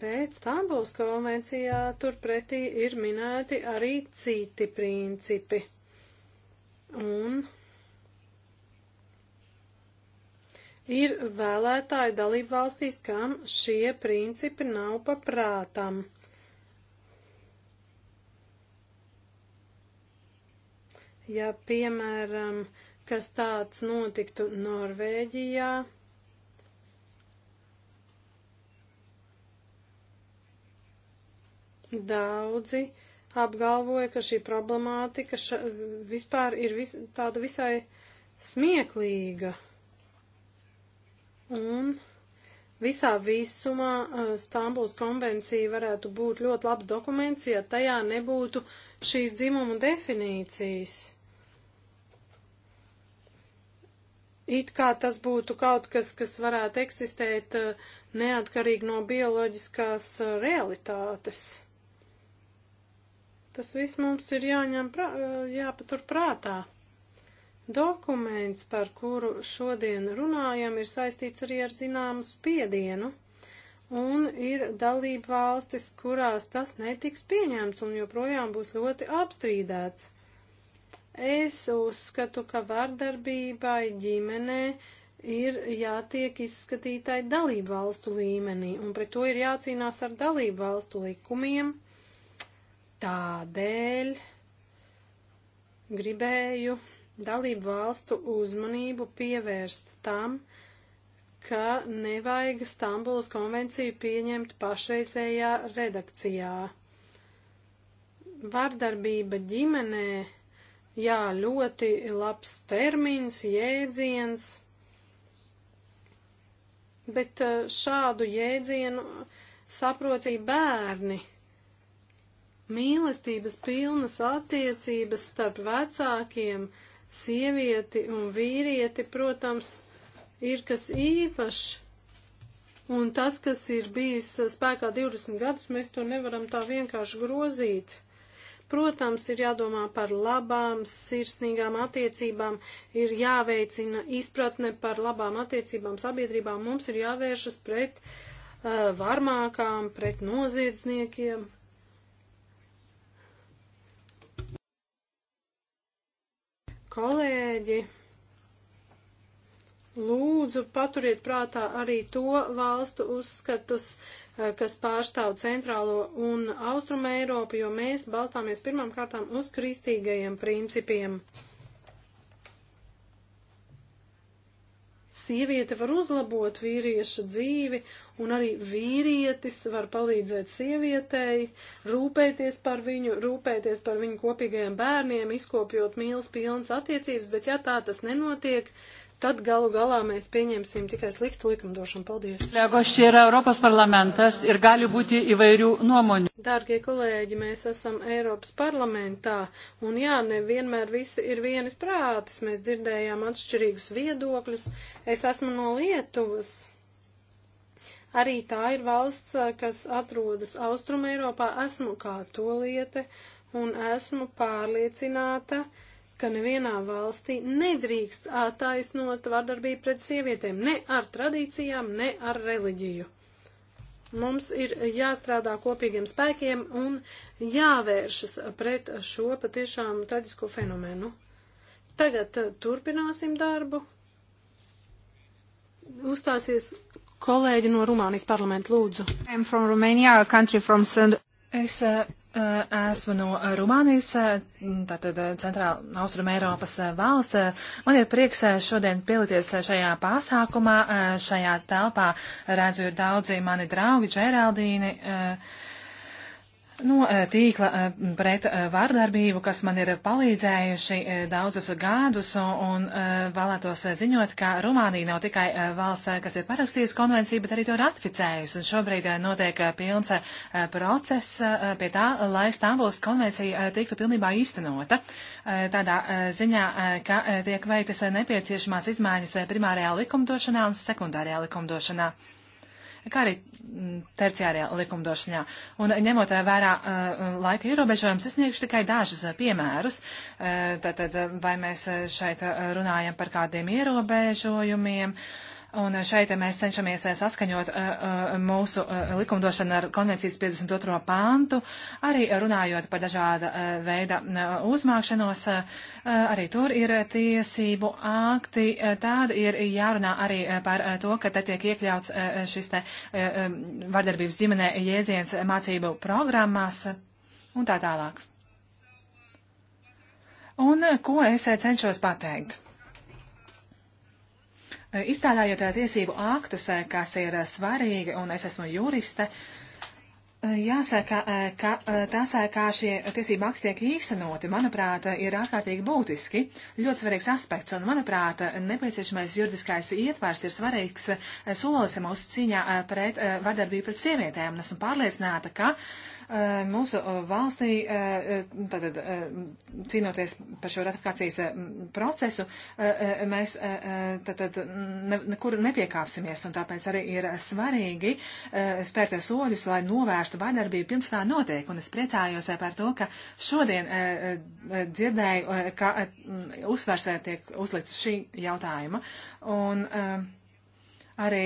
Bet Stambuls konvencijā turpretī ir minēti arī citi principi. Un ir vēlētāji dalību valstīs, kam šie principi nav paprātam. Ja, piemēram, kas tāds notiktu Norvēģijā, Daudzi apgalvoja, ka šī problemātika ša, vispār ir vis, tāda visai smieklīga. Un visā visumā Stambuls konvencija varētu būt ļoti labs dokuments, ja tajā nebūtu šīs dzimumu definīcijas. It kā tas būtu kaut kas, kas varētu eksistēt neatkarīgi no bioloģiskās realitātes. Tas viss mums ir jāņem, prā, jāpatur prātā. Dokuments, par kuru šodien runājam, ir saistīts arī ar zināmu spiedienu, un ir dalība valstis, kurās tas netiks pieņemts un joprojām būs ļoti apstrīdēts. Es uzskatu, ka vardarbībai ģimenē ir jātiek izskatītai dalību valstu līmenī, un pret to ir jācīnās ar dalību valstu likumiem Tādēļ gribēju dalību valstu uzmanību pievērst tam, ka nevajag Stambulas konvenciju pieņemt pašreizējā redakcijā. Vardarbība ģimenē, jā, ļoti labs termins, jēdziens, bet eh, šādu jēdzienu saprotīja bērni mīlestības pilnas attiecības starp vecākiem, sievieti un vīrieti, protams, ir kas īpašs. Un tas, kas ir bijis spēkā 20 gadus, mēs to nevaram tā vienkārši grozīt. Protams, ir jādomā par labām, sirsnīgām attiecībām, ir jāveicina izpratne par labām attiecībām sabiedrībām, mums ir jāvēršas pret uh, varmākām, pret noziedzniekiem, uh, Kolēģi, lūdzu paturiet prātā arī to valstu uzskatus, eh, kas pārstāv centrālo un austrumu Eiropu, jo mēs balstāmies pirmām kārtām uz kristīgajiem principiem. Sieviete var uzlabot vīrieša dzīvi un arī vīrietis var palīdzēt sievietei, rūpēties par viņu, rūpēties par viņu kopīgajiem bērniem, izkopjot mīlas pilnas attiecības, bet ja tā tas nenotiek, tad galu galā mēs pieņemsim tikai sliktu likumdošanu. Paldies! Lēgos, šī ir Eiropas parlamentas ir gali būt įvairių nuomonių. Dārgie kolēģi, mēs esam Eiropas parlamentā, un jā, nevienmēr visi ir vienas prātas. Mēs dzirdējām atšķirīgus viedokļus. Es esmu no Lietuvas. Arī tā ir valsts, kas atrodas Austrum Eiropā, esmu kā to lieta un esmu pārliecināta, ka nevienā valstī nedrīkst attaisnot vardarbību pret sievietēm, ne ar tradīcijām, ne ar reliģiju. Mums ir jāstrādā kopīgiem spēkiem un jāvēršas pret šo patiešām traģisko fenomenu. Tagad turpināsim darbu. Uzstāsies Kolēģi no Rumānijas parlamenta lūdzu. Romania, es eh, eh, esmu no eh, Rumānijas, tātad centrāla austruma Eiropas valsts. Man ir prieks šodien pielīties šajā pasākumā, šajā telpā. Redzu, ir daudzi mani draugi, Džeraldīni. Uh, no eh, tīkla eh, pret eh, vārdarbību, kas man ir palīdzējuši daudzus gadus, un vēlētos ziņot, ka Rumānija nav tikai valsts, kas ir parakstījusi konvenciju, bet arī to ratificējusi. Un šobrīd notiek pilns process pie tā, lai Stambuls konvencija tiktu pilnībā īstenota. Tādā ziņā, ka tiek veiktas nepieciešamās izmaiņas primārajā likumdošanā un sekundārajā likumdošanā kā arī mm, terciārajā likumdošanā. Un ņemot eh, vērā eh, laika ierobežojums, es sniegšu tikai dažus eh, piemērus. Tātad, vai mēs šeit runājam par kādiem ierobežojumiem? Un šeit mēs cenšamies eh, saskaņot eh, eh, mūsu likumdošanu ar konvencijas 52. pāntu, arī runājot par dažāda veida uzmākšanos. Arī tur ir tiesību akti. Tāda ir jārunā arī par to, ka te tiek iekļauts šis te vardarbības ģimenē jēdziens mācību programmās un tā tālāk. Un ko es cenšos pateikt? Eh, izstrādājot eh, tiesību aktus, eh, kas ir svarīgi, un es esmu juriste, jāsaka, ka tas, kā šie tiesību akti tiek īstenoti, manuprāt, ir ārkārtīgi būtiski, ļoti svarīgs aspekts, un, manuprāt, nepieciešamais juridiskais ietvars ir svarīgs solis mūsu cīņā pret vardarbību pret sievietēm, un esmu pārliecināta, ka uh, Eh, mūsu eh, valstī, eh, tātad cīnoties par šo ratifikācijas procesu, mēs tātad ne, nekur nepiekāpsimies, un tāpēc arī ir svarīgi spērtie soļus, lai novērstu vardarbību pirms tā notiek. Un es priecājos par to, ka šodien dzirdēju, ka uzsvērsē tiek uzlikts šī jautājuma. Un arī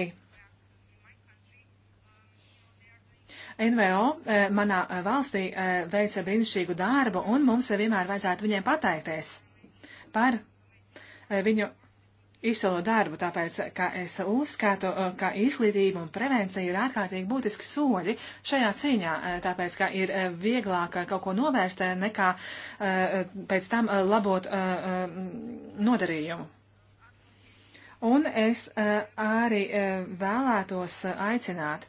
NVO eh, manā eh, valstī eh, veica brīnišķīgu darbu, un mums vienmēr vajadzētu viņiem pateikties par viņu izsolo darbu, tāpēc, ka es uzskatu, ka izglītība un prevencija ir ārkārtīgi būtiski soļi šajā cīņā, tāpēc, ka ir vieglāk kaut ko novērst, nekā pēc tam labot nodarījumu. Un es eh, arī eh, vēlētos eh, aicināt,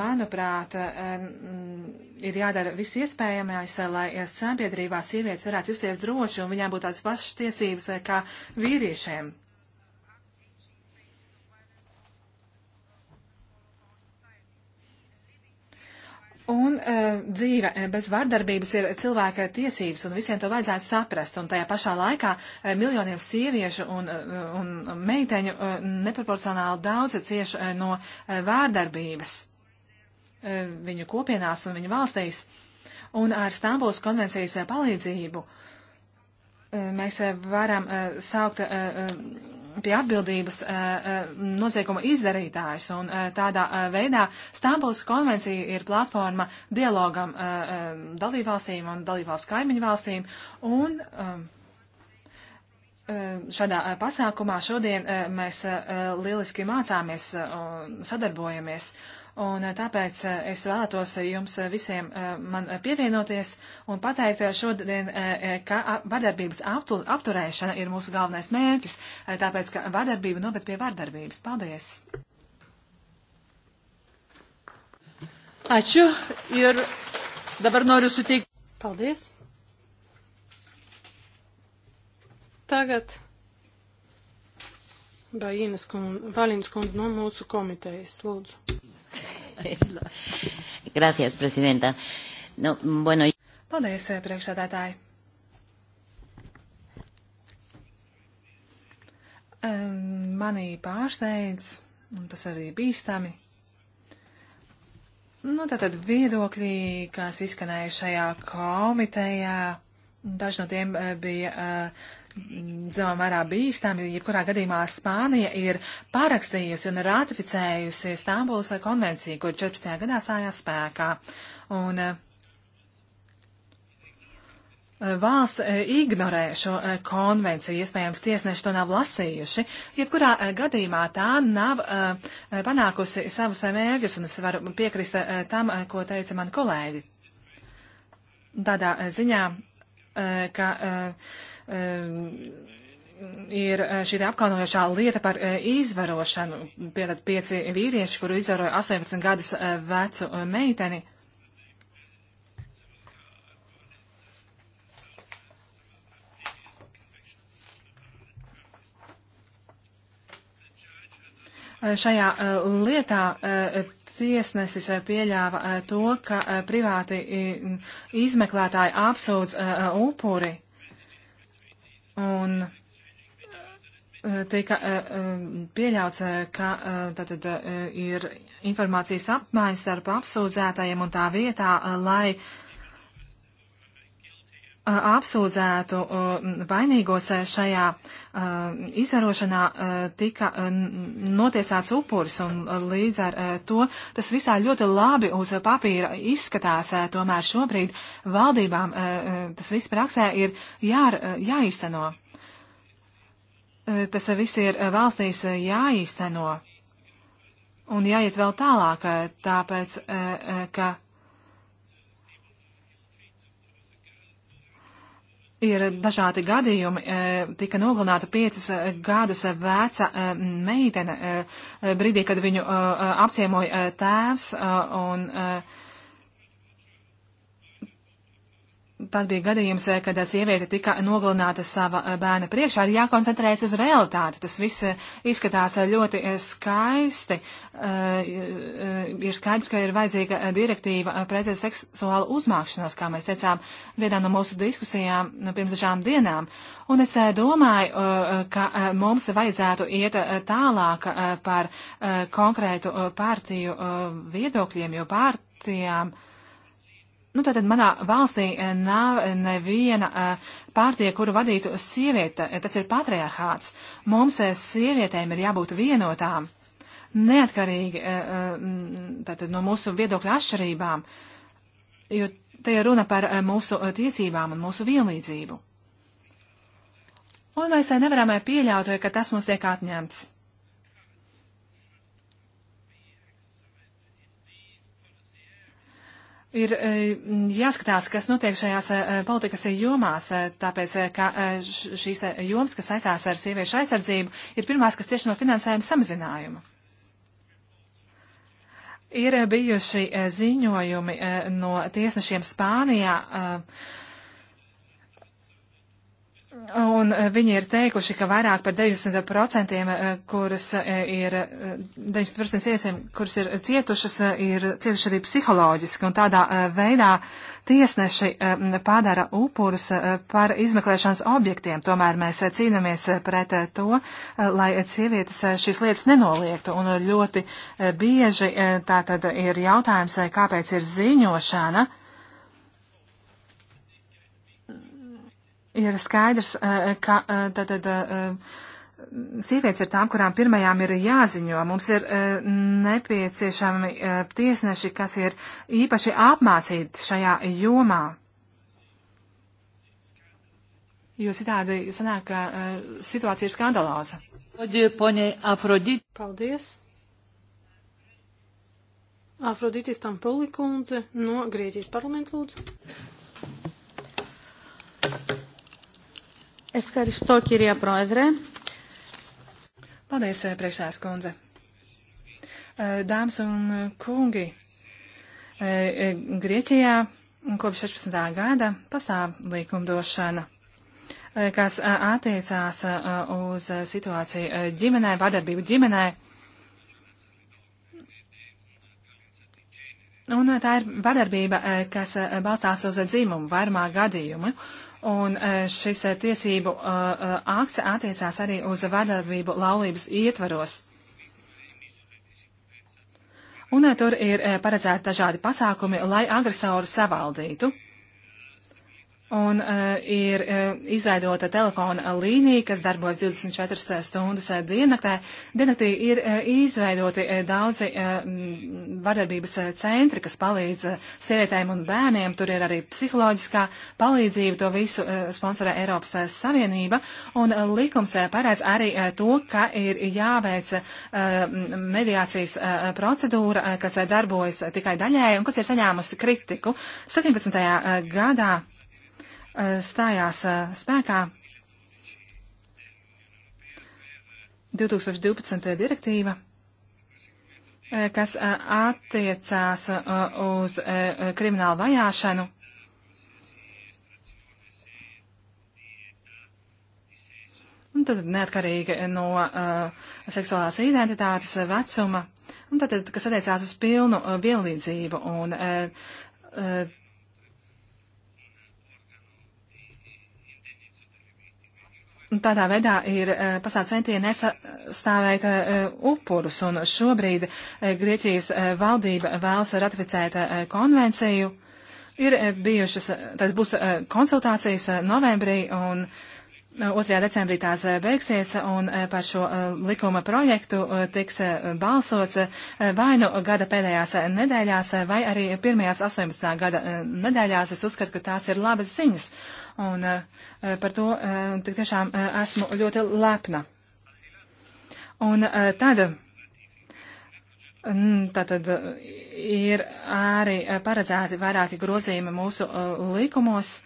manuprāt, mm, ir jādara viss iespējamais, lai sabiedrībā sievietes varētu justies droši un viņām būtu tādas pašas tiesības kā vīriešiem. Un uh, dzīve e, bez vardarbības ir cilvēka tiesības, un visiem to vajadzētu saprast. Un tajā pašā laikā uh, miljoniem sieviešu un, uh, un meiteņu uh, neproporcionāli daudz cieš uh, no uh, vārdarbības uh, viņu kopienās un viņu valstīs. Un ar Stambulas konvencijas uh, palīdzību uh, mēs uh, varam uh, saukt. Uh, uh, pie atbildības eh, eh, nozieguma izdarītājs, un eh, tādā veidā Stambuls konvencija ir platforma dialogam dalībvalstīm un dalībvalstu kaimiņu valstīm, un šādā pasākumā šodien mēs lieliski mācāmies un sadarbojamies, Un eh, tāpēc eh, es vēlētos eh, jums visiem man pievienoties un pateikt šodien, ka vardarbības apturēšana ir mūsu galvenais mērķis, tāpēc ka vardarbība noved pie vardarbības. Paldies! Ačiū ir dabar noriu suteikt. Paldies! Tagad Bainas kundze, Valīnas kundze no mūsu komitejas, lūdzu. Gracias, prezidenta. No, bueno... Paldies, eh, priekšsēdētāji. Manī pārsteidz, un tas arī bīstami. Nu, tātad viedokļi, kas izskanēja šajā komitejā, daži no tiem eh, bija uh, zināmā mērā bīstami, jo jebkurā gadījumā Spānija ir pārakstījusi un ratificējusi Stambulas konvenciju, kur 14. gadā stājās spēkā. Un, eh, Valsts eh, ignorē šo eh, konvenciju, iespējams, tiesneši to nav lasījuši. Jebkurā gadījumā tā nav panākusi savus mērķus, un es varu piekrist tam, ko teica mani kolēģi. Tādā ziņā, ka ir eh, šī apkaunojošā lieta par eh, izvarošanu. Pietad pieci vīrieši, kuru izvaroja 18 gadus eh, vecu meiteni. Šajā lietā tiesnesis pieļāva to, ka privāti izmeklētāji apsūdz upuri. Un eh, tika eh, eh, pieļauts, ka tātad ir informācijas apmaiņas starp apsūdzētajiem un tā vietā, lai apsūdzētu vainīgos e, šajā izvarošanā tika notiesāts upurs, un līdz ar to tas visā ļoti labi uz papīra izskatās, e, tomēr šobrīd valdībām e, tas viss praksē ir jā, jāīsteno. Tas viss ir valstīs jāīsteno. Un jāiet vēl tālāk, tāpēc, ka Ir dažādi gadījumi. E, tika nogalināta piecas gadus veca e, meitene e, brīdī, kad viņu apciemoja tēvs un Tad bija gadījums, eh, kad eh, sieviete tika nogalināta sava eh, bērna priekšā, ir jākoncentrējas uz realitāti. Tas viss izskatās ļoti skaisti. Ir skaidrs, ka ir vajadzīga direktīva pret seksuālu uzmākšanos, kā mēs teicām vienā no mūsu diskusijām nu, pirms dažām dienām. Un es domāju, ka mums vajadzētu iet tālāk par konkrētu partiju viedokļiem, jo partijām Nu, tātad manā valstī eh, nav eh, neviena eh, pārtie, kuru vadītu sieviete, tas ir patriarchāts. Mums sievietēm ir jābūt vienotām, neatkarīgi tātad, no mūsu viedokļa atšķirībām, jo te ir runa par mūsu tiesībām un mūsu vienlīdzību. Un mēs nevaram pieļaut, ka tas mums tiek atņemts. ir e, jāskatās, kas notiek šajās e, politikas jomās, e, tāpēc, ka šīs jomas, kas saistās ar sieviešu aizsardzību, ir pirmās, kas cieši no finansējuma samazinājuma. Ir bijuši ziņojumi no tiesnešiem Spānijā Un eh, viņi ir teikuši, ka vairāk par 90%, eh, kuras eh, ir, 90% iesiem, kuras ir cietušas, ir cietuši arī psiholoģiski, un tādā veidā tiesneši padara upurus par izmeklēšanas objektiem. Tomēr mēs cīnāmies pret to, lai sievietes šīs lietas nenoliektu, un ļoti bieži tā tad ir jautājums, kāpēc ir ziņošana ir skaidrs, eh, ka tātad eh, eh, sievietes ir tām, kurām pirmajām ir jāziņo. Mums ir nepieciešami tiesneši, kas ir īpaši apmācīti šajā jomā. Jo citādi sanāk, ka situācija ir skandalāza. Paldies! Afrodītis Tampolikundze no Grieķijas parlamenta lūdzu. Ευχαριστώ, κυρία Πρόεδρε. Paldies, eh, priekšsēdētājas kundze. Eh, dāmas un kungi, eh, Grieķijā kopš 16. gada pastāv likumdošana, kas attiecās uz situāciju ģimenē, vardarbību ģimenē. Un tā ir vardarbība, kas balstās uz dzimumu vairumā gadījumu. Uh, Un e, šis e, tiesību e, akts attiecās arī uz vardarbību laulības ietvaros. Un tur ir paredzēti dažādi pasākumi, lai agresoru savaldītu. Un uh, ir uh, izveidota telefona līnija, kas darbos 24 e, stundas uh, diennaktē. Diennaktī ir uh, izveidoti uh, daudzi uh, vardarbības uh, centri, kas palīdz uh, sievietēm un bērniem. Tur ir arī psiholoģiskā palīdzība. To visu uh, sponsorē Eiropas uh, Savienība. Un uh, likums uh, paredz arī uh, to, ka ir jāveic uh, mediācijas uh, procedūra, uh, kas uh, darbojas tikai daļēji un kas ir saņēmusi kritiku. 17. Uh, gadā stājās spēkā 2012. direktīva, kas attiecās uz kriminālu vajāšanu. Un tad neatkarīgi no uh, seksuālās identitātes vecuma, un tad, kas attiecās uz pilnu uh, vienlīdzību un uh, uh, Tādā veidā ir eh, pasāca centieni nesastāvēt eh, upurus, un šobrīd eh, Grieķijas valdība vēlas ratificēt konvenciju. Ir bijušas, tad būs konsultācijas novembrī, un uh, 2. decembrī tās eh, beigsies, un eh, par šo eh, likuma projektu tiks balsots vai nu gada pēdējās nedēļās, vai arī pirmajās 18. gada nedēļās. Es uzskatu, ka tās ir labas ziņas, un par to tik tiešām esmu ļoti lepna. Un tad. Mm, tātad ir arī paredzēti vairāki grozījumi mūsu likumos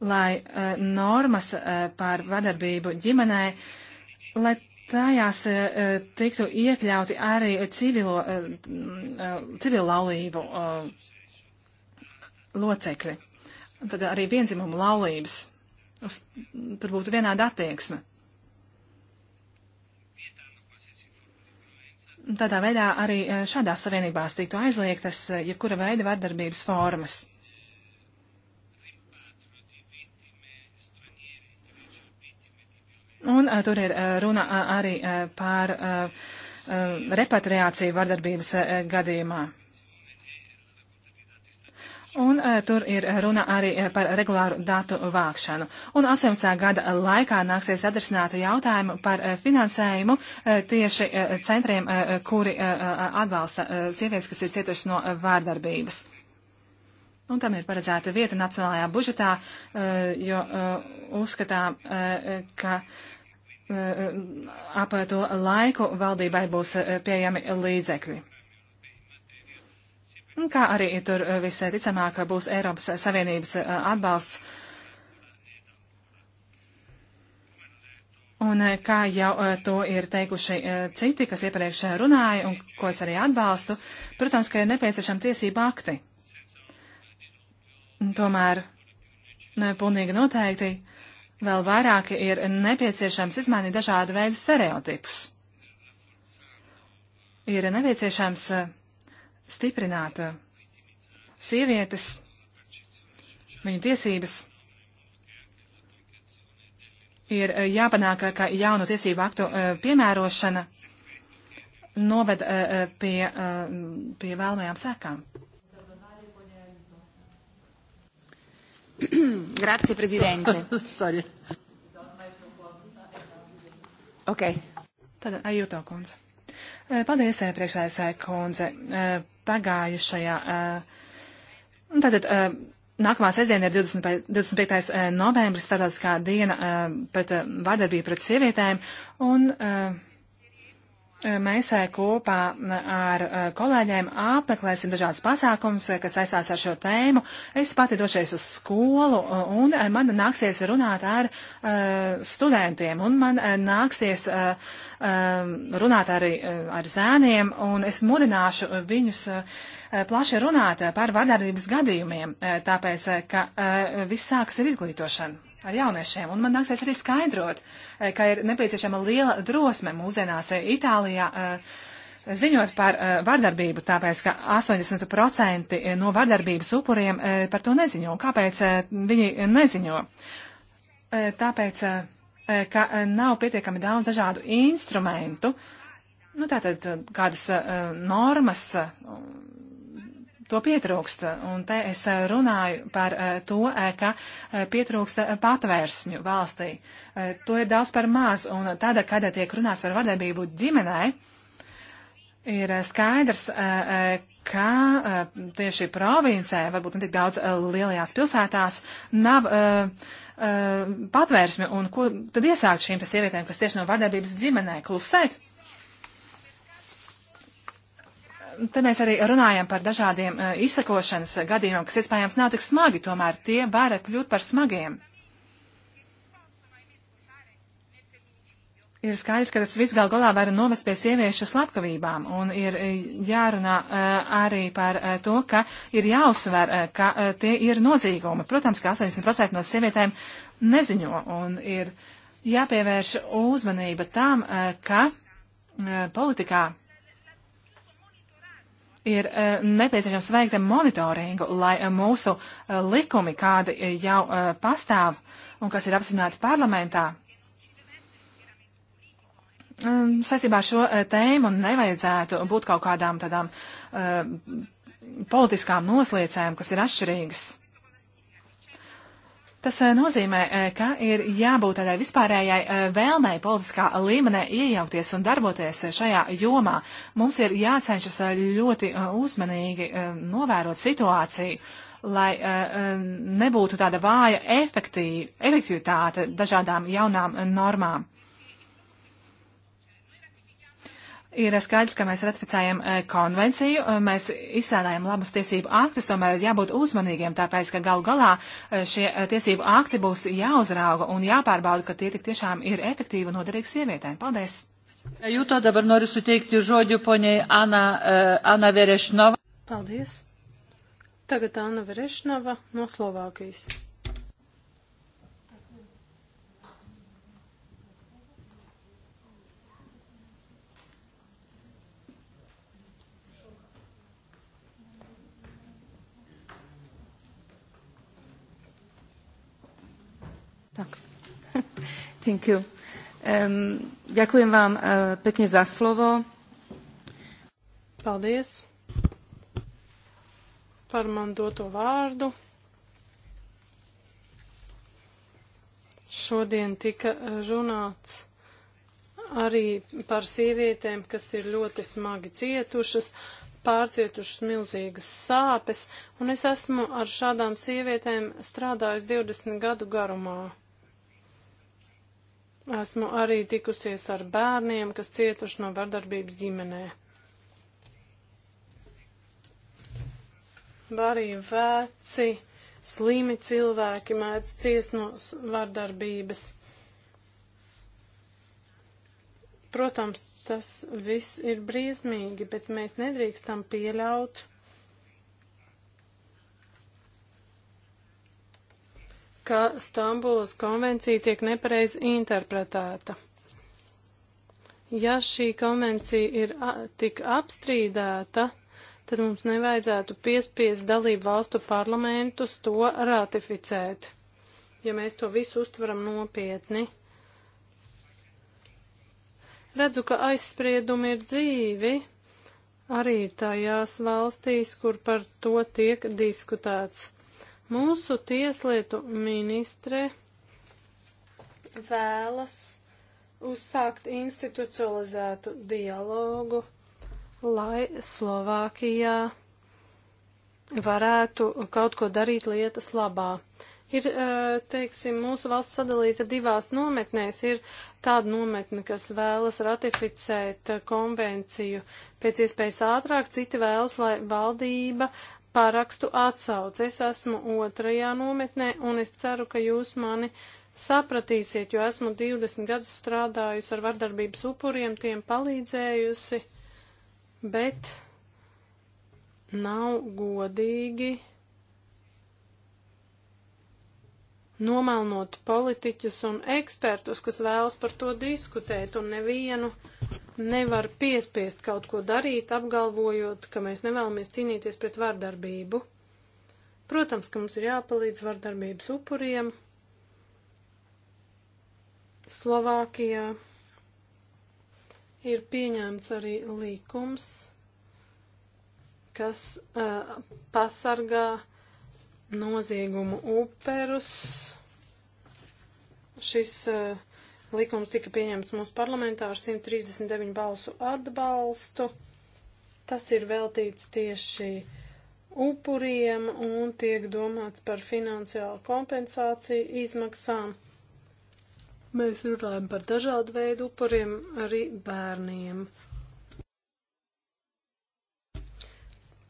lai uh, normas uh, par vardarbību ģimenē, lai tajās uh, tiktu iekļauti arī civilo, civilo laulību locekļi. Tad arī vienzimumu laulības. Uz, tur būtu vienāda attieksme. Tādā veidā arī šādās savienībās tiktu aizliegtas jebkura veida vardarbības formas. Un eh, eh, tur ir runa arī par repatriāciju vardarbības gadījumā. Un uh, tur ir runa arī par regulāru datu vākšanu. Un 18. gada laikā nāksies atrisināt jautājumu par uh, finansējumu uh, tieši uh, centriem, uh, kuri uh, atbalsta uh, sievietes, kas ir cietušas no uh, vārdarbības. Un tam ir paredzēta vieta nacionālajā budžetā, uh, jo uh, uzskatām, uh, ka. Uh, Eh, ap to laiku valdībai būs eh, pieejami līdzekļi. Kā arī tur eh, visai ticamāk būs Eiropas Savienības atbalsts. Un kā jau to ir teikuši citi, kas iepriekš runāja un ko es arī atbalstu, protams, ka ir nepieciešama tiesība akti. Tomēr, pilnīgi noteikti, Vēl vairāk ir nepieciešams izmainīt dažādu veidu stereotipus. Ir nepieciešams eh, stiprināt eh, sievietes, viņu tiesības. Ir eh, jāpanāk, ka jaunu tiesību aktu piemērošana noved pie, pie vēlmajām sēkām. Grazie, Presidente. Sorry. Ok. Tad jūto, kundze. Eh, paldies, eh, priekšsēdētāja kundze. Eh, pagājušajā. Tātad nākamā sestdiena ir 25, 25. novembris, starptautiskā diena pret vārdarbību pret sievietēm. Un, uh, Mēs eh, kopā eh, ar eh, kolēģiem apmeklēsim dažādas pasākums, kas saistās ar šo tēmu. Es pati došies uz skolu un man nāksies runāt ar studentiem un man nāksies runāt arī ar zēniem un es mudināšu viņus plaši runāt par vardarbības gadījumiem, tāpēc, ka viss sākas ar izglītošanu ar jauniešiem. Un man nāksies arī skaidrot, eh, ka ir nepieciešama liela drosme mūsdienās eh, Itālijā eh, ziņot par vardarbību, tāpēc, ka 80% no vardarbības upuriem par to neziņo. Kāpēc viņi neziņo? Tāpēc, ka nav pietiekami daudz dažādu instrumentu, nu tātad kādas normas to pietrūkst. Un te es eh, runāju par eh, to, eh, ka pietrūkst patvērsmju valstī. To ir daudz par maz, un tad, kad tiek runāts par vardarbību ģimenei, ir skaidrs, ka tieši provincē, varbūt ne tik daudz lielajās pilsētās, nav patvērsmi, un ko tad iesākt šīm sievietēm, kas tieši no vardarbības ģimenē klusēt? Te mēs arī runājam par dažādiem eh, izsakošanas gadījumiem, kas iespējams nav tik smagi, tomēr tie var kļūt par smagiem. Ir skaidrs, ka tas viss gal galā var novest pie sieviešu slepkavībām, un ir eh, jārunā uh, arī par uh, to, ka ir jāuzsver, uh, ka uh, tie ir nozīgumi. Protams, ka 80% no sievietēm neziņo, un ir jāpievērš uzmanība tam, uh, ka uh, politikā ir eh, nepieciešams veikt monitoringu, lai eh, mūsu eh, likumi, kādi jau pastāv un kas ir apzināti parlamentā, mm, saistībā ar šo tēmu nevajadzētu būt kaut kādām tādām politiskām noslēcēm, kas ir atšķirīgas. Tas eh, nozīmē, eh, ka ir jābūt tādai vispārējai eh, vēlmei politiskā līmenē iejaukties un darboties šajā jomā. Mums ir jācenšas ļoti uzmanīgi novērot situāciju, lai nebūtu tāda vāja efektivitāte dažādām jaunām normām. Ir skaidrs, ka mēs ratificējam eh, konvenciju, eh, mēs izstrādājam labus tiesību aktus, tomēr ir jābūt uzmanīgiem, tāpēc, ka galu galā eh, šie tiesību akti būs jāuzrauga un jāpārbauda, ka tie tik tiešām ir efektīvi un noderīgi sievietēm. Paldies! Jūto dabar noriu suteikti žodžiu poniai Ana, Ana Verešnova. Paldies! Tagad Ana Verešnova no Slovākijas. Thank you. Um, ďakujem vám uh, pekne za slovo. Paldies par man doto vārdu. Šodien tika runāts arī par sievietēm, kas ir ļoti smagi cietušas, pārcietušas milzīgas sāpes, un es esmu ar šādām sievietēm strādājis 20 gadu garumā. Esmu arī tikusies ar bērniem, kas cietuši no vardarbības ģimenē. Arī veci, slimi cilvēki mēdz ciest no vardarbības. Protams, tas viss ir briesmīgi, bet mēs nedrīkstam pieļaut ka Stambulas konvencija tiek nepareizi interpretēta. Ja šī konvencija ir tik apstrīdēta, tad mums nevajadzētu piespiest dalību valstu parlamentus to ratificēt, ja mēs to visu uztveram nopietni. Redzu, ka aizspriedumi ir dzīvi arī tajās valstīs, kur par to tiek diskutēts. Mūsu tieslietu ministre vēlas uzsākt institucionalizētu dialogu, lai Slovākijā varētu kaut ko darīt lietas labā. Ir, teiksim, mūsu valsts sadalīta divās nometnēs. Ir tāda nometne, kas vēlas ratificēt konvenciju pēc iespējas ātrāk, citi vēlas, lai valdība parakstu atsauc. Es esmu otrajā nometnē un es ceru, ka jūs mani sapratīsiet, jo esmu 20 gadus strādājusi ar vardarbības upuriem, tiem palīdzējusi, bet nav godīgi nomelnot politiķus un ekspertus, kas vēlas par to diskutēt un nevienu nevar piespiest kaut ko darīt, apgalvojot, ka mēs nevēlamies cīnīties pret vardarbību. Protams, ka mums ir jāpalīdz vardarbības upuriem Slovākijā. Ir pieņemts arī līkums, kas uh, pasargā noziegumu uperus. Šis uh, Likums tika pieņemts mūsu parlamentā ar 139 balsu atbalstu. Tas ir veltīts tieši upuriem un tiek domāts par finansiālu kompensāciju izmaksām. Mēs runājam par dažādu veidu upuriem, arī bērniem.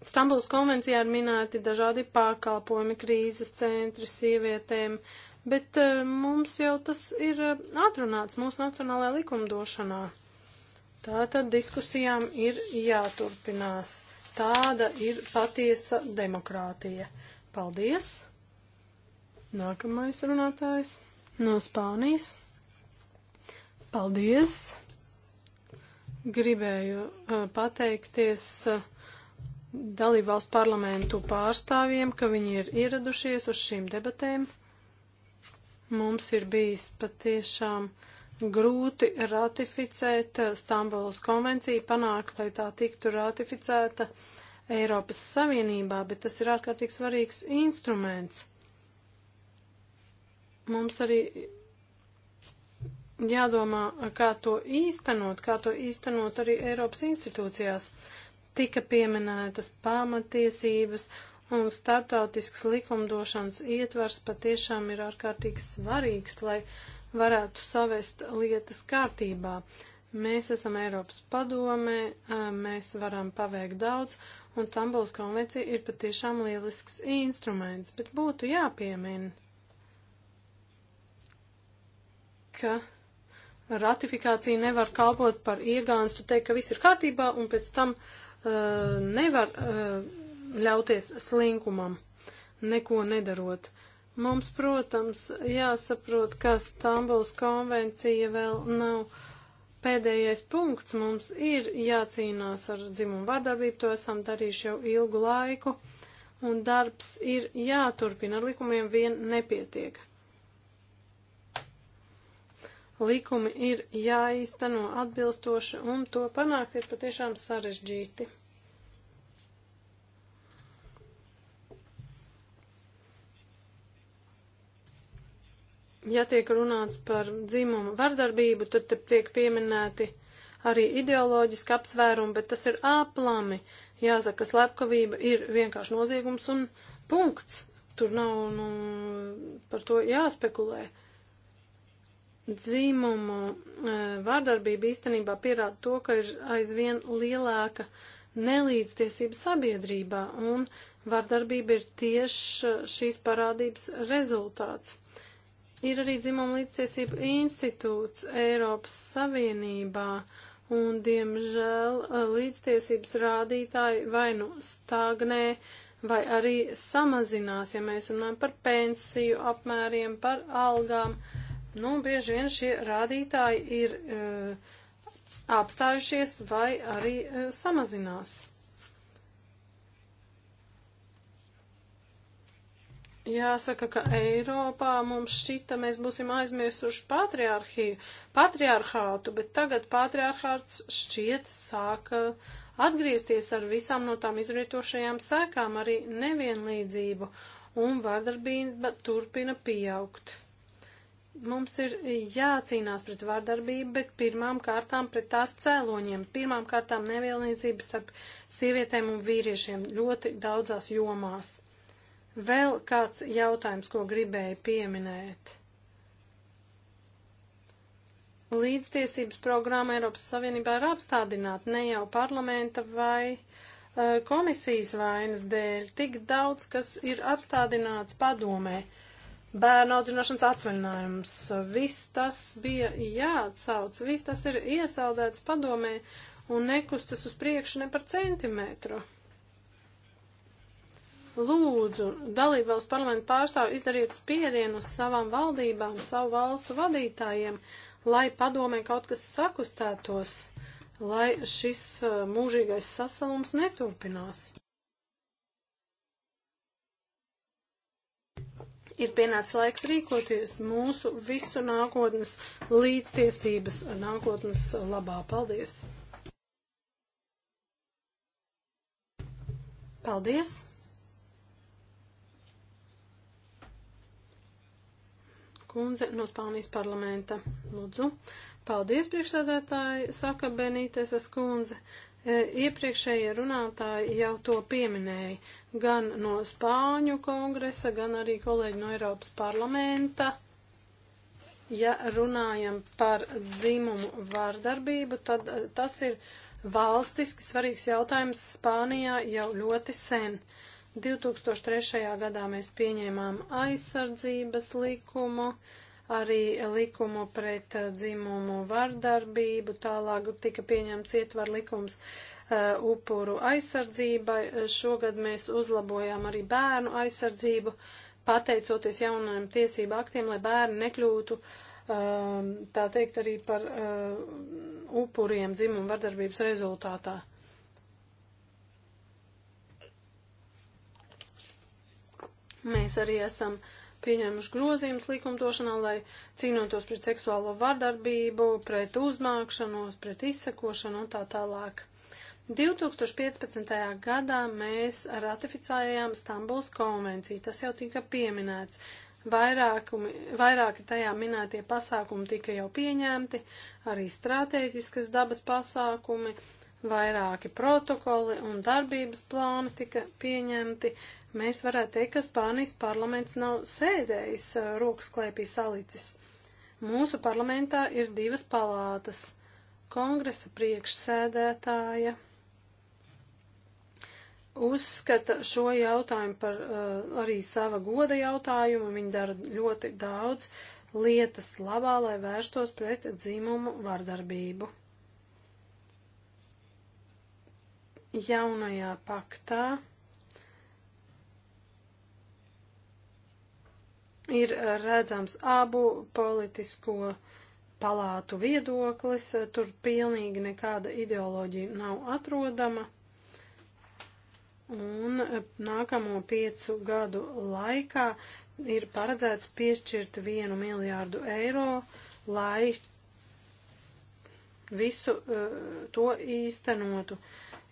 Stambuls konvencijā ir minēti dažādi pakalpojumi, krīzes centri sievietēm, uh, bet e, mums jau tas ir e, atrunāts mūsu nacionālajā likumdošanā. Tātad diskusijām ir jāturpinās. Tāda ir patiesa demokrātija. Paldies! Nākamais runātājs no Spānijas. Paldies! Gribēju uh, pateikties uh, dalībvalstu parlamentu pārstāvjiem, ka viņi ir ieradušies uz šīm debatēm. Mums ir bijis patiešām grūti ratificēt Stambulas konvenciju, panākt, lai tā tiktu ratificēta Eiropas Savienībā, bet tas ir ārkārtīgi svarīgs instruments. Mums arī jādomā, kā to īstenot, kā to īstenot arī Eiropas institūcijās. Tika pieminētas pamatiesības un startautisks likumdošanas ietvars patiešām ir ārkārtīgi svarīgs, lai varētu savest lietas kārtībā. Mēs esam Eiropas padomē, mēs varam paveikt daudz, un Stambuls konvencija ir patiešām lielisks instruments, bet būtu jāpiemina, ka ratifikācija nevar kalpot par iegānstu, teikt, ka viss ir kārtībā, un pēc tam uh, nevar uh, ļauties slinkumam, neko nedarot. Mums, protams, jāsaprot, ka Stambuls konvencija vēl nav pēdējais punkts. Mums ir jācīnās ar dzimumu vardarbību, to esam darījuši jau ilgu laiku, un darbs ir jāturpina, ar likumiem vien nepietiek. Likumi ir jāīsteno atbilstoši, un to panākt ir patiešām sarežģīti. ja tiek runāts par dzimumu vardarbību, tad tiek pieminēti arī ideoloģiski apsvērumi, bet tas ir āplami. Jāsaka, ka slepkavība ir vienkārši noziegums un punkts. Tur nav nu, par to jāspekulē. Dzīmumu e, vārdarbība īstenībā pierāda to, ka ir aizvien lielāka nelīdztiesība sabiedrībā, un vārdarbība ir tieši šīs parādības rezultāts. Ir arī dzimuma līdztiesība institūts Eiropas Savienībā, un, diemžēl, līdztiesības rādītāji vai nu stagnē, vai arī samazinās, ja mēs runājam par pensiju apmēriem, par algām. Nu, bieži vien šie rādītāji ir uh, apstājušies vai arī uh, samazinās. Jāsaka, ka Eiropā mums šita mēs būsim aizmirsuši patriarhiju, patriarhātu, bet tagad patriarhāts šķiet sāka atgriezties ar visām no tām izrietošajām sēkām, arī nevienlīdzību, un vardarbība turpina pieaugt. Mums ir jācīnās pret vardarbību, bet pirmām kārtām pret tās cēloņiem, pirmām kārtām nevienlīdzības starp sievietēm un vīriešiem ļoti daudzās jomās Vēl kāds jautājums, ko gribēju pieminēt. Līdztiesības programma Eiropas Savienībā ir apstādināta ne jau parlamenta vai uh, komisijas vainas dēļ, tik daudz, kas ir apstādināts padomē. Bērnu audzināšanas atvaļinājums, viss tas bija jāatsauc, viss tas ir iesaldēts padomē un nekustas uz priekšu ne par centimetru. Lūdzu, dalībvalsts parlamentu pārstāvi izdariet spiedienu uz savām valdībām, savu valstu vadītājiem, lai padomē kaut kas sakustētos, lai šis uh, mūžīgais sasalums neturpinās. ir pienācis laiks rīkoties mūsu visu nākotnes līdztiesības nākotnes labā. Paldies! Paldies! kundze no Spānijas parlamenta. Lūdzu. Paldies, priekšsēdētāji, saka Benīteses kundze. E, iepriekšējie runātāji jau to pieminēja gan no Spāņu kongresa, gan arī kolēģi no Eiropas parlamenta. Ja runājam par dzimumu vārdarbību, tad e, tas ir valstiski svarīgs jautājums Spānijā jau ļoti sen. Uh, 2003. gadā mēs pieņēmām aizsardzības likumu, arī likumu pret uh, dzimumu vardarbību, tālāk tika pieņemts ietvar likums uh, upuru aizsardzībai. Uh, šogad mēs uzlabojām arī bērnu aizsardzību, pateicoties jaunajiem tiesību aktiem, lai bērni nekļūtu uh, tā teikt arī par uh, upuriem dzimumu vardarbības rezultātā. Mēs arī esam pieņēmuši grozījumus likumdošanā, lai cīnotos pret seksuālo vardarbību, pret uzmākšanos, pret izsekošanu un tā tālāk. 2015. gadā mēs ratificējām Stambuls konvenciju, tas jau tika pieminēts. Vairākumi, vairāki tajā minētie pasākumi tika jau pieņemti, arī strateģiskas dabas pasākumi, vairāki protokoli un darbības plāni tika pieņemti, mēs varētu teikt, ka Spānijas parlaments nav sēdējis uh, rokas klēpī salicis. Mūsu parlamentā ir divas palātas - kongresa priekšsēdētāja uzskata šo jautājumu par uh, arī sava goda jautājumu. Viņi dara ļoti daudz lietas labā, lai vērstos pret dzimumu vardarbību. Jaunajā paktā ir eh, redzams abu politisko palātu viedoklis, eh, tur pilnīgi nekāda ideoloģija nav atrodama. Un eh, nākamo piecu gadu laikā ir paredzēts piešķirt vienu miljārdu eiro, lai visu uh, to īstenotu.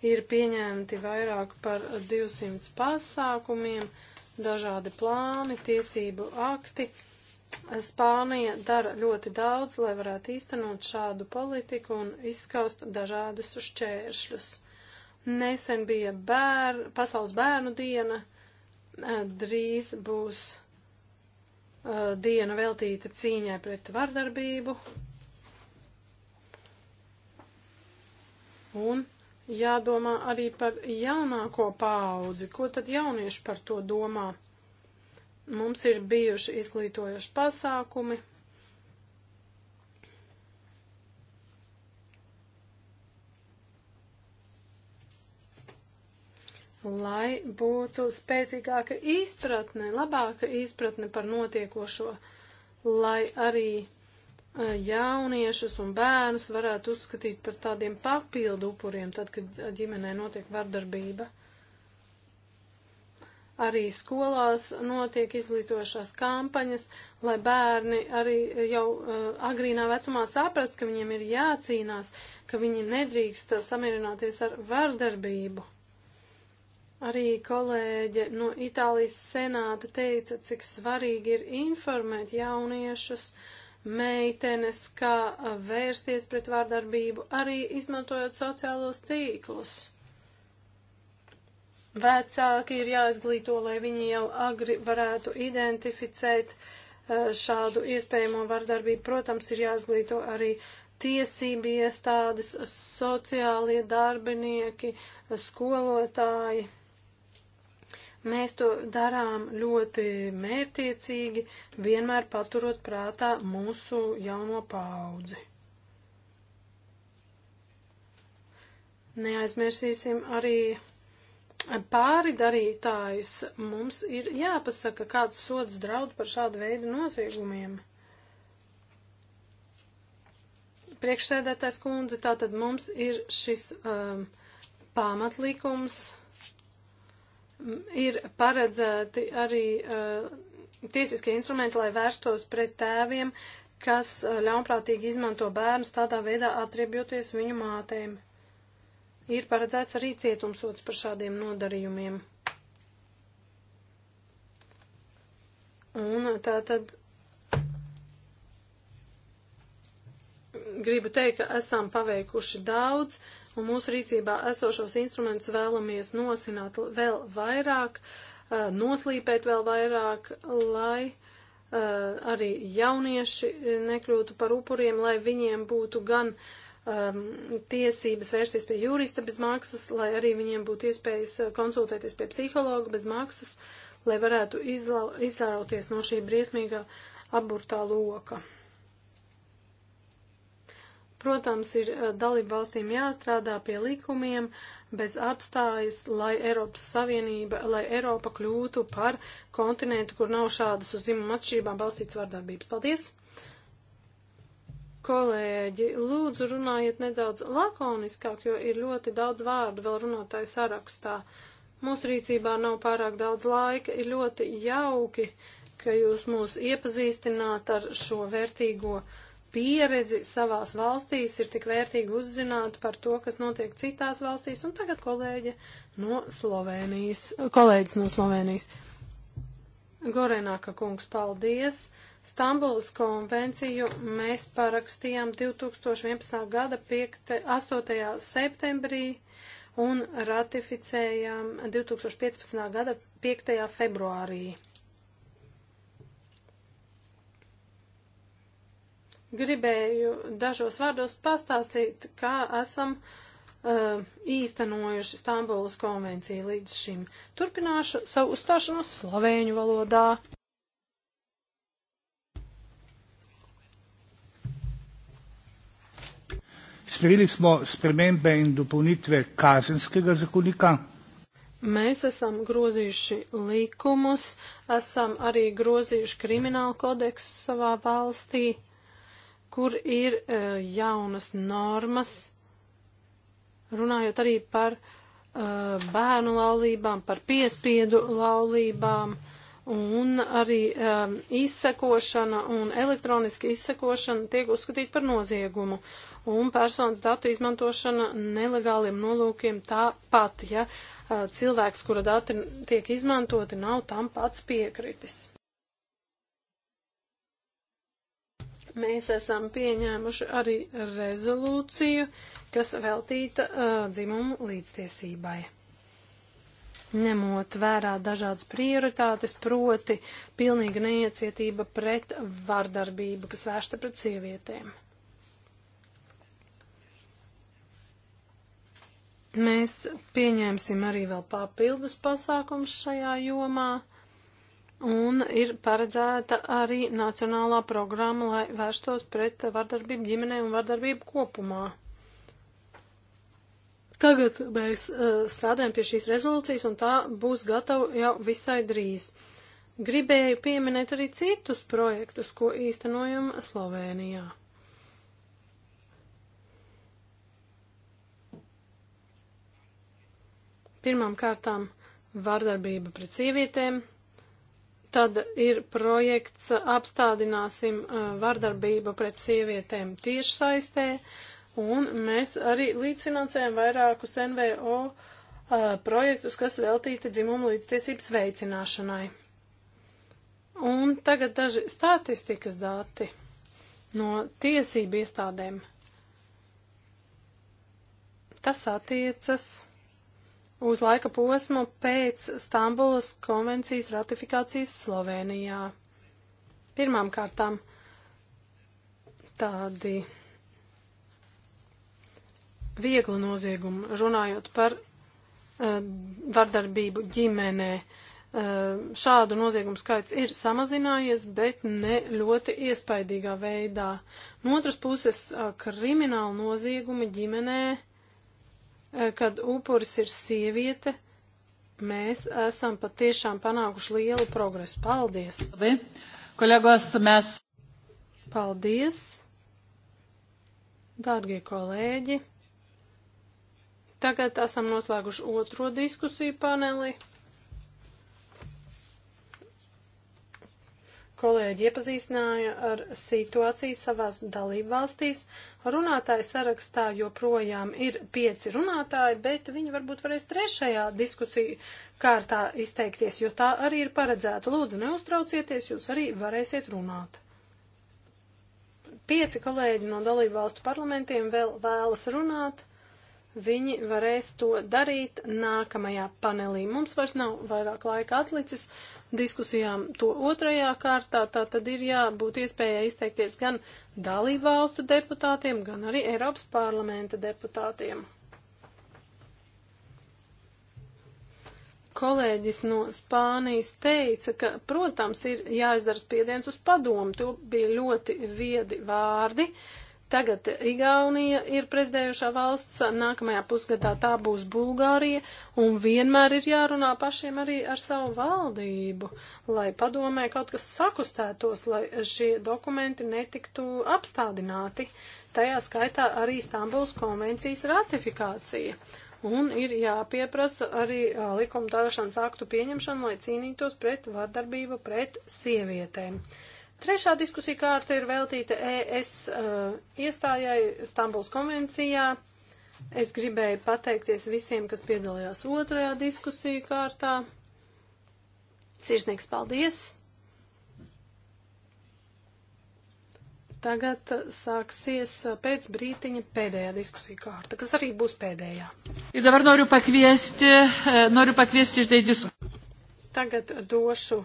Ir pieņemti vairāk par 200 pasākumiem, uh, dažādi plāni, tiesību akti. Spānija dara ļoti daudz, lai varētu īstenot šādu politiku un izskaust dažādus šķēršļus. Nesen bija bēr, pasaules bērnu diena, eh, drīz būs uh, diena veltīta cīņai pret vardarbību. Un jādomā arī par jaunāko paudzi. Ko tad jaunieši par to domā? Mums ir bijuši izglītojoši pasākumi. Lai būtu spēcīgāka izpratne, labāka izpratne par notiekošo, lai arī jauniešus un bērnus varētu uzskatīt par tādiem papildu upuriem, tad, kad ģimenē notiek vardarbība. Arī skolās notiek izglītošās kampaņas, lai bērni arī jau uh, agrīnā vecumā saprast, ka viņiem ir jācīnās, ka viņi nedrīkst samierināties ar vardarbību. Arī kolēģe no Itālijas senāta teica, cik svarīgi ir informēt jauniešus uh, meitenes, kā vērsties pret vārdarbību, arī izmantojot sociālos tīklus. Vecāki ir jāizglīto, lai viņi jau agri varētu identificēt eh, šādu iespējamo vardarbību. Protams, ir jāizglīto arī tiesību iestādes, sociālie darbinieki, skolotāji. Mēs to darām ļoti mērtiecīgi, vienmēr paturot prātā mūsu jauno paudzi. Neaizmirsīsim arī pāri darītājus. Mums ir jāpasaka, kāds sods draud par šādu veidu noziegumiem. priekšsēdētājs kundze, tātad mums ir šis um, pamatlikums, ir paredzēti arī uh, tiesiskie instrumenti, lai vērstos pret tēviem, kas uh, ļaunprātīgi izmanto bērnus tādā veidā atriebjoties viņu mātēm. Ir paredzēts arī cietumsots par šādiem nodarījumiem. Un eh, tā tad gribu teikt, ka esam paveikuši daudz. Uh, un mūsu rīcībā esošos instrumentus vēlamies nosināt vēl vairāk, noslīpēt vēl vairāk, lai arī jaunieši nekļūtu par upuriem, lai viņiem būtu gan um, tiesības vērsties pie jurista bez maksas, lai arī viņiem būtu iespējas konsultēties pie psihologa bez maksas, lai varētu izlau, izlauties no šī briesmīgā aburtā loka. Protams, ir eh, dalību valstīm jāstrādā pie likumiem bez apstājas, lai Eiropas Savienība, lai Eiropa kļūtu par kontinentu, kur nav šādas uz dzimumu atšķībām balstīts vardarbības. Paldies! Kolēģi, lūdzu runājiet nedaudz lakoniskāk, jo ir ļoti daudz vārdu vēl runātāju sarakstā. Mūsu rīcībā nav pārāk daudz laika, ir ļoti jauki, ka jūs mūs iepazīstināt ar šo vērtīgo uh, pieredzi savās valstīs, ir tik vērtīgi uzzināt par to, kas notiek citās valstīs, un tagad kolēģe no Slovenijas, kolēģis no Slovenijas. Gorenāka kungs, paldies! Stambulas konvenciju mēs parakstījām 2011. gada 5, 8. septembrī un ratificējām 2015. gada 5. februārī. gribēju dažos vārdos pastāstīt, kā esam uh, īstenojuši Stambulas konvenciju līdz šim. Turpināšu savu uzstāšanos slovēņu valodā. Sprejeli smo spremembe in dopolnitve kazenskega zakonika. Mēs esam grozījuši likumus, esam arī grozījuši kriminālu kodeksu savā valstī kur ir uh, jaunas normas, runājot arī par uh, bērnu laulībām, par piespiedu laulībām un arī um, izsekošana un elektroniska izsekošana tiek uzskatīta par noziegumu. Un personas datu izmantošana nelegāliem nolūkiem tāpat, ja uh, cilvēks, kura dati tiek izmantoti, nav tam pats piekritis. Mēs esam pieņēmuši arī rezolūciju, kas veltīta uh, dzimumu līdztiesībai ņemot vērā dažādas prioritātes, proti pilnīga neiecietība pret vardarbību, kas vērsta pret sievietēm. Mēs pieņēmsim arī vēl papildus pasākums šajā jomā. Un ir paredzēta arī nacionālā programma, lai vērstos pret vardarbību ģimenē un vardarbību kopumā. Tagad mēs uh, strādājam pie šīs rezolūcijas, un tā būs gatava jau visai drīz. Gribēju pieminēt arī citus projektus, ko īstenojam Slovenijā. Pirmām kārtām vardarbība pret sievietēm, Tad ir projekts uh, apstādināsim uh, vardarbību pret sievietēm tiešsaistē, un mēs arī līdzfinansējam vairākus NVO uh, projektus, kas veltīti dzimumu līdztiesības veicināšanai. Un tagad daži statistikas dati no tiesību iestādēm. Tas attiecas uz laika posmu pēc Stambulas konvencijas ratifikācijas Slovenijā. Pirmām kārtām tādi viegli noziegumi, runājot par uh, vardarbību ģimenē. Uh, šādu noziegumu skaits ir samazinājies, bet ne ļoti iespaidīgā veidā. No otras puses, uh, krimināla nozieguma ģimenē uh, Eh, kad upuris ir sieviete, mēs esam patiešām panākuši lielu progresu. Paldies! Labi. Kolegos, mēs. Paldies! Dārgie kolēģi! Tagad esam noslēguši otro diskusiju paneli. kolēģi iepazīstināja ar situāciju savās dalībvalstīs. Runātāju sarakstā joprojām ir pieci runātāji, bet viņi varbūt varēs trešajā diskusiju kārtā izteikties, jo tā arī ir paredzēta. Lūdzu, neuztraucieties, jūs arī varēsiet runāt. Pieci kolēģi no dalībvalstu parlamentiem vēl vēlas runāt. Viņi varēs to darīt nākamajā panelī. Mums vairs nav vairāk laika atlicis, diskusijām to otrajā kārtā, tā tad ir jābūt iespējai izteikties gan dalību valstu deputātiem, gan arī Eiropas parlamenta deputātiem. Kolēģis no Spānijas teica, ka, protams, ir jāizdara spiediens uz padomu. To bija ļoti viedi vārdi. Uh, Tagad Igaunija ir prezidējušā valsts, nākamajā pusgadā tā būs Bulgārija, un vienmēr ir jārunā pašiem arī ar savu valdību, lai padomē kaut kas sakustētos, lai šie dokumenti netiktu apstādināti. Tajā skaitā arī Stambuls konvencijas ratifikācija. Un ir jāpieprasa arī likumdošanas aktu pieņemšana, lai cīnītos pret vardarbību pret sievietēm. Uh, Trešā diskusija kārta ir veltīta ES uh, iestājai Stambuls konvencijā. Es gribēju pateikties visiem, kas piedalījās otrajā diskusija kārtā. Sirsnīgs paldies! Tagad sāksies pēc brītiņa pēdējā diskusija kārta, kas arī būs pēdējā. Ir dabar noru pakviesti, noru pakviesti šeit jūs. Tagad došu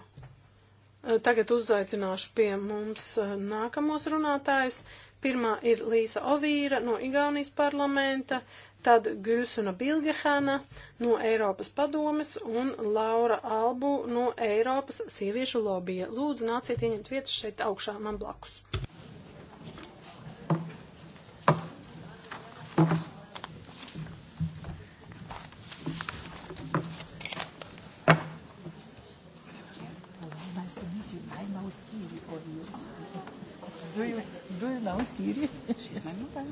Eh, tagad uzaicināšu pie mums eh, nākamos runātājus. Pirmā ir Līsa Ovīra no Igaunijas parlamenta, tad Gülsuna Bilgehana no Eiropas padomes un Laura Albu no Eiropas sieviešu lobija. Lūdzu, nāciet ieņemt vietas šeit augšā man blakus. Thank you. Do you do you know Syria? She's my mother.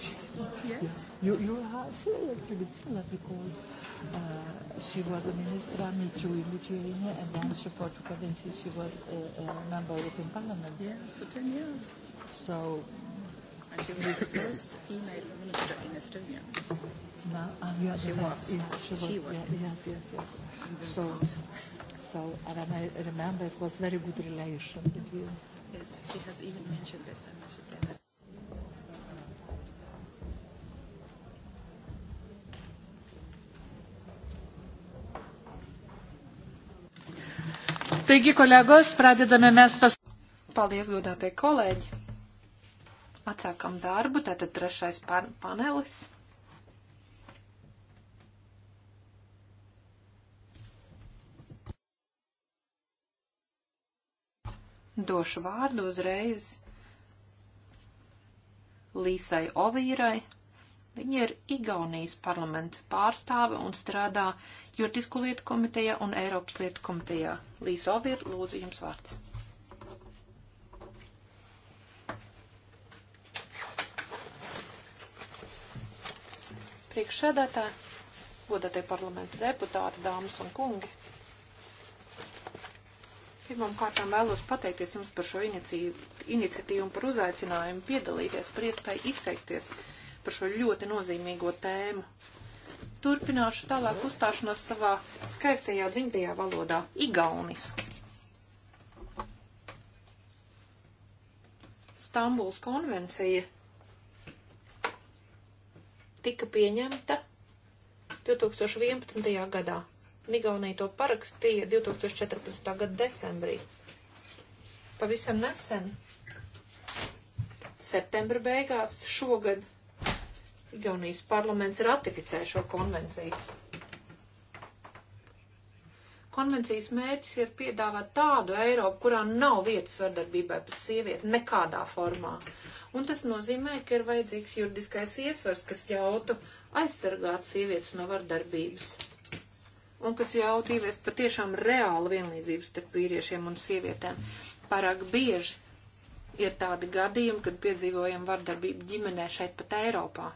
She's, yes. You you are she actually similar because uh, she was a minister Mitru in Lithuania and then she for two cadences she was a, a member of European Parliament. Yes, for ten years. So and she was the first female minister in Estonia. Now, um, yeah, she, was. Yeah, she was. She was. Yeah, yes, yes, yes. So so, and I remember it was very good relation with you. Yes, she has even mentioned this time she said that. Taigi, kolegos, pradedame mes pas. Paldies, godātie kolēģi! Atsākam darbu, tātad trešais panelis. došu vārdu uzreiz Līsai Ovīrai. Viņa ir Igaunijas parlamenta pārstāve un strādā Juridisko lietu komitejā un Eiropas lietu komitejā. Līsa Ovīra, lūdzu jums vārds. Priekšsēdētāji, godātie parlamenta deputāti, dāmas un kungi. Pirmām kārtām vēlos pateikties jums par šo iniciatīvu un par uzaicinājumu piedalīties, par iespēju izteikties par šo ļoti nozīmīgo tēmu. Turpināšu tālāk uzstāšanos savā skaistajā dzimtajā valodā - igauniski. Stambuls konvencija tika pieņemta 2011. gadā. Igaunija to parakstīja 2014. gada decembrī. Pavisam nesen, septembra beigās šogad, Igaunijas parlaments ratificēja šo konvenciju. Konvencijas mērķis ir piedāvāt tādu Eiropu, kurā nav vietas vardarbībai pret sievieti nekādā formā. Un tas nozīmē, ka ir vajadzīgs juridiskais iesvars, kas ļautu aizsargāt sievietes no vardarbības un kas ļautu ieviest patiešām reālu vienlīdzību starp vīriešiem un sievietēm. Parāk bieži ir tādi gadījumi, kad piedzīvojam vardarbību ģimenē šeit pat Eiropā.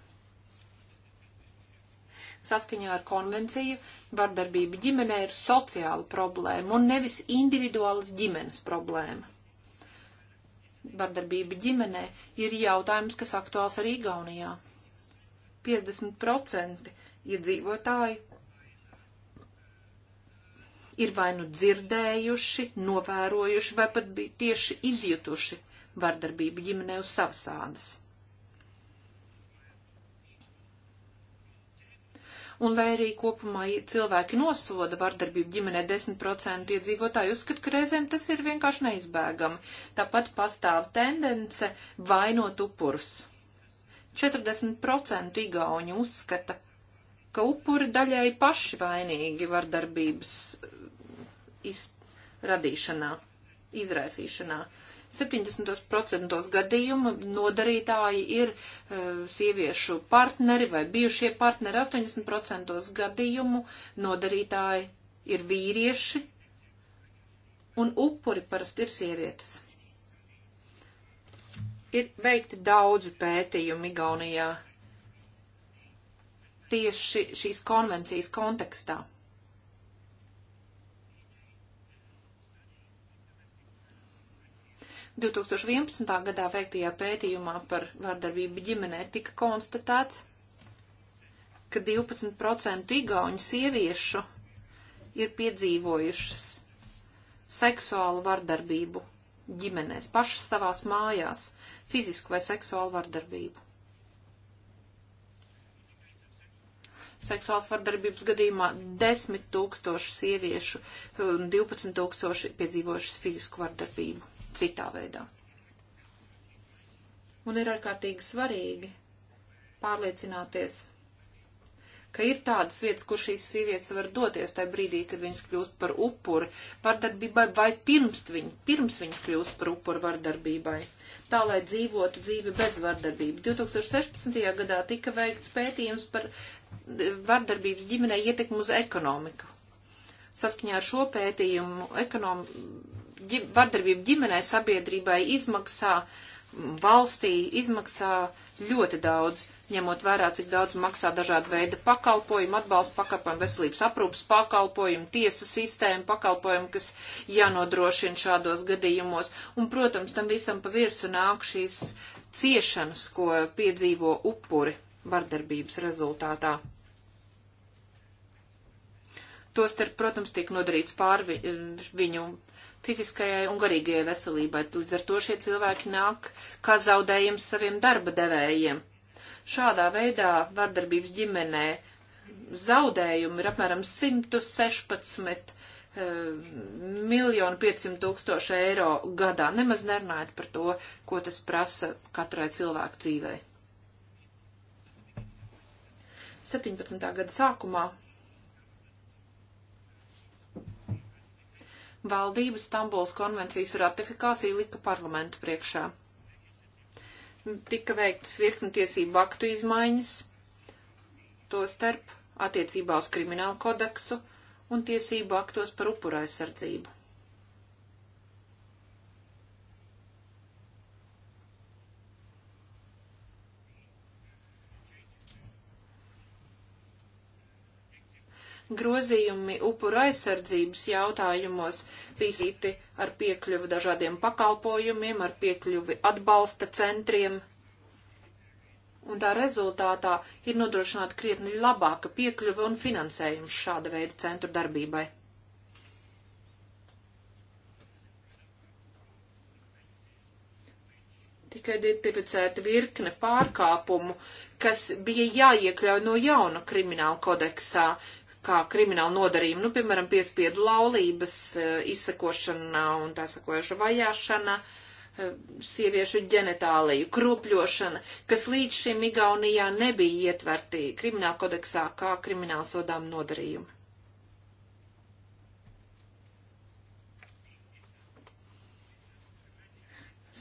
Saskaņā ar konvenciju vardarbība ģimenē ir sociāla problēma un nevis individuālas ģimenes problēma. Vardarbība ģimenē ir jautājums, kas aktuāls arī Igaunijā. 50% iedzīvotāji ir vai nu dzirdējuši, novērojuši, vai pat bija tieši izjutuši vardarbību ģimenē uz savas ādas. Un lai arī kopumā cilvēki nosoda vardarbību ģimenē 10% iedzīvotāju uzskat, ka reizēm tas ir vienkārši neizbēgami. Tāpat pastāv tendence vainot upurus. 40% igauņu uzskata, ka upuri daļai paši vainīgi vardarbības eh, iz, radīšanā, izraisīšanā. 70% gadījumu nodarītāji ir uh, sieviešu partneri vai bijušie partneri, 80% gadījumu nodarītāji ir vīrieši un upuri parasti ir sievietes. Ir veikti daudzi pētījumi Igaunijā tieši šīs konvencijas kontekstā. Un 2011. gadā veiktajā pētījumā par vardarbību ģimenē tika konstatēts, ka 12% igauņu sieviešu ir piedzīvojušas seksuālu vardarbību ģimenēs, pašas savās mājās, fizisku vai seksuālu vardarbību. seksuāls vardarbības gadījumā 10 tūkstoši sieviešu un um, 12 tūkstoši piedzīvojušas fizisku vardarbību citā veidā. Un ir ārkārtīgi svarīgi pārliecināties, ka ir tādas vietas, kur šīs sievietes var doties tajā brīdī, kad viņas kļūst par upuri vardarbībai vai pirms, viņ, pirms viņas kļūst par upuri vardarbībai, tā lai dzīvotu dzīvi bez vardarbību. 2016. gadā tika veikts pētījums par vardarbības ģimenē ietekmu uz ekonomiku. Saskaņā ar šo pētījumu ekonom, ģi, vardarbība ģimenē sabiedrībai izmaksā, valstī izmaksā ļoti daudz, ņemot vērā, cik daudz maksā dažāda veida pakalpojumu, atbalsta pakalpojumu, veselības aprūpas pakalpojumu, tiesa sistēma pakalpojumu, kas jānodrošina šādos gadījumos. Un, protams, tam visam pa virsu nāk šīs ciešanas, ko piedzīvo upuri vardarbības rezultātā. Tostarp, protams, tiek nodarīts pāri viņu fiziskajai un garīgajai veselībai, līdz ar to šie cilvēki nāk kā zaudējums saviem darba devējiem. Šādā veidā vardarbības ģimenē zaudējumi ir apmēram 116 eh, miljonu 500 tūkstoši eiro gadā, nemaz nerunājot par to, ko tas prasa katrai cilvēku dzīvei. 17. gada sākumā valdība Stambuls konvencijas ratifikāciju lika parlamentu priekšā. Tika veiktas virkni tiesību aktu izmaiņas, to starp attiecībā uz kriminālu kodeksu un tiesību aktos par upura aizsardzību. grozījumi upuru aizsardzības jautājumos vizīti ar piekļuvi dažādiem pakalpojumiem, ar piekļuvi atbalsta centriem. Un tā rezultātā ir nodrošināta krietni labāka piekļuve un finansējums šāda veida centru darbībai. tikai identificēta virkne pārkāpumu, kas bija jāiekļauj no jauna krimināla kodeksā, kā krimināla nodarījuma, nu, piemēram, piespiedu laulības, eh, izsekošana un tā sakojuša vajāšana, eh, sieviešu ģenitāliju kropļošana, kas līdz šim Igaunijā nebija ietverti krimināla kodeksā kā krimināla sodām nodarījumi.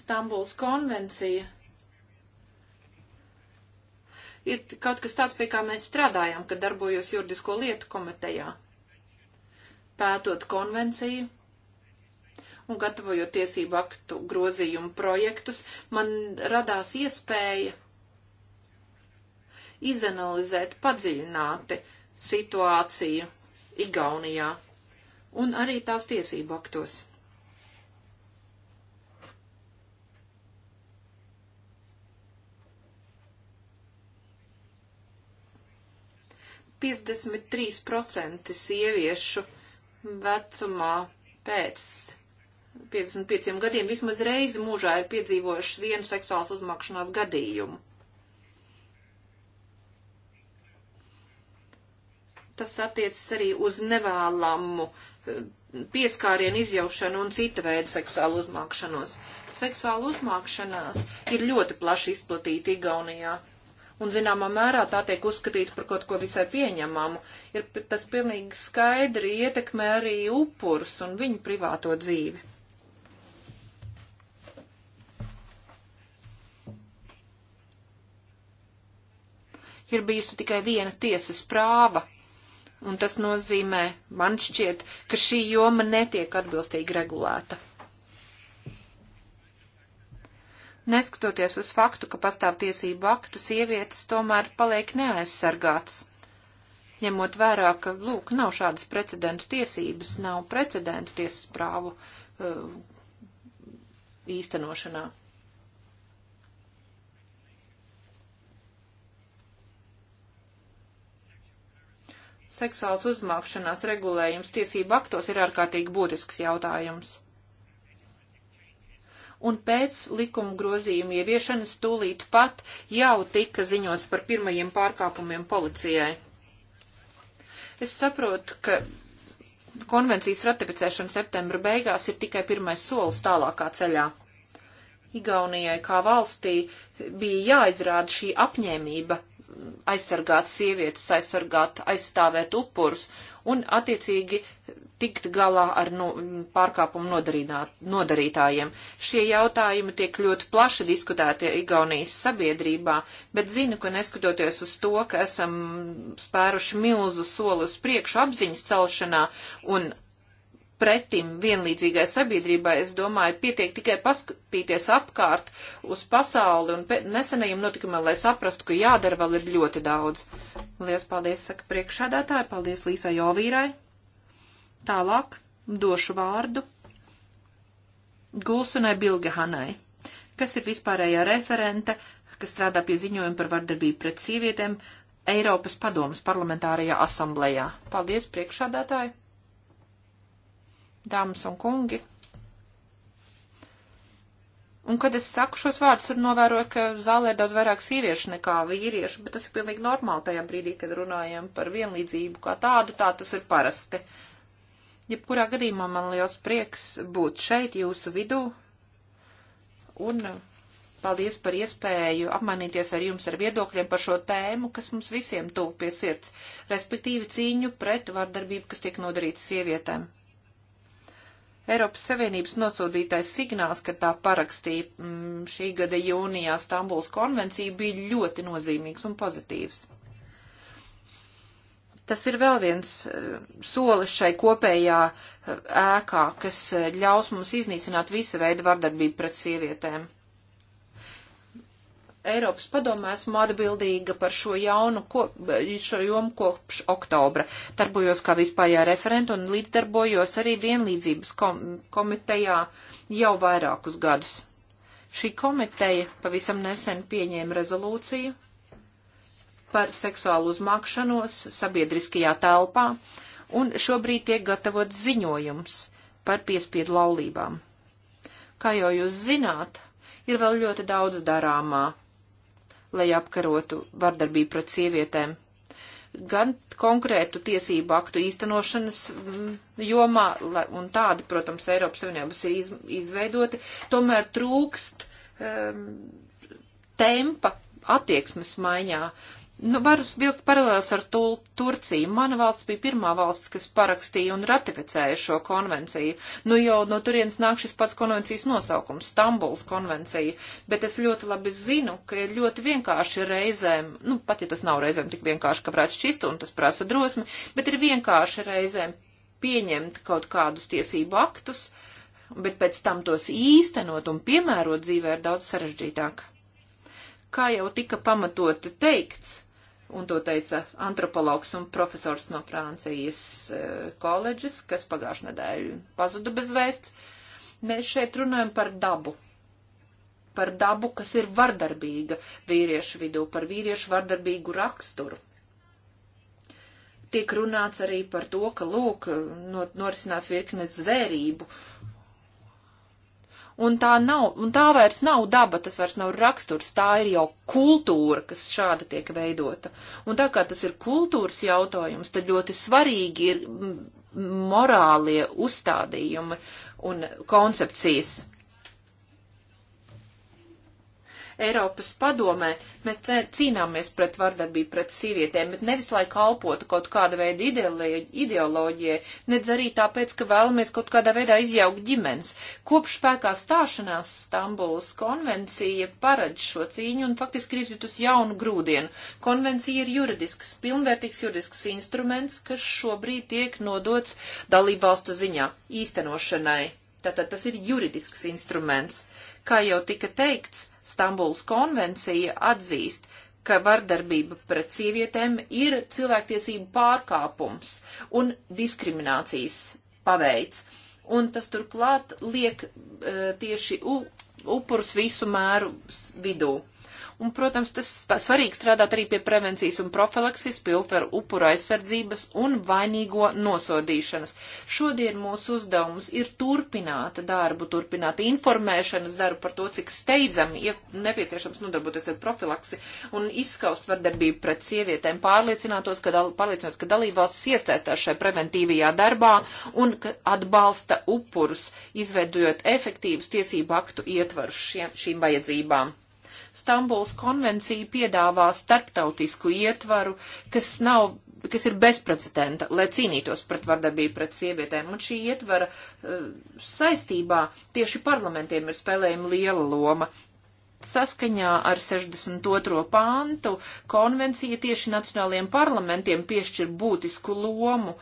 Stambuls konvencija ir kaut kas tāds, pie kā mēs strādājām, kad darbojos juridisko lietu komitejā, pētot konvenciju un gatavojot tiesību aktu grozījumu projektus, man radās iespēja izanalizēt padziļināti situāciju Igaunijā un arī tās tiesību aktos. 53% sieviešu vecumā pēc 55 gadiem vismaz reizi mūžā ir piedzīvojušas vienu seksuālas uzmākšanās gadījumu. Tas attiecas arī uz nevēlamu eh, pieskārienu izjaušanu un cita veida seksuālu uzmākšanos. Seksuāla uzmākšanās ir ļoti plaši izplatīta Igaunijā un zināmā mērā tā tiek uzskatīta par kaut ko visai pieņemamu, ir tas pilnīgi skaidri ietekmē arī upurus un viņu privāto dzīvi. Ir bijusi tikai viena tiesas prāva un tas nozīmē, man šķiet, ka šī joma netiek atbilstīgi regulēta. Neskatoties uz faktu, ka pastāv tiesību aktu, sievietes tomēr paliek neaizsargātas. Ņemot vērā, ka, lūk, nav šādas precedentu tiesības, nav precedentu tiesas prāvu uh, īstenošanā. seksuāls uzmākšanās regulējums tiesību aktos ir ārkārtīgi būtisks jautājums un pēc likuma grozījuma ieviešanas tūlīt pat jau tika ziņots par pirmajiem pārkāpumiem policijai. Es saprotu, ka konvencijas ratificēšana septembra beigās ir tikai pirmais solis tālākā ceļā. Igaunijai kā valstī bija jāizrāda šī apņēmība aizsargāt sievietes, aizsargāt, aizstāvēt upurus un attiecīgi tikt galā ar nu, pārkāpumu nodarītājiem. Šie jautājumi tiek ļoti plaši diskutēti Igaunijas sabiedrībā, bet zinu, ka neskatoties uz to, ka esam spēruši milzu soli uz priekšu apziņas celšanā un pretim vienlīdzīgai sabiedrībai, es domāju, pietiek tikai paskatīties apkārt uz pasauli un nesenajiem notikumiem, lai saprastu, ka jādara vēl ir ļoti daudz. Lielas paldies, saka priekšādātāji, paldies Līsai Jovīrai. Tālāk došu vārdu Gulsunai Bilgehanai, kas ir vispārējā referente, kas strādā pie ziņojuma par vardarbību pret sievietēm Eiropas padomas parlamentārajā asamblējā. Paldies, priekšādātāji! Dāmas un kungi! Un, kad es saku šos vārdus, tad novēroju, ka zālē ir daudz vairāk sieviešu nekā vīriešu, bet tas ir pilnīgi normāli tajā brīdī, kad runājam par vienlīdzību kā tādu, tā tas ir parasti. Uh, Jebkurā gadījumā man liels prieks būt šeit jūsu vidū un paldies par iespēju apmainīties ar jums ar viedokļiem par šo tēmu, kas mums visiem tuvu pie sirds, respektīvi cīņu pret vardarbību, kas tiek nodarīta sievietēm. Eiropas Savienības nosūtītais signāls, ka tā parakstīja mm, šī gada jūnijā Stambuls konvenciju, bija ļoti nozīmīgs un pozitīvs. Tas ir vēl viens eh, solis šai kopējā eh, ēkā, kas eh, ļaus mums iznīcināt visa veida vardarbību pret sievietēm. Eiropas padomē esmu atbildīga par šo jaunu, ko, šo jomu kopš oktobra. Darbojos kā vispārējā referenta un līdzdarbojos arī vienlīdzības kom komitejā jau vairākus gadus. Šī komiteja pavisam nesen pieņēma rezolūciju par seksuālu uzmākšanos sabiedriskajā telpā, un šobrīd tiek gatavot ziņojums par piespiedu laulībām. Kā jau jūs zināt, ir vēl ļoti daudz darāmā, lai apkarotu vardarbību pret sievietēm. Gan konkrētu tiesību aktu īstenošanas mm, jomā, un tādi, protams, Eiropas Savienības ir iz, izveidoti, tomēr trūkst um, tempa attieksmes maiņā. Uh, Nu, varu vilkt paralēls ar tu, Turciju. Mana valsts bija pirmā valsts, kas parakstīja un ratificēja šo konvenciju. Nu, jau no turienes nāk šis pats konvencijas nosaukums - Stambuls konvencija. Bet es ļoti labi zinu, ka ir ļoti vienkārši reizēm, nu, pat ja tas nav reizēm tik vienkārši, ka prāt šķist un tas prasa drosmi, bet ir vienkārši reizēm pieņemt kaut kādus tiesību aktus, bet pēc tam tos īstenot un piemērot dzīvē ir daudz sarežģītāk. Kā jau tika pamatoti teikts, un to teica antropologs un profesors no Francijas e, koledžas, kas pagājušajā nedēļā pazuda bez vēsts. Mēs šeit runājam par dabu. Par dabu, kas ir vardarbīga vīriešu vidū, par vīriešu vardarbīgu raksturu. Tiek runāts arī par to, ka, lūk, norisinās virknes zvērību Un tā nav, un tā vairs nav daba, tas vairs nav raksturs, tā ir jau kultūra, kas šāda tiek veidota. Un tā kā tas ir kultūras jautājums, tad ļoti svarīgi ir morālie uzstādījumi un koncepcijas. Eiropas padomē mēs cīnāmies pret vardarbību pret sievietēm, bet nevis lai kalpotu kaut kāda veida ideoloģijai, nedz arī tāpēc, ka vēlamies kaut kādā veidā izjaukt ģimenes. Kopš spēkā stāšanās Stambulas konvencija paredz šo cīņu un faktiski ir izjutusi jaunu grūdienu. Konvencija ir juridisks, pilnvērtīgs juridisks instruments, kas šobrīd tiek nodots dalībvalstu ziņā īstenošanai. Tātad tas ir juridisks instruments. Kā jau tika teikts, Stambuls konvencija atzīst, ka vardarbība pret sievietēm ir cilvēktiesību pārkāpums un diskriminācijas paveids. Un tas turklāt liek e, tieši u, upurs visu mēru vidū. Un, protams, tas svarīgi strādāt arī pie prevencijas un profilakses, pie upura aizsardzības un vainīgo nosodīšanas. Šodien mūsu uzdevums ir turpināt darbu, turpināt informēšanas darbu par to, cik steidzami ja nepieciešams nodarboties ar profilaksi un izskaust vardarbību pret sievietēm, pārliecinātos, ka, dal, pārliecinātos, ka dalībvalstis iesaistās šajā preventīvajā darbā un atbalsta upurus, izveidojot efektīvus tiesību aktu ietvarus šiem, šīm vajadzībām. Stambuls konvencija piedāvā starptautisku ietvaru, kas nav kas ir bezprecedenta, lai cīnītos pret vardarbību pret sievietēm. Un šī ietvara uh, saistībā tieši parlamentiem ir spēlējama liela loma. Saskaņā ar 62. pāntu konvencija tieši nacionālajiem parlamentiem piešķir būtisku lomu,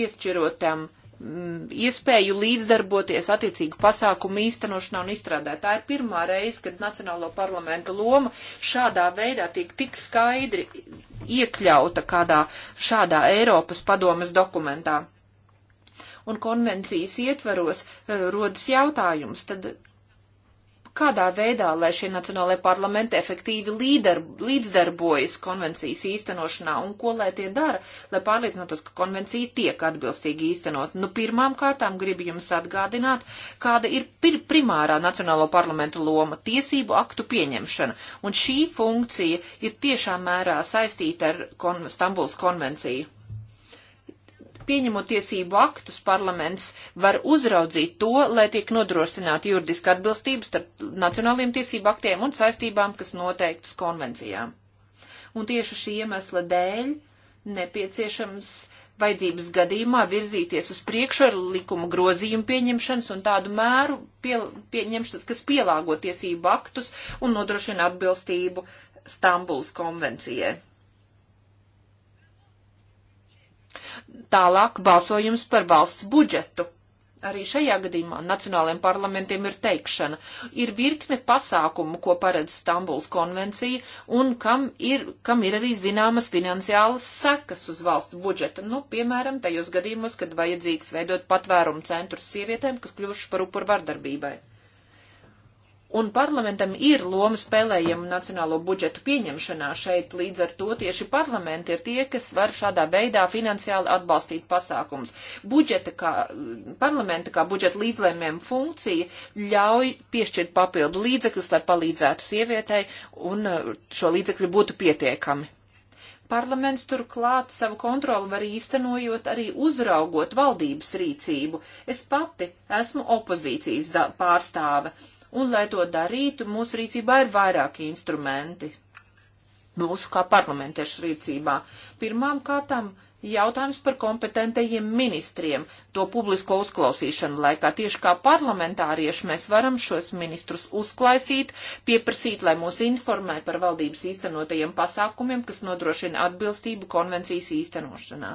piešķirot tam Mm, iespēju līdzdarboties attiecīgu pasākumu īstenošanā un izstrādē. Tā ir pirmā reize, kad Nacionālo parlamentu loma šādā veidā tiek tik skaidri iekļauta kādā šādā Eiropas padomas dokumentā. Un konvencijas ietvaros eh, rodas jautājums, tad kādā veidā, lai šie nacionālajie parlamenti efektīvi līder, līdzdarbojas konvencijas īstenošanā un ko lai tie dara, lai pārliecinātos, ka konvencija tiek atbilstīgi īstenot. Nu, pirmām kārtām gribu jums atgādināt, kāda ir pir, primārā nacionālo parlamentu loma - tiesību aktu pieņemšana. Un šī funkcija ir tiešām mērā saistīta ar kon, Stambuls konvenciju pieņemot tiesību aktus, parlaments var uzraudzīt to, lai tiek nodrošināta juridiska atbilstība starp nacionāliem tiesību aktiem un saistībām, kas noteiktas konvencijām. Un tieši šī iemesla dēļ nepieciešams vajadzības gadījumā virzīties uz priekšu ar likumu grozījumu pieņemšanas un tādu mēru pie, pieņemšanas, kas pielāgo tiesību aktus un nodrošina atbilstību Stambulas konvencijai. Tālāk balsojums par valsts budžetu. Arī šajā gadījumā nacionālajiem parlamentiem ir teikšana. Ir virkne pasākumu, ko paredz Stambuls konvencija, un kam ir, kam ir arī zināmas finansiālas sekas uz valsts budžeta. Nu, piemēram, tajos gadījumos, kad vajadzīgs veidot patvērumu centrus sievietēm, kas kļuvuši par upuru vardarbībai un parlamentam ir loma spēlējama nacionālo budžetu pieņemšanā šeit, līdz ar to tieši parlamenti ir tie, kas var šādā veidā finansiāli atbalstīt pasākums. Budžeta kā, parlamenta kā budžeta līdzlēmiem funkcija ļauj piešķirt papildu līdzekļus, lai palīdzētu sievietei un uh, šo līdzekļu būtu pietiekami. Parlaments turklāt savu kontroli var īstenojot arī uzraugot valdības rīcību. Es pati esmu opozīcijas pārstāve un, lai to darītu, mūsu rīcībā ir vairāki instrumenti mūsu kā parlamentiešu rīcībā. Pirmām kārtām jautājums par kompetentajiem ministriem, to publisko uzklausīšanu laikā. Tieši kā parlamentārieši mēs varam šos ministrus uzklausīt, pieprasīt, lai mūs informē par valdības īstenotajiem pasākumiem, kas nodrošina atbilstību konvencijas īstenošanā.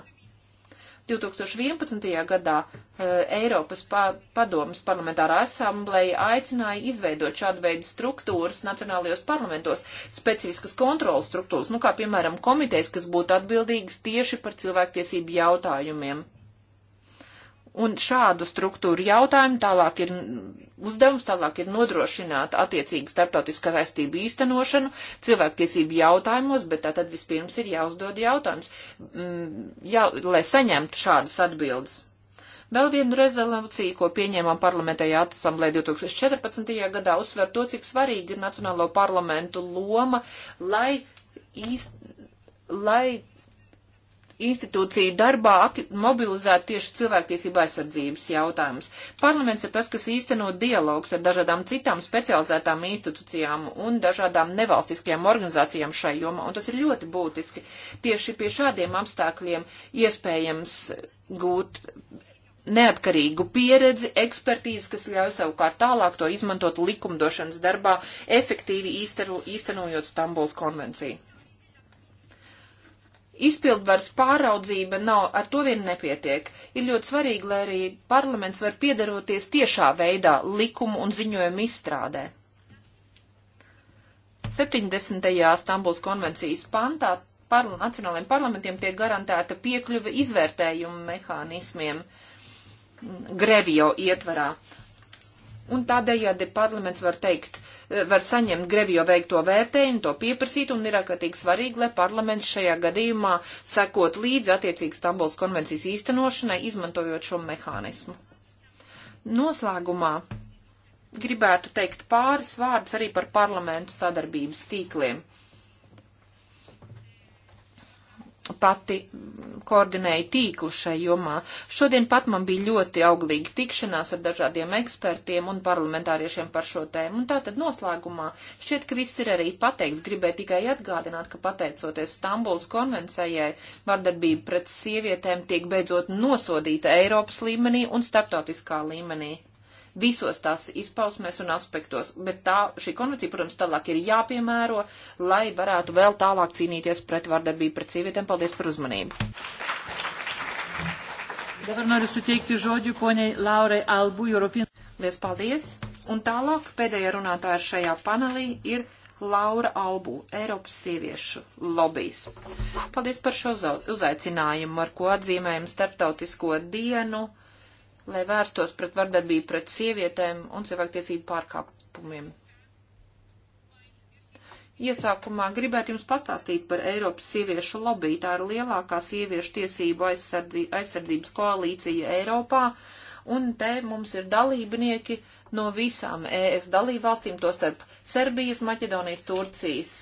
2011. gadā eh, Eiropas pa, padomas parlamentārā asambleja aicināja izveidot šādu veidu struktūras nacionālajos parlamentos, specifiskas kontrolas struktūras, nu kā piemēram komitejas, kas būtu atbildīgas tieši par cilvēktiesību jautājumiem. Un šādu struktūru jautājumu tālāk ir uzdevums, tālāk ir nodrošināt attiecīgi starptautiskā saistību īstenošanu cilvēktiesību jautājumos, bet tātad vispirms ir jāuzdod jautājums, mm, jā, lai saņemtu šādas atbildes. Vēl vienu rezolūciju, ko pieņēmām parlamentējā asamblē 2014. gadā, uzsver to, cik svarīgi ir Nacionālo parlamentu loma, lai, īst, lai institūciju darbā mobilizēt tieši cilvēktiesība aizsardzības jautājumus. Parlaments ir tas, kas īsteno dialogs ar dažādām citām specializētām institūcijām un dažādām nevalstiskajām organizācijām šai jomā, un tas ir ļoti būtiski. Tieši pie šādiem apstākļiem iespējams gūt neatkarīgu pieredzi, ekspertīzi, kas ļauj savukārt tālāk to izmantot likumdošanas darbā, efektīvi īstenu, īstenojot Stambuls konvenciju izpildvaras pāraudzība nav, ar to vien nepietiek. Ir ļoti svarīgi, lai arī parlaments var piedaroties tiešā veidā likumu un ziņojumu izstrādē. 70. Stambuls konvencijas pantā parla nacionālajiem parlamentiem tiek garantēta piekļuve izvērtējumu mehānismiem grevijo ietvarā. Un tādējādi parlaments var teikt, var saņemt Grevijo veikto vērtējumu, to pieprasīt, un ir ārkārtīgi svarīgi, lai parlaments šajā gadījumā sekot līdzi attiecīgi Stambuls konvencijas īstenošanai, izmantojot šo mehānismu. Noslēgumā gribētu teikt pāris vārdus arī par parlamentu sadarbības tīkliem pati mm, koordinēju tīklu šai jomā. Šodien pat man bija ļoti auglīga tikšanās ar dažādiem ekspertiem un parlamentāriešiem par šo tēmu. Un tā tad noslēgumā šķiet, ka viss ir arī pateikts. Gribēju tikai atgādināt, ka pateicoties Stambuls konvencijai, vardarbība pret sievietēm tiek beidzot nosodīta Eiropas līmenī un starptautiskā līmenī visos tās izpausmēs un aspektos. Bet tā, šī konvencija, protams, tālāk ir jāpiemēro, lai varētu vēl tālāk cīnīties pret vardarbību pret sievietēm. Paldies par uzmanību! Dabar noriu suteikti žodžiu poniai Laurai Albu, Europin. Lies paldies! Un tālāk pēdējā runātāja šajā panelī ir Laura Albu, Eiropas sieviešu lobijas. Paldies par šo uzaicinājumu, ar ko atzīmējam starptautisko dienu lai vērstos pret vardarbību pret sievietēm un cilvēktiesību pārkāpumiem. Iesākumā gribētu jums pastāstīt par Eiropas sieviešu lobby. Tā ir lielākā sieviešu tiesību aizsardzi, aizsardzības koalīcija Eiropā, un te mums ir dalībnieki no visām ES dalībvalstīm, tostarp Serbijas, Maķedonijas, Turcijas.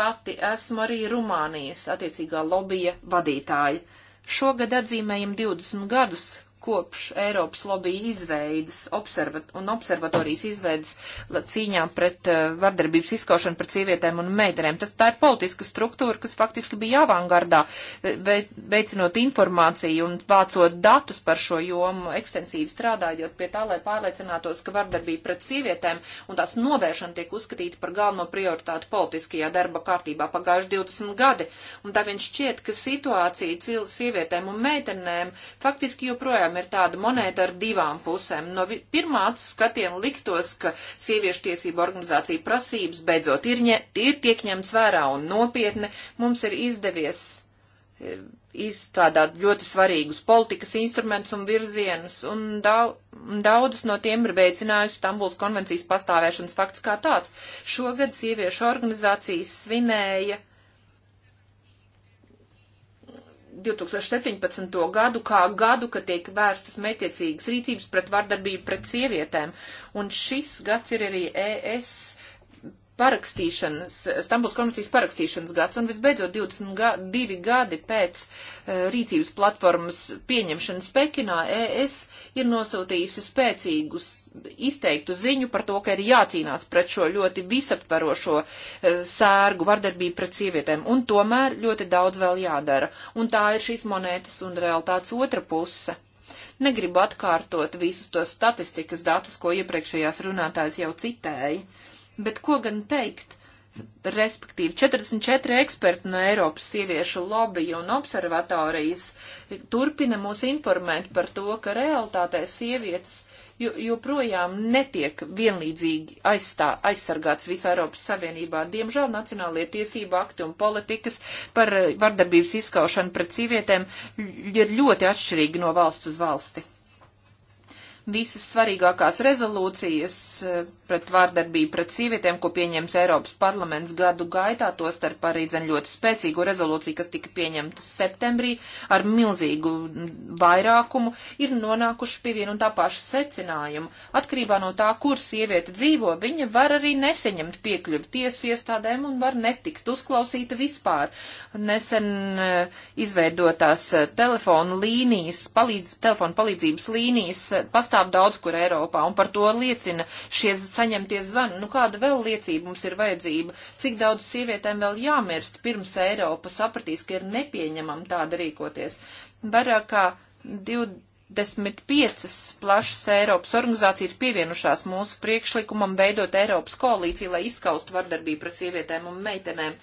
Pati esmu arī Rumānijas attiecīgā lobija vadītāja. Šogad atzīmējam 20 gadus kopš Eiropas lobby izveidas observat un observatorijas izveidas cīņā pret uh, vardarbības izskaušanu pret sievietēm un meitenēm. Tas tā ir politiska struktūra, kas faktiski bija avangardā, eh, veicinot informāciju un vācot datus par šo jomu, ekstensīvi strādājot pie tā, lai pārliecinātos, ka vardarbība pret sievietēm un tās novēršana tiek uzskatīta par galveno prioritātu politiskajā darba kārtībā pagājuši 20 gadi. Un tā viņš šķiet, ka situācija cīl sievietēm un meitenēm faktiski joprojām piemēram, ir tāda monēta ar divām pusēm. No pirmā skatiena liktos, ka sieviešu tiesību organizācija prasības beidzot ir, ņa, ir tiek ņemts vērā un nopietni. Mums ir izdevies e, izstrādāt ļoti svarīgus politikas instrumentus un virzienus, un daudzas no tiem ir veicinājusi Stambuls konvencijas pastāvēšanas fakts kā tāds. Šogad sieviešu organizācijas svinēja 2017. gadu kā gadu, kad tiek vērstas mētiecīgas rīcības pret vardarbību pret sievietēm. Un šis gads ir arī ES parakstīšanas, Stambuls konvencijas parakstīšanas gads, un visbeidzot 22 gadi pēc uh, rīcības platformas pieņemšanas Pekinā ES ir nosūtījusi spēcīgus izteiktu ziņu par to, ka ir jācīnās pret šo ļoti visaptvarošo eh, sērgu vardarbību pret sievietēm. Un tomēr ļoti daudz vēl jādara. Un tā ir šīs monētas un realitātes otra puse. Negribu atkārtot visus tos statistikas datus, ko iepriekšējās runātājs jau citēja. Bet ko gan teikt? respektīvi 44 eksperti no Eiropas sieviešu lobby un observatorijas turpina mūs informēt par to, ka realtātē sievietes jo, joprojām netiek vienlīdzīgi aizstā, aizsargāts visā Eiropas Savienībā. Diemžēl nacionālie tiesība akti un politikas par eh, vardarbības izskaušanu pret sievietēm ir ļoti atšķirīgi no valsts uz valsti visas svarīgākās rezolūcijas eh, pret vārdarbību pret sievietēm, ko pieņems Eiropas parlaments gadu gaitā, to starp arī dzen ļoti spēcīgu rezolūciju, kas tika pieņemta septembrī ar milzīgu vairākumu, ir nonākuši pie viena un tā paša secinājuma. Atkarībā no tā, kur sieviete dzīvo, viņa var arī neseņemt piekļuvi tiesu iestādēm un var netikt uzklausīta vispār. Nesen eh, izveidotās eh, telefonu līnijas, palīdz, telefonu palīdzības līnijas pastāv pastāv daudz kur Eiropā, un par to liecina šie saņemtie zvani. Nu, kāda vēl liecība mums ir vajadzība? Cik daudz sievietēm vēl jāmirst pirms Eiropa sapratīs, ka ir nepieņemam tāda rīkoties? Vairāk kā 25 plašas Eiropas organizācijas pievienošās mūsu priekšlikumam veidot Eiropas koalīciju, lai izskaustu vardarbību pret sievietēm un meitenēm. Uh,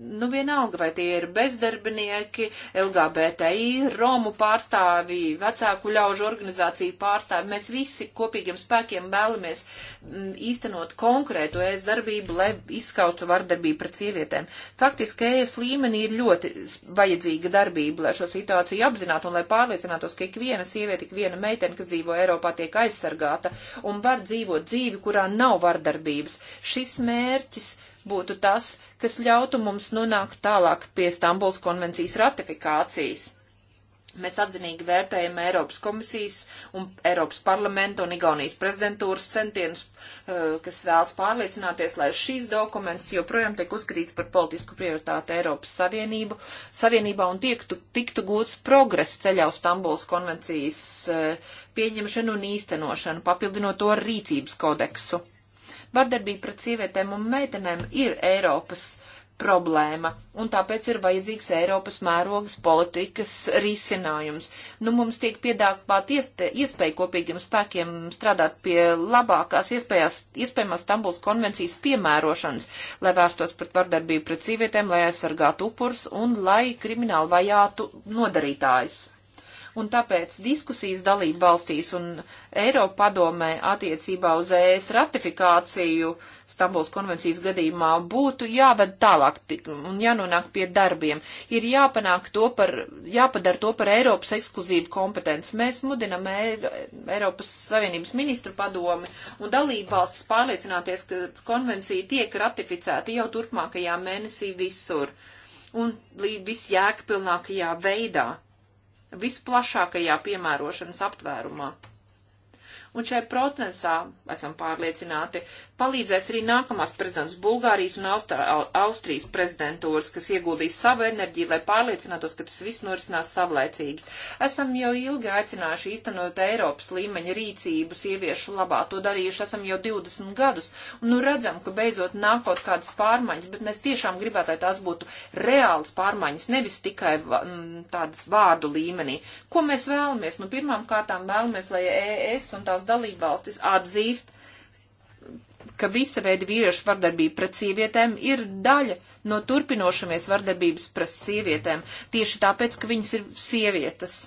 nu vienalga, vai tie ir bezdarbinieki, LGBTI, Romu pārstāvji, vecāku ļaužu organizāciju pārstāvji, mēs visi kopīgiem spēkiem vēlamies m, mm, īstenot konkrētu ēst darbību, lai izskaustu vardarbību pret sievietēm. Faktiski ēst līmenī ir ļoti vajadzīga darbība, lai šo situāciju apzinātu un lai pārliecinātos, ka ik viena sieviete, ik viena meitene, kas dzīvo Eiropā, tiek aizsargāta un var dzīvot dzīvi, kurā nav vardarbības. Šis mērķis būtu tas, kas ļautu mums nonākt tālāk pie Stambuls konvencijas ratifikācijas. Mēs atzinīgi vērtējam Eiropas komisijas un Eiropas parlamenta un Igaunijas prezidentūras centienus, eh, kas vēlas pārliecināties, lai šīs dokuments joprojām tiek uzskatīts par politisku prioritāti Eiropas Savienību, Savienībā un tiektu, tiktu gūts progress ceļā uz Stambuls konvencijas eh, pieņemšanu un īstenošanu, papildinot to ar rīcības kodeksu Vardarbība pret sievietēm un meitenēm ir Eiropas problēma, un tāpēc ir vajadzīgs Eiropas mērogas politikas risinājums. Nu, mums tiek piedāvāt iespēju kopīgiem spēkiem strādāt pie labākās iespējās, iespējamās Stambuls konvencijas piemērošanas, lai vērstos pret vardarbību pret sīvietēm, lai aizsargātu upurs un lai krimināli vajātu nodarītājus un tāpēc diskusijas dalība valstīs un Eiropa padomē attiecībā uz ES ratifikāciju Stambuls konvencijas gadījumā būtu jāved tālāk un jānonāk pie darbiem. Ir jāpanāk to par, jāpadara to par Eiropas ekskluzīvu kompetenci. Mēs mudinam Eiropas Savienības ministru padomi un dalību valstis pārliecināties, ka konvencija tiek ratificēta jau turpmākajā mēnesī visur un visjēgpilnākajā veidā visplašākajā piemērošanas aptvērumā. Un šai procesā, esam pārliecināti, palīdzēs arī nākamās prezidents Bulgārijas un Austra, Austrijas prezidentūras, kas ieguldīs savu enerģiju, lai pārliecinātos, ka tas viss norisinās savlaicīgi. Esam jau ilgi aicinājuši īstenot Eiropas līmeņa rīcību sieviešu labā. To darījuši esam jau 20 gadus. Un nu redzam, ka beidzot nāk kaut kādas pārmaiņas, bet mēs tiešām gribētu, lai tās būtu reāls pārmaiņas, nevis tikai m, tādas vārdu līmenī. Ko mēs vēlamies? Nu, pirmām kārtām vēlamies, lai ES un tās dalībvalstis atzīst, ka visa veida vīriešu vardarbība pret sievietēm ir daļa no turpinošamies vardarbības pret sievietēm, tieši tāpēc, ka viņas ir sievietes.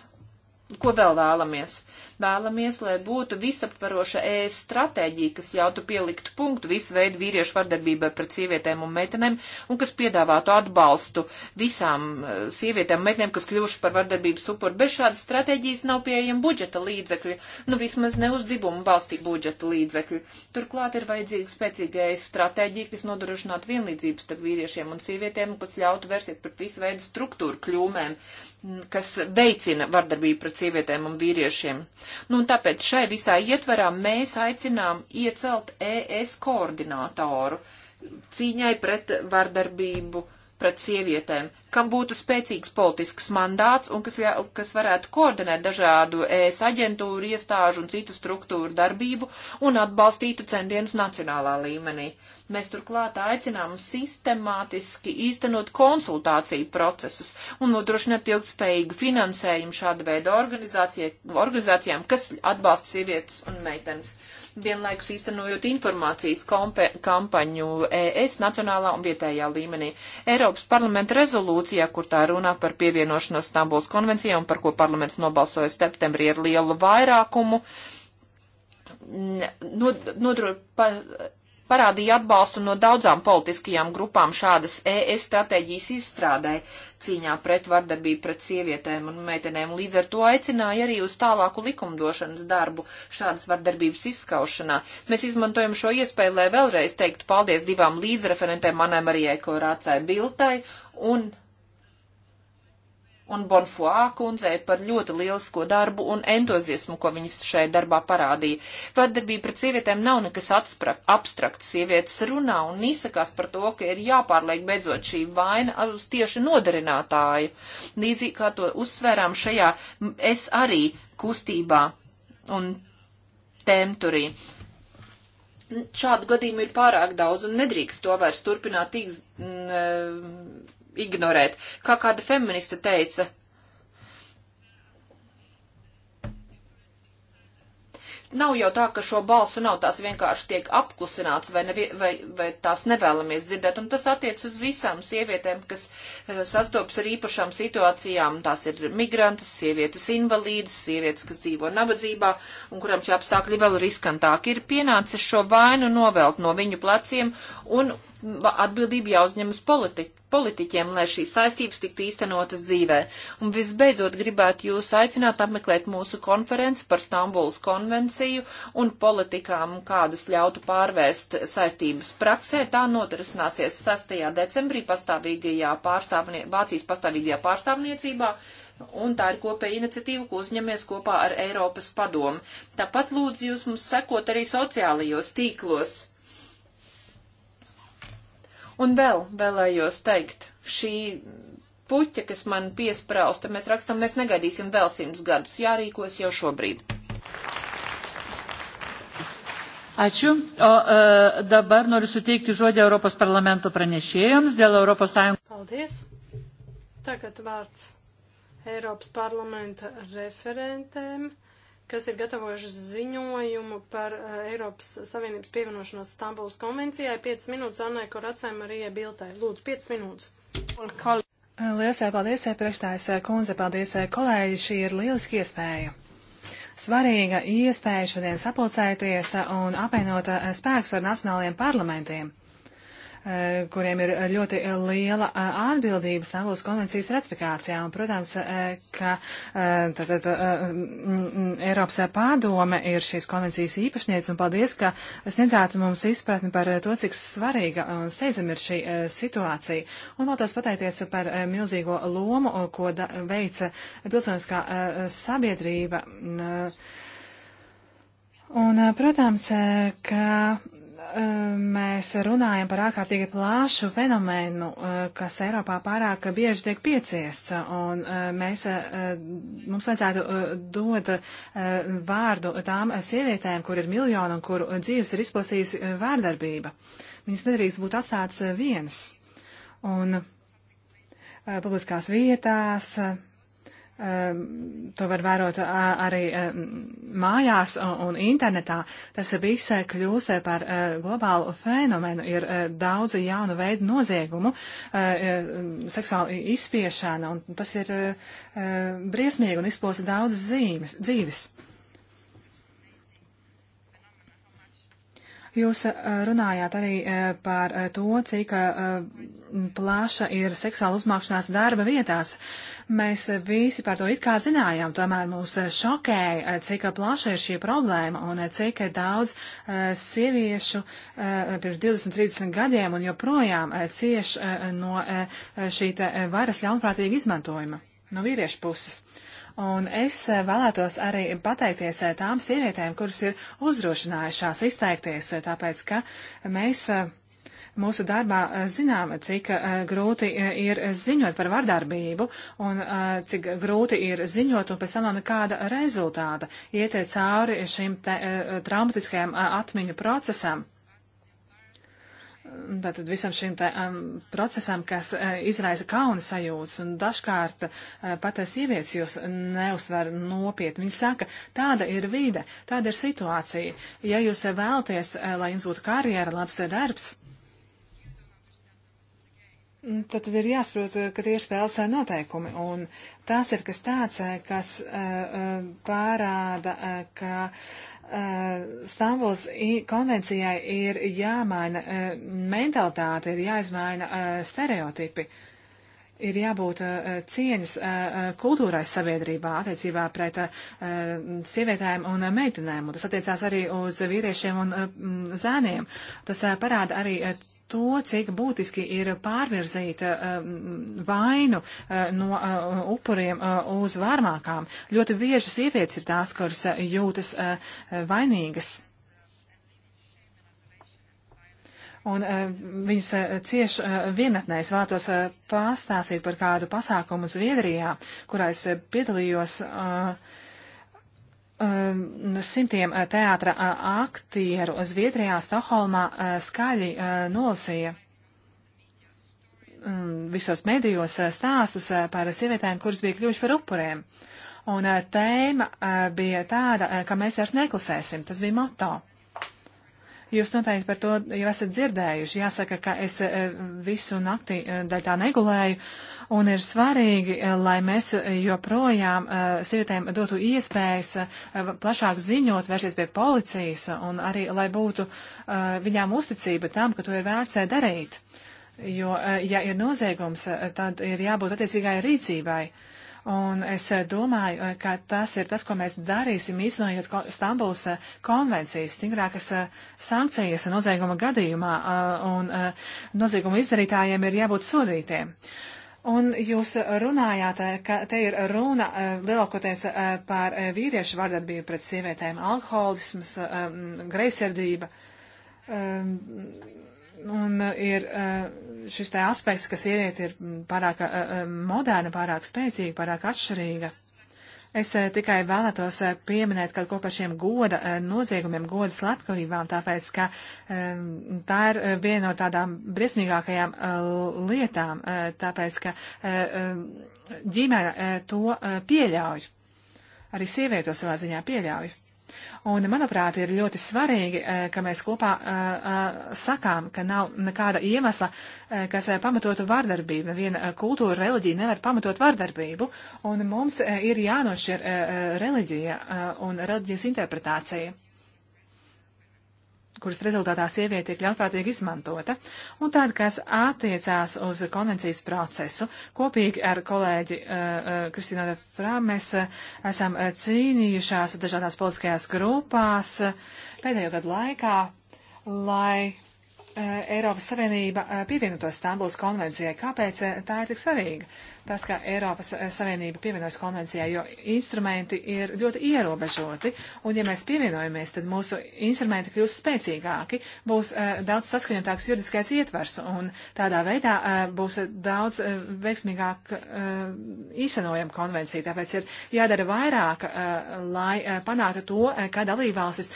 Ko vēl vēlamies? Vēlamies, lai būtu visaptvaroša ēst e stratēģija, kas ļautu pielikt punktu visu veidu vīriešu vardarbībai pret sievietēm un meitenēm un kas piedāvātu atbalstu visām eh, sievietēm un meitenēm, kas kļuvuši par vardarbības upuru. Bez šādas stratēģijas nav pieejama budžeta līdzekļi, nu vismaz ne uz dzibumu valstī budžeta līdzekļi. Turklāt ir vajadzīga spēcīga ēst e stratēģija, kas nodrošinātu vienlīdzību starp vīriešiem un sievietēm, kas ļautu vērsties pret visu veidu struktūru kļūmēm kas veicina vardarbību pret sievietēm un vīriešiem. Nu, un tāpēc šai visā ietverā mēs aicinām iecelt ES koordinātoru cīņai pret vardarbību pret sievietēm, kam būtu spēcīgs politisks mandāts un kas, kas varētu koordinēt dažādu ES aģentūru, iestāžu un citu struktūru darbību un atbalstītu centienus nacionālā līmenī. Mēs turklāt aicinām sistemātiski īstenot konsultāciju procesus un nodrošināt ilgspējīgu finansējumu šāda veida organizācijām, kas atbalsta sievietes un meitenes vienlaikus īstenojot informācijas kompe, kampaņu ES nacionālā un vietējā līmenī. Eiropas parlamenta rezolūcijā, kur tā runā par pievienošanos Stambuls konvencijai un par ko parlaments nobalsoja septembrī ar lielu vairākumu, nodro, pa, parādīja atbalstu no daudzām politiskajām grupām šādas ES stratēģijas izstrādē cīņā pret vardarbību pret sievietēm un meitenēm, līdz ar to aicināja arī uz tālāku likumdošanas darbu šādas vardarbības izskaušanā. Mēs izmantojam šo iespēju, lai vēlreiz teiktu paldies divām līdzreferentēm, manai Marijai Korācai Biltai un un Bonfoā kundzei par ļoti lielisko darbu un entuziasmu, ko viņas šai darbā parādīja. Vardarbība pret sievietēm nav nekas abstrakts. Sievietes runā un izsakās par to, ka ir jāpārliek beidzot šī vaina uz tieši nodarinātāju. Līdzīgi kā to uzsvērām šajā es arī kustībā un tēmturī. Šādu gadījumu ir pārāk daudz un nedrīkst to vairs turpināt tiks, m, ignorēt. Kā kāda feministe teica, Nav jau tā, ka šo balsu nav tās vienkārši tiek apklusināts vai, nevi, vai, vai tās nevēlamies dzirdēt, un tas attiec uz visām sievietēm, kas uh, sastopas ar īpašām situācijām. Tās ir migrantas, sievietes invalīdas, sievietes, kas dzīvo nabadzībā, un kuram šie apstākļi vēl riskantāk ir pienācis šo vainu novelt no viņu pleciem, un atbildību jāuzņem uz politi politiķiem, lai šīs saistības tiktu īstenotas dzīvē. Un visbeidzot gribētu jūs aicināt apmeklēt mūsu konferenci par Stambulas konvenciju un politikām, kādas ļautu pārvērst saistības praksē. Tā noturasināsies 6. decembrī pastāvīgajā pārstāvnie, Vācijas pastāvīgajā pārstāvniecībā un tā ir kopēja iniciatīva, ko uzņemies kopā ar Eiropas padomu. Tāpat lūdzu jūs mums sekot arī sociālajos tīklos. Un vēl vēlējos teikt, šī puķa, kas man piesprausta, mēs rakstam, mēs negaidīsim vēl simts gadus, jārīkos jau šobrīd. Ačiū. O e, dabar noriu suteikti žodį Europos parlamento pranešėjams dėl Europos Sąjungos. Paldies. Tagad vārds Eiropas parlamenta referentēm kas ir gatavojuši ziņojumu par uh, Eiropas Savienības pievienošanos Stambulas konvencijai. 5 minūtes Annai Koracē Marijai Biltai. Lūdzu, 5 minūtes. Uh, Lielas uh, paldies, priekšstājas kundze, paldies, kolēģi, šī ir lieliski iespēja. Svarīga iespēja šodien sapulcēties un apvienot spēkus ar nacionālajiem parlamentiem. Eh, kuriem ir ļoti liela eh, atbildība Stambulas konvencijas ratifikācijā. Un, protams, eh, ka tātad, Eiropas pārdome ir šīs konvencijas īpašniece, un paldies, ka sniedzāt mums izpratni par to, cik svarīga un steidzam ir šī situācija. Un vēl tās pateikties par milzīgo lomu, ko da, veica pilsoniskā sabiedrība. Un, protams, ka mēs runājam par ārkārtīgi plāšu fenomenu, eh, kas Eiropā pārāk bieži tiek pieciests, un eh, mēs, eh, mums vajadzētu dot vārdu tām sievietēm, kur ir miljonu un kuru dzīves ir izpostījusi vārdarbība. Viņas nedrīkst būt atstātas viens. Un publiskās vietās, Ehm, to var vērot arī e, mājās un internetā. Tas viss e, kļūst e, par globālu fenomenu. Ir daudzi jaunu veidu noziegumu, seksuāla izspiešana, un tas ir briesmīgi un izplosa daudz zīmes, dzīves. Jūs runājāt arī par to, cik plaša ir seksuāla uzmākšanās darba vietās. Mēs visi par to it kā zinājām, tomēr mūs šokēja, cik plaša ir šī problēma un cik daudz eh, sieviešu eh, pirms 20-30 gadiem un joprojām eh, cieš no šī varas ļaunprātīga izmantojuma no vīriešu puses. Un es vēlētos arī pateikties tām sievietēm, kuras ir uzdrošinājušās izteikties, tāpēc ka mēs Mūsu darbā zinām, cik grūti ir ziņot par vardarbību un cik grūti ir ziņot un pēc tam nav nekāda rezultāta ieteic cauri šim te, traumatiskajam atmiņu procesam. Tātad visam šim te, um, procesam, kas uh, izraisa kauna sajūtas, un dažkārt uh, pat sievietes jūs neuzsver nopietni. Viņa saka, tāda ir vide, tāda ir situācija. Ja jūs vēlaties, uh, lai jums būtu karjera, labs darbs, Mm, tad, tad ir jāsaprot, eh, ka tie ir spēles eh, noteikumi, un tas ir kas tāds, eh, kas uh, pārāda, ka uh, Stambuls konvencijai ir jāmaina uh, mentalitāte, ir jāizmaina stereotipi, ir jābūt cieņas kultūrai sabiedrībā attiecībā pret sievietēm un meitenēm, un tas attiecās arī uz vīriešiem un zēniem. Tas parāda arī to, cik būtiski ir pārvirzīt eh, vainu eh, no eh, upuriem uz varmākām. Ļoti bieži sievietes ir tās, kuras jūtas vainīgas. Un viņas cieši vienatnē es vēlētos pastāstīt par kādu pasākumu Zviedrijā, kurā es piedalījos. Uh, Um, simtiem uh, teātra uh, aktieru Zviedrijā, Stokholmā uh, skaļi nolasīja um, visos medijos stāstus par sievietēm, kuras bija kļuvušas par upuriem. Un tēma bija tāda, ka mēs vairs neklusēsim. Tas bija moto. Jūs noteikti par to jau esat dzirdējuši. Jāsaka, ka es visu naktī daļā negulēju Un ir svarīgi, eh, lai mēs joprojām eh, sievietēm dotu iespējas eh, plašāk ziņot, vērsties pie policijas un arī, lai būtu viņām uzticība tam, ka to ir vērts darīt. Jo, ja ir noziegums, tad ir jābūt attiecīgai rīcībai. Un es domāju, ka tas ir tas, ko mēs darīsim, īstenojot Stambuls konvencijas, stingrākas sankcijas nozieguma gadījumā, un nozieguma izdarītājiem ir jābūt sodītiem. Uh, Un jūs runājāt, eh, ka te ir runa eh, lielākoties eh, par vīriešu vardarbību pret sievietēm, alkoholisms, greisirdība. Ehm, un ir šis tā aspekts, ka sieviete ir pārāk moderna, pārāk spēcīga, pārāk atšķirīga. Es eh, tikai vēlētos eh, pieminēt kaut ko par šiem goda eh, noziegumiem, goda slepkavībām, tāpēc, ka tā ir viena no tādām briesmīgākajām lietām, tāpēc, ka ģimene to pieļauj. Arī sieviete to savā ziņā pieļauj. Un, manuprāt, ir ļoti svarīgi, eh, ka mēs kopā eh, eh, sakām, ka nav nekāda iemesla, kas pamatotu vardarbību. Neviena kultūra, reliģija nevar pamatot vardarbību, un mums ir jānošķir reliģija un reliģijas interpretācija kuras rezultātā sieviete tiek ļaunprātīgi izmantota, un tāda, kas attiecās uz konvencijas procesu. Kopīgi ar kolēģi uh, uh Kristīnu Frā mēs uh, esam uh, cīnījušās dažādās politiskajās grupās uh, pēdējo gadu laikā, lai uh, Eiropas Savienība pievienotos Stambuls konvencijai. Kāpēc tā ir tik svarīga? tas, ka Eiropas eh, Savienība pievienojas konvencijai, jo instrumenti ir ļoti ierobežoti, un ja mēs pievienojamies, tad mūsu instrumenti kļūs spēcīgāki, būs uh, daudz saskaņotāks juridiskais ietvers, un tādā veidā uh, būs daudz uh, veiksmīgāk īstenojama konvencija. Tāpēc ir jādara vairāk, lai panāktu to, ka dalībvalstis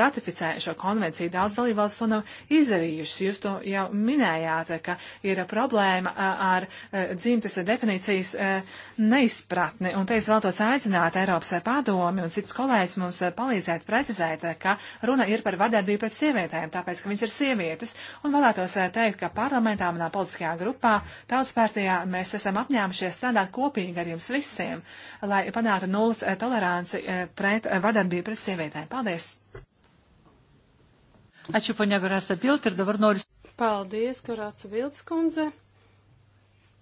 ratificē šo konvenciju. Daudz dalībvalstis to nav izdarījušas. Jūs to jau minējāt, ka ir problēma ar dzimtes definīcijas e, neizpratni. Un te es vēlētos aicināt Eiropas padomi un citus kolēģus mums e, palīdzēt precizēt, e, ka runa ir par vardarbību pret sievietēm, tāpēc, ka viņas ir sievietes. Un vēlētos teikt, ka parlamentā, manā politiskajā grupā, tautspērtijā mēs esam apņēmušies strādāt kopīgi ar jums visiem, lai panātu nulles toleranci pret vardarbību pret sievietēm. Paldies! Ačiū, ponia Garasa Bilt, ir dabar noriu. Paldies, Garāca Viltskundze.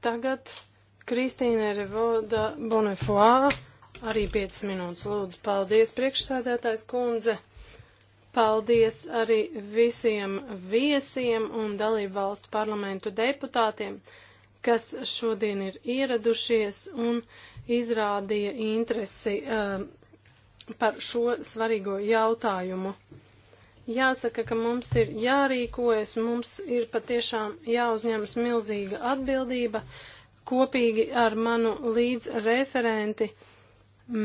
Tagad Kristīna Revoda Bonifoā, arī 5 minūtes lūdzu. Paldies, priekšsēdētājs kundze. Paldies arī visiem viesiem un dalību valstu parlamentu deputātiem, kas šodien ir ieradušies un izrādīja interesi uh, par šo svarīgo jautājumu jāsaka, ka mums ir jārīkojas, mums ir patiešām jāuzņemas milzīga atbildība, Kopīgi ar manu līdzreferenti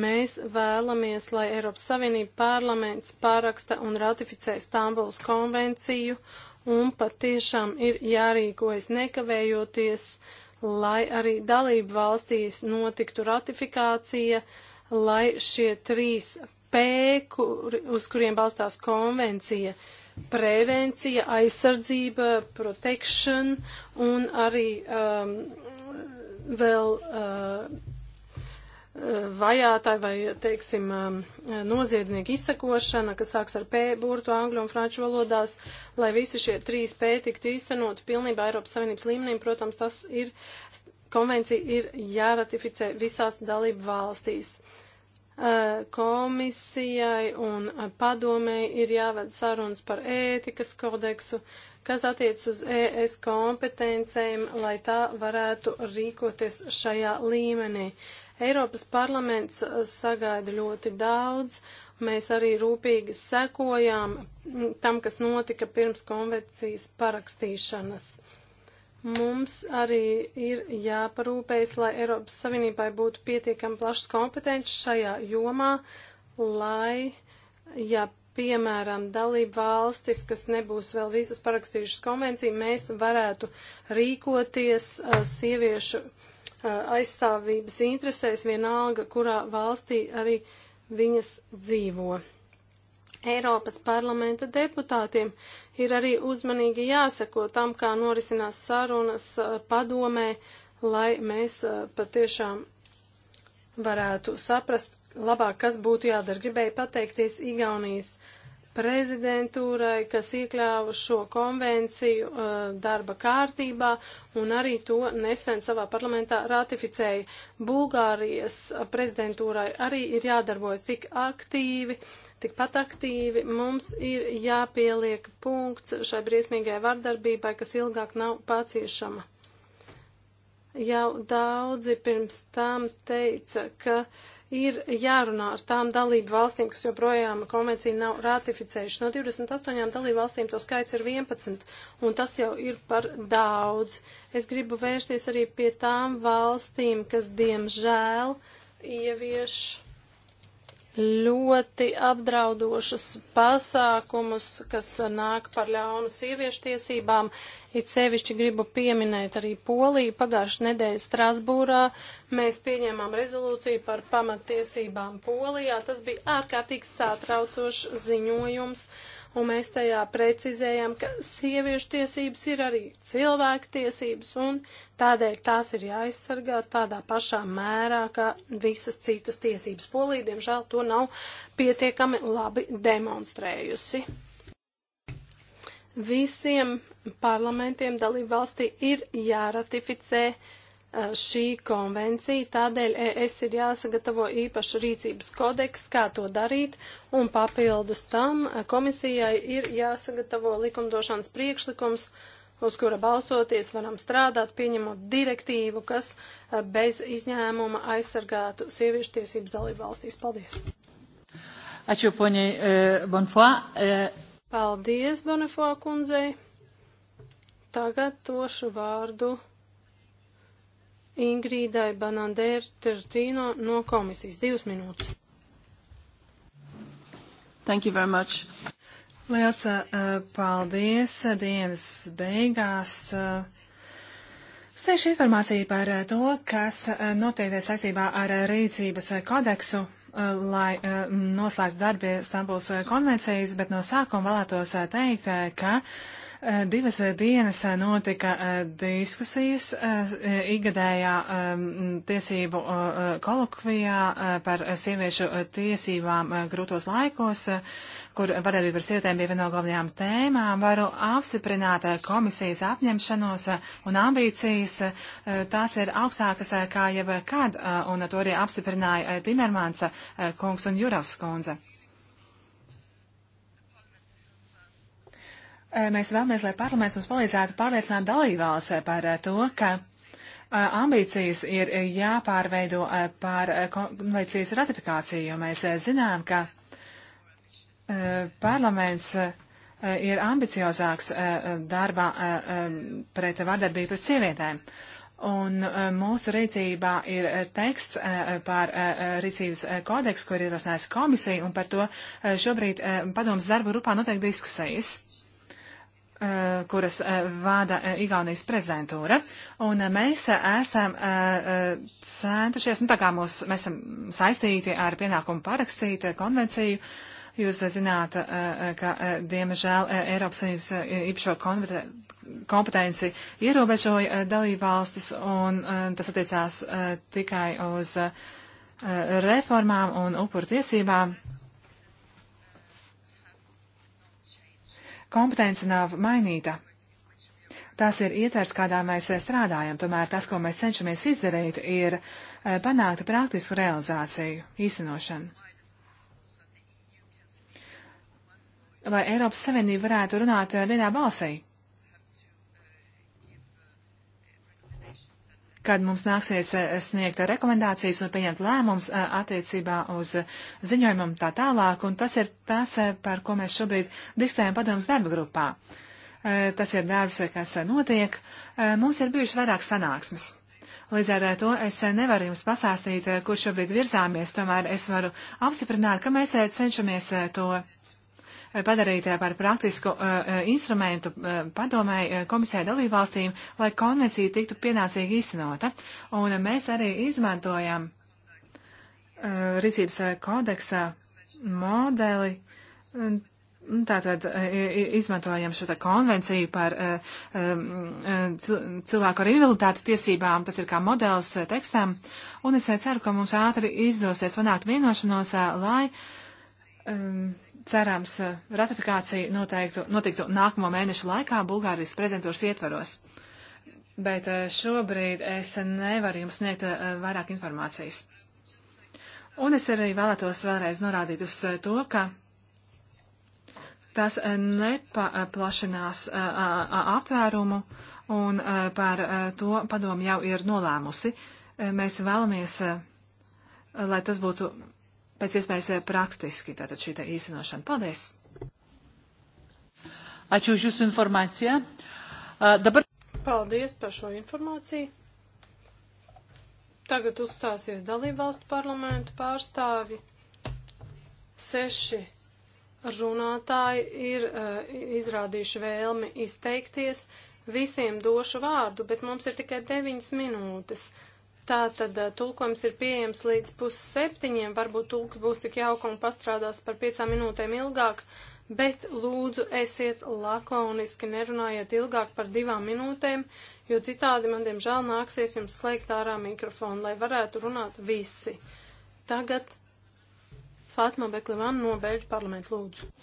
mēs vēlamies, lai Eiropas Savienība parlaments pāraksta un ratificē Stambuls konvenciju un patiešām ir jārīkojas nekavējoties, lai arī dalību valstīs notiktu ratifikācija, lai šie trīs P, kur, uz kuriem balstās konvencija, prevencija, aizsardzība, protection un arī um, vēl uh, vajātāji vai, teiksim, uh, noziedznieki izsakošana, kas sāks ar P burtu angļu un franču valodās, lai visi šie trīs P tiktu īstenot pilnībā Eiropas Savienības līmenī, protams, tas ir, konvencija ir jāratificē visās dalību valstīs. Uh, komisijai un uh, padomēji ir jāved sarunas par ētikas kodeksu, uh, kas attiec uz ES kompetencēm, lai tā varētu rīkoties šajā līmenī. Eiropas parlaments uh, sagaida ļoti daudz. Mēs arī rūpīgi sekojām mm, tam, kas notika pirms konvencijas parakstīšanas. Mums arī ir jāparūpējas, lai Eiropas Savienībai būtu pietiekami plašas kompetences šajā jomā, lai, ja piemēram, dalību valstis, kas nebūs vēl visas parakstījušas konvenciju, mēs varētu rīkoties a, uh, sieviešu a, uh, aizstāvības interesēs vienalga, kurā valstī arī viņas dzīvo. Eiropas parlamenta deputātiem ir arī uzmanīgi jāsako tam, kā norisinās sarunas a, uh, padomē, lai mēs patiešām varētu saprast labāk, kas būtu jādara. Gribēju pateikties Igaunijas prezidentūrai, kas iekļāva šo konvenciju uh, darba kārtībā un arī to nesen savā parlamentā ratificēja. Bulgārijas prezidentūrai arī ir jādarbojas tik aktīvi, tikpat aktīvi. Mums ir jāpieliek punkts šai briesmīgai vardarbībai, kas ilgāk nav paciešama. Jau daudzi pirms tam teica, ka uh, ir jārunā ar tām dalību valstīm, kas joprojām konvenciju nav ratificējuši. No 28 dalību valstīm to skaits ir 11, un tas jau ir par daudz. Es gribu vērsties arī pie tām valstīm, kas diemžēl ievieš ļoti apdraudošus pasākumus, kas nāk par ļaunu sieviešu tiesībām. It sevišķi gribu pieminēt arī Poliju. Pagājušajā nedēļā Strasbūrā mēs pieņēmām rezolūciju par pamatiesībām Polijā. Tas bija ārkārtīgi sātraucošs ziņojums. Uh, un mēs tajā precizējam, ka sieviešu tiesības ir arī cilvēktiesības, un tādēļ tās ir jāaizsargā tādā pašā mērā, kā visas citas tiesības. Polija, diemžēl, to nav pietiekami labi demonstrējusi. Visiem parlamentiem dalību valstī ir jāratificē uh, Eh, šī konvencija, tādēļ ES ir jāsagatavo īpaša rīcības kodeks, kā to darīt, un papildus tam eh, komisijai ir jāsagatavo likumdošanas priekšlikums, uz kura balstoties varam strādāt, pieņemot direktīvu, kas eh, bez izņēmuma aizsargātu sieviešu tiesības dalību valstīs. Paldies! Ačiū, poņai Bonfoy. Paldies, Bonfoy kundzei. Tagad tošu vārdu. Ingrīdai Banandēr Tertino no komisijas. Divas minūtes. Thank you very much. Liels uh, paldies dienas beigās. Uh, Sniegšu informāciju par eh, to, kas notiek saistībā ar rīcības kodeksu, lai noslēgtu darbi Stambuls konvencijas, bet no sākuma vēlētos teikt, ka Eh, divas eh, dienas eh, notika diskusijas igadējā tiesību kolokvijā par sieviešu tiesībām grūtos laikos, kur varēja par sievietēm bija viena no galvenajām tēmām. Varu apstiprināt komisijas apņemšanos un ambīcijas. Tās ir augstākas kā jebkad, un to arī apstiprināja Timermans kungs un Juravs kundze. Eh, mēs vēlamies, lai parlaments mums palīdzētu pārliecināt dalībvalsts eh, par eh, to, ka ambīcijas ir jāpārveido par konvencijas ratifikāciju, jo mēs zinām, ka parlaments ir ambiciozāks darbā pret vardarbību pret sievietēm. Un mūsu rīcībā ir teksts par rīcības kodeksu, kur ir ierosinājusi komisija, un par to šobrīd padomas darba grupā notiek diskusijas. Eh, kuras eh, vada eh, Igaunijas prezidentūra. Un mēs esam centušies, nu tā kā mūs, mēs esam saistīti ar pienākumu parakstīt konvenciju, jūs zināt, ka diemžēl Eiropas Savienības īpašo kompetenci ierobežoja dalībvalstis, un tas attiecās tikai uz reformām un upuru tiesībām. kompetence nav mainīta. Tas ir ietvers, kādā mēs eh, strādājam, tomēr tas, ko mēs cenšamies izdarīt, ir eh, panākt praktisku realizāciju, īstenošanu. Lai Eiropas Savienība varētu runāt eh, vienā balsī. kad mums nāksies eh, sniegt rekomendācijas un pieņemt lēmums eh, attiecībā uz ziņojumam tā tālāk, un tas ir tas, eh, par ko mēs šobrīd diskutējam padomas darba grupā. Tas ir darbs, kas notiek. Mums ir bijušas vairāk sanāksmes. Līdz ar to es nevaru jums pastāstīt, kur šobrīd virzāmies, tomēr es varu apstiprināt, ka mēs cenšamies to padarīt par praktisku uh, uh, instrumentu uh, padomēji komisijai dalībvalstīm, lai konvencija tiktu pienācīgi izsinota. Un mēs arī izmantojam rīcības kodeksa modeli. Tātad izmantojam šo konvenciju par um, cilvēku ar invaliditāti tiesībām, tas ir kā modelis tekstam, un es ceru, ka mums ātri izdosies panākt vienošanos, lai um, cerams eh, ratifikācija noteiktu, notiktu nākamo mēnešu laikā Bulgārijas prezidentūras ietvaros. Bet eh, šobrīd es nevaru jums sniegt eh, vairāk informācijas. Un es arī vēlētos vēlreiz norādīt uz to, ka tas nepaplašinās aptvērumu un par to padomu jau ir nolēmusi. Mēs vēlamies, lai tas būtu pēc iespējas eh, praktiski tātad šī tā īstenošana. Paldies! Ačiū už jūsų informāciją. Dabar. Paldies par šo informāciju. Tagad uzstāsies dalībvalstu parlamentu pārstāvi. Seši runātāji ir uh, izrādījuši vēlmi izteikties. Visiem došu vārdu, bet mums ir tikai deviņas minūtes. Uh, Tā tad eh, tulkojums ir pieejams līdz pusseptiņiem, varbūt tulki būs tik jauka un pastrādās par piecām minūtēm ilgāk, bet lūdzu esiet lakoniski, nerunājiet ilgāk par divām minūtēm, jo citādi man diemžēl nāksies jums slēgt ārā mikrofonu, lai varētu runāt visi. Tagad Fatma Beklivan no Beļģu parlamentu lūdzu.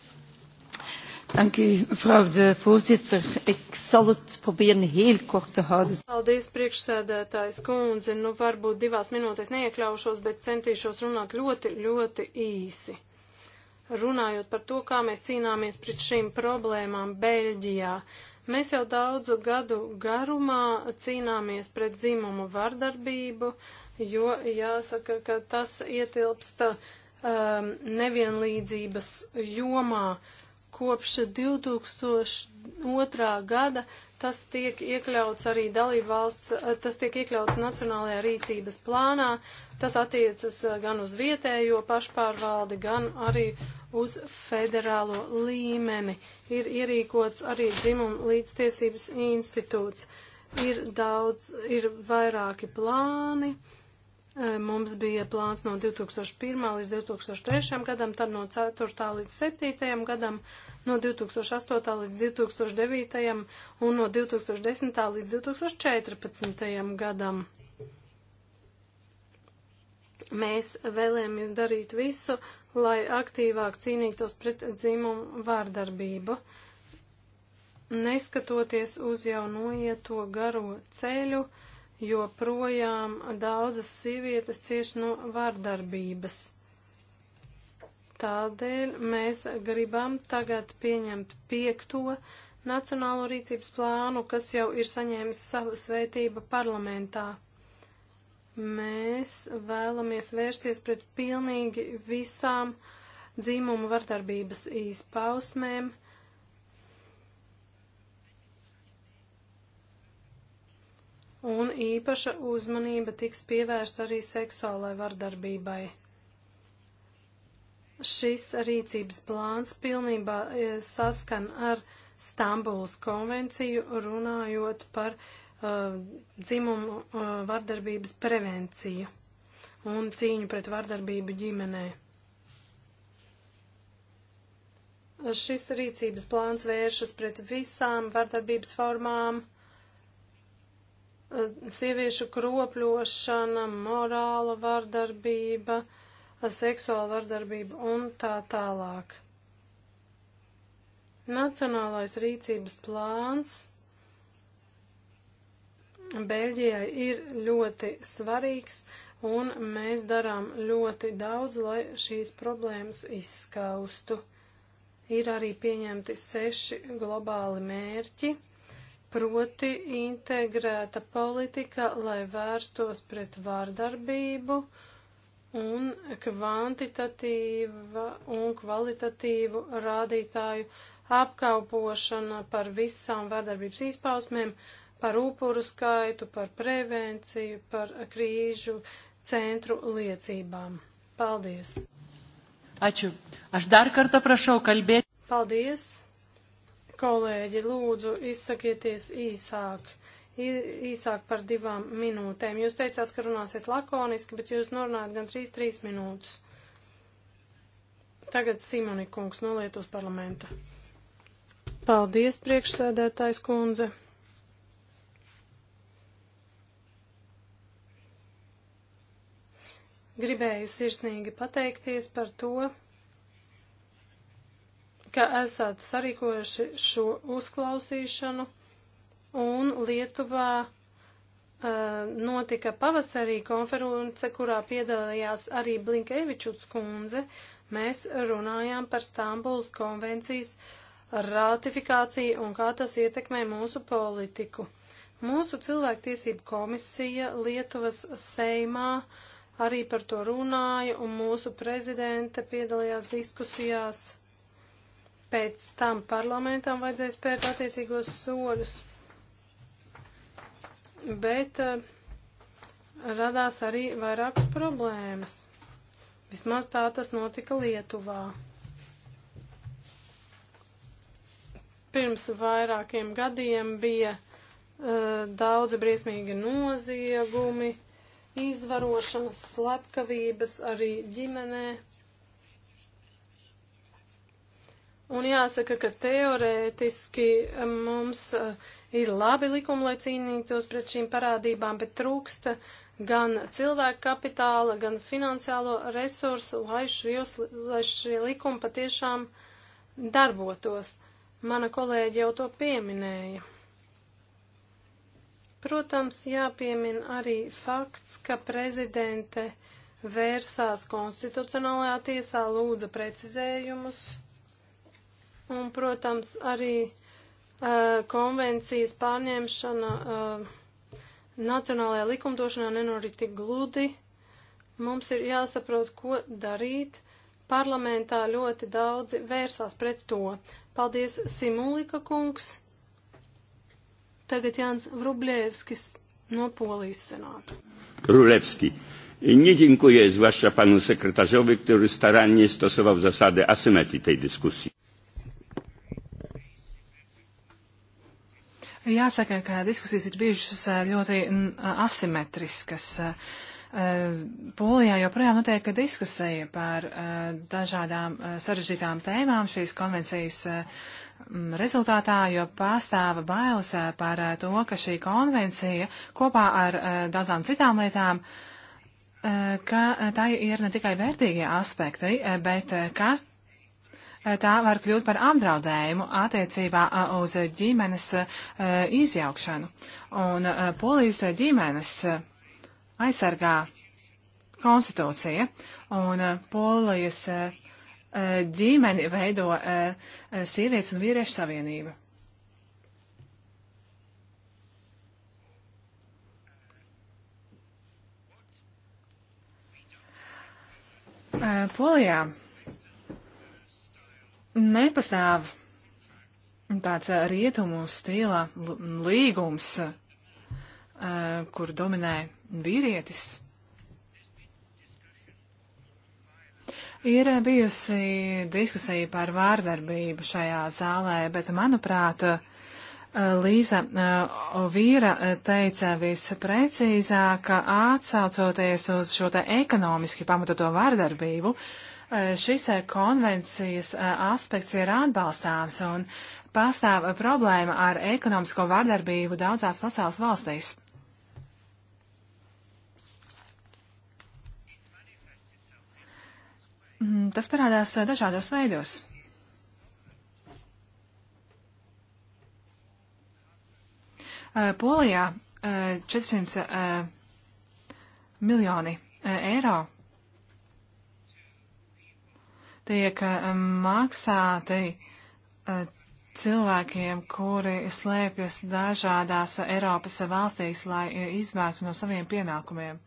Dank u, mevrouw de voorzitter. Ik zal het proberen heel kort te houden. Paldies, priekšsēdētājs kundze. Nu, varbūt divās minūtēs neiekļaušos, bet centīšos runāt ļoti, ļoti īsi. Runājot par to, kā mēs cīnāmies pret šīm problēmām Beļģijā. Mēs jau daudzu gadu garumā cīnāmies pret dzimumu vardarbību, jo jāsaka, ka tas ietilpsta um, nevienlīdzības jomā. Uh, Kopš 2002. gada tas tiek iekļauts arī dalībvalsts, eh, tas tiek iekļauts Nacionālajā rīcības plānā. Tas attiecas eh, gan uz vietējo pašpārvaldi, gan arī uz federālo līmeni. Ir ierīkots arī dzimuma līdztiesības institūts. Ir daudz, ir vairāki plāni. Uh, Mums bija plāns no 2001. līdz 2003. gadam, tad no 4. līdz 7. gadam, no 2008. līdz 2009. un no 2010. līdz 2014. gadam. Mēs vēlēmies darīt visu, lai aktīvāk cīnītos pret dzimumu vārdarbību, neskatoties uz jau noieto garo ceļu, uh, jo projām daudzas sievietes cieši no vardarbības. Tādēļ mēs gribam tagad pieņemt piekto nacionālo rīcības plānu, kas jau ir saņēmis savu svētību parlamentā. Mēs vēlamies vērsties pret pilnīgi visām dzīmumu vardarbības izpausmēm, uh, un īpaša uzmanība tiks pievērsta arī seksuālai vardarbībai. Šis rīcības plāns pilnībā e, saskan ar Stambulas konvenciju, runājot par uh, dzimumu uh, vardarbības prevenciju un cīņu pret vardarbību ģimenē. Šis rīcības plāns vēršas pret visām vardarbības formām, uh, Eh, sieviešu kropļošana, morāla vardarbība, eh, seksuāla vardarbība un tā tālāk. Nacionālais rīcības plāns Beļģijai ir ļoti svarīgs, un mēs darām ļoti daudz, lai šīs problēmas izskaustu. Ir arī pieņemti seši globāli mērķi proti integrēta politika, lai vērstos pret vārdarbību un kvantitatīva un kvalitatīvu rādītāju apkaupošana par visām vārdarbības izpausmēm, par upuru skaitu, par prevenciju, par krīžu centru liecībām. Paldies! Ačiū. Aš dar kartą prašau kalbėti. Paldies. Kolēģi, lūdzu, izsakieties īsāk, īsāk par divām minūtēm. Jūs teicāt, ka runāsiet lakoniski, bet jūs norunājat gan trīs, trīs minūtes. Tagad Simoni kungs no Lietuvas parlamenta. Paldies, priekšsēdētājs kundze. Gribēju sirsnīgi pateikties par to, ka esat sarīkojuši šo uzklausīšanu un Lietuvā uh, notika pavasarī konference, kurā piedalījās arī Blinkevičuts kundze. Mēs runājām par Stambuls konvencijas ratifikāciju un kā tas ietekmē mūsu politiku. Mūsu cilvēktiesību komisija Lietuvas Seimā arī par to runāja, un mūsu prezidente piedalījās diskusijās. Pēc tam parlamentam vajadzēja spērt attiecīgos soļus. Bet uh, radās arī vairākas problēmas. Vismaz tā tas notika Lietuvā. Pirms vairākiem gadiem bija uh, daudzi briesmīgi noziegumi, izvarošanas, slepkavības arī ģimenē, Un jāsaka, ka teorētiski eh, mums eh, ir labi likumi, lai cīnītos pret šīm parādībām, bet trūksta gan cilvēku kapitāla, gan finansiālo resursu, lai, šos, lai šie likumi patiešām darbotos. Mana kolēģi jau to pieminēja. Protams, jāpiemin arī fakts, ka prezidente vērsās konstitucionālajā tiesā, lūdza precizējumus Un, protams, arī uh, konvencijas pārņemšana uh, nacionālajā likumdošanā nenorit tik gludi. Mums ir jāsaprot, ko darīt. Parlamentā ļoti daudzi vērsās pret to. Paldies, Simulika kungs. Tagad Jānis Vrublievskis no Polijas senāta. Rulewski. Nie dziękuję zwłaszcza panu sekretarzowi, który starannie stosował zasady asymetrii tej dyskusji. Jāsaka, ka diskusijas ir bijušas ļoti asimetriskas. Polijā joprojām notiek diskusija par dažādām sarežģītām tēmām šīs konvencijas rezultātā, jo pastāva bailes par to, ka šī konvencija kopā ar daudzām citām lietām, ka tā ir ne tikai vērtīgie aspekti, bet ka Eh, tā var kļūt par apdraudējumu attiecībā eh, uz ģimenes eh, izjaukšanu. Un polijas ģimenes aizsargā konstitūcija un polijas ģimeni veido sievietes un vīriešu savienība. Polijā nepastāv tāds rietumu stila līgums, kur dominē vīrietis. Ir bijusi diskusija par vārdarbību šajā zālē, bet, manuprāt, Līza Vīra teica visprecīzāk, atsaucoties uz šo te ekonomiski pamatoto vārdarbību, uh, šis konvencijas aspekts ir atbalstāms un pastāv problēma ar ekonomisko vardarbību daudzās pasaules valstīs. Mm, tas parādās dažādos veidos. Polijā 400 miljoni eiro tiek eh, maksāti eh, cilvēkiem, kuri slēpjas dažādās Eiropas valstīs, lai eh, izbēgtu no saviem pienākumiem.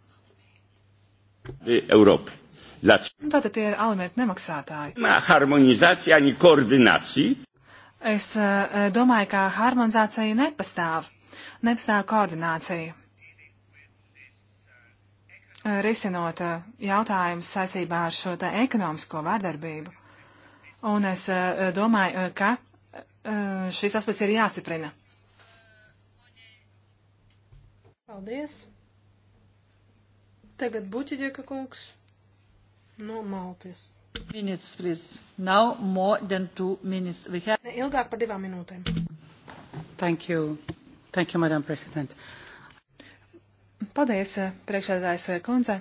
Eiropa. Tātad tie ir alimenti nemaksātāji. Harmonizācija, ne koordinācija. Es domāju, ka harmonizācija nepastāv. Nepastāv koordinācija. Eh, risinot eh, jautājumus saistībā ar šo ekonomisko vārdarbību. Un es eh, domāju, ka šis aspekts ir jāstiprina. Paldies! Tagad Buķiģeka kungs no Maltas. Minutes, please. Now more than two minutes. We have... Ilgāk par divām minūtēm. Thank you. Thank you, Madam President. Uh, Paldies, eh, priekšsēdājas eh, kundze.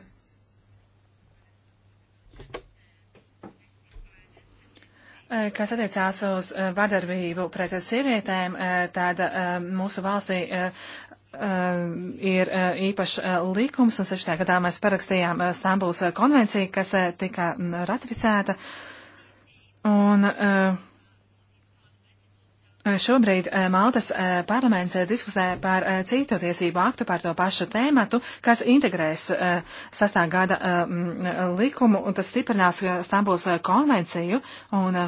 Eh, kas attiecās uz vardarbību pret sievietēm, tad mūsu valstī ir īpašs likums, un 16. gadā mēs parakstījām Stambuls konvenciju, kas tika mm, ratificēta. Un, uh, Eh, šobrīd eh, Maltas eh, parlaments diskusē par citu tiesību aktu par to pašu tēmatu, kas integrēs sastā gada likumu un tas stiprinās Stambuls konvenciju un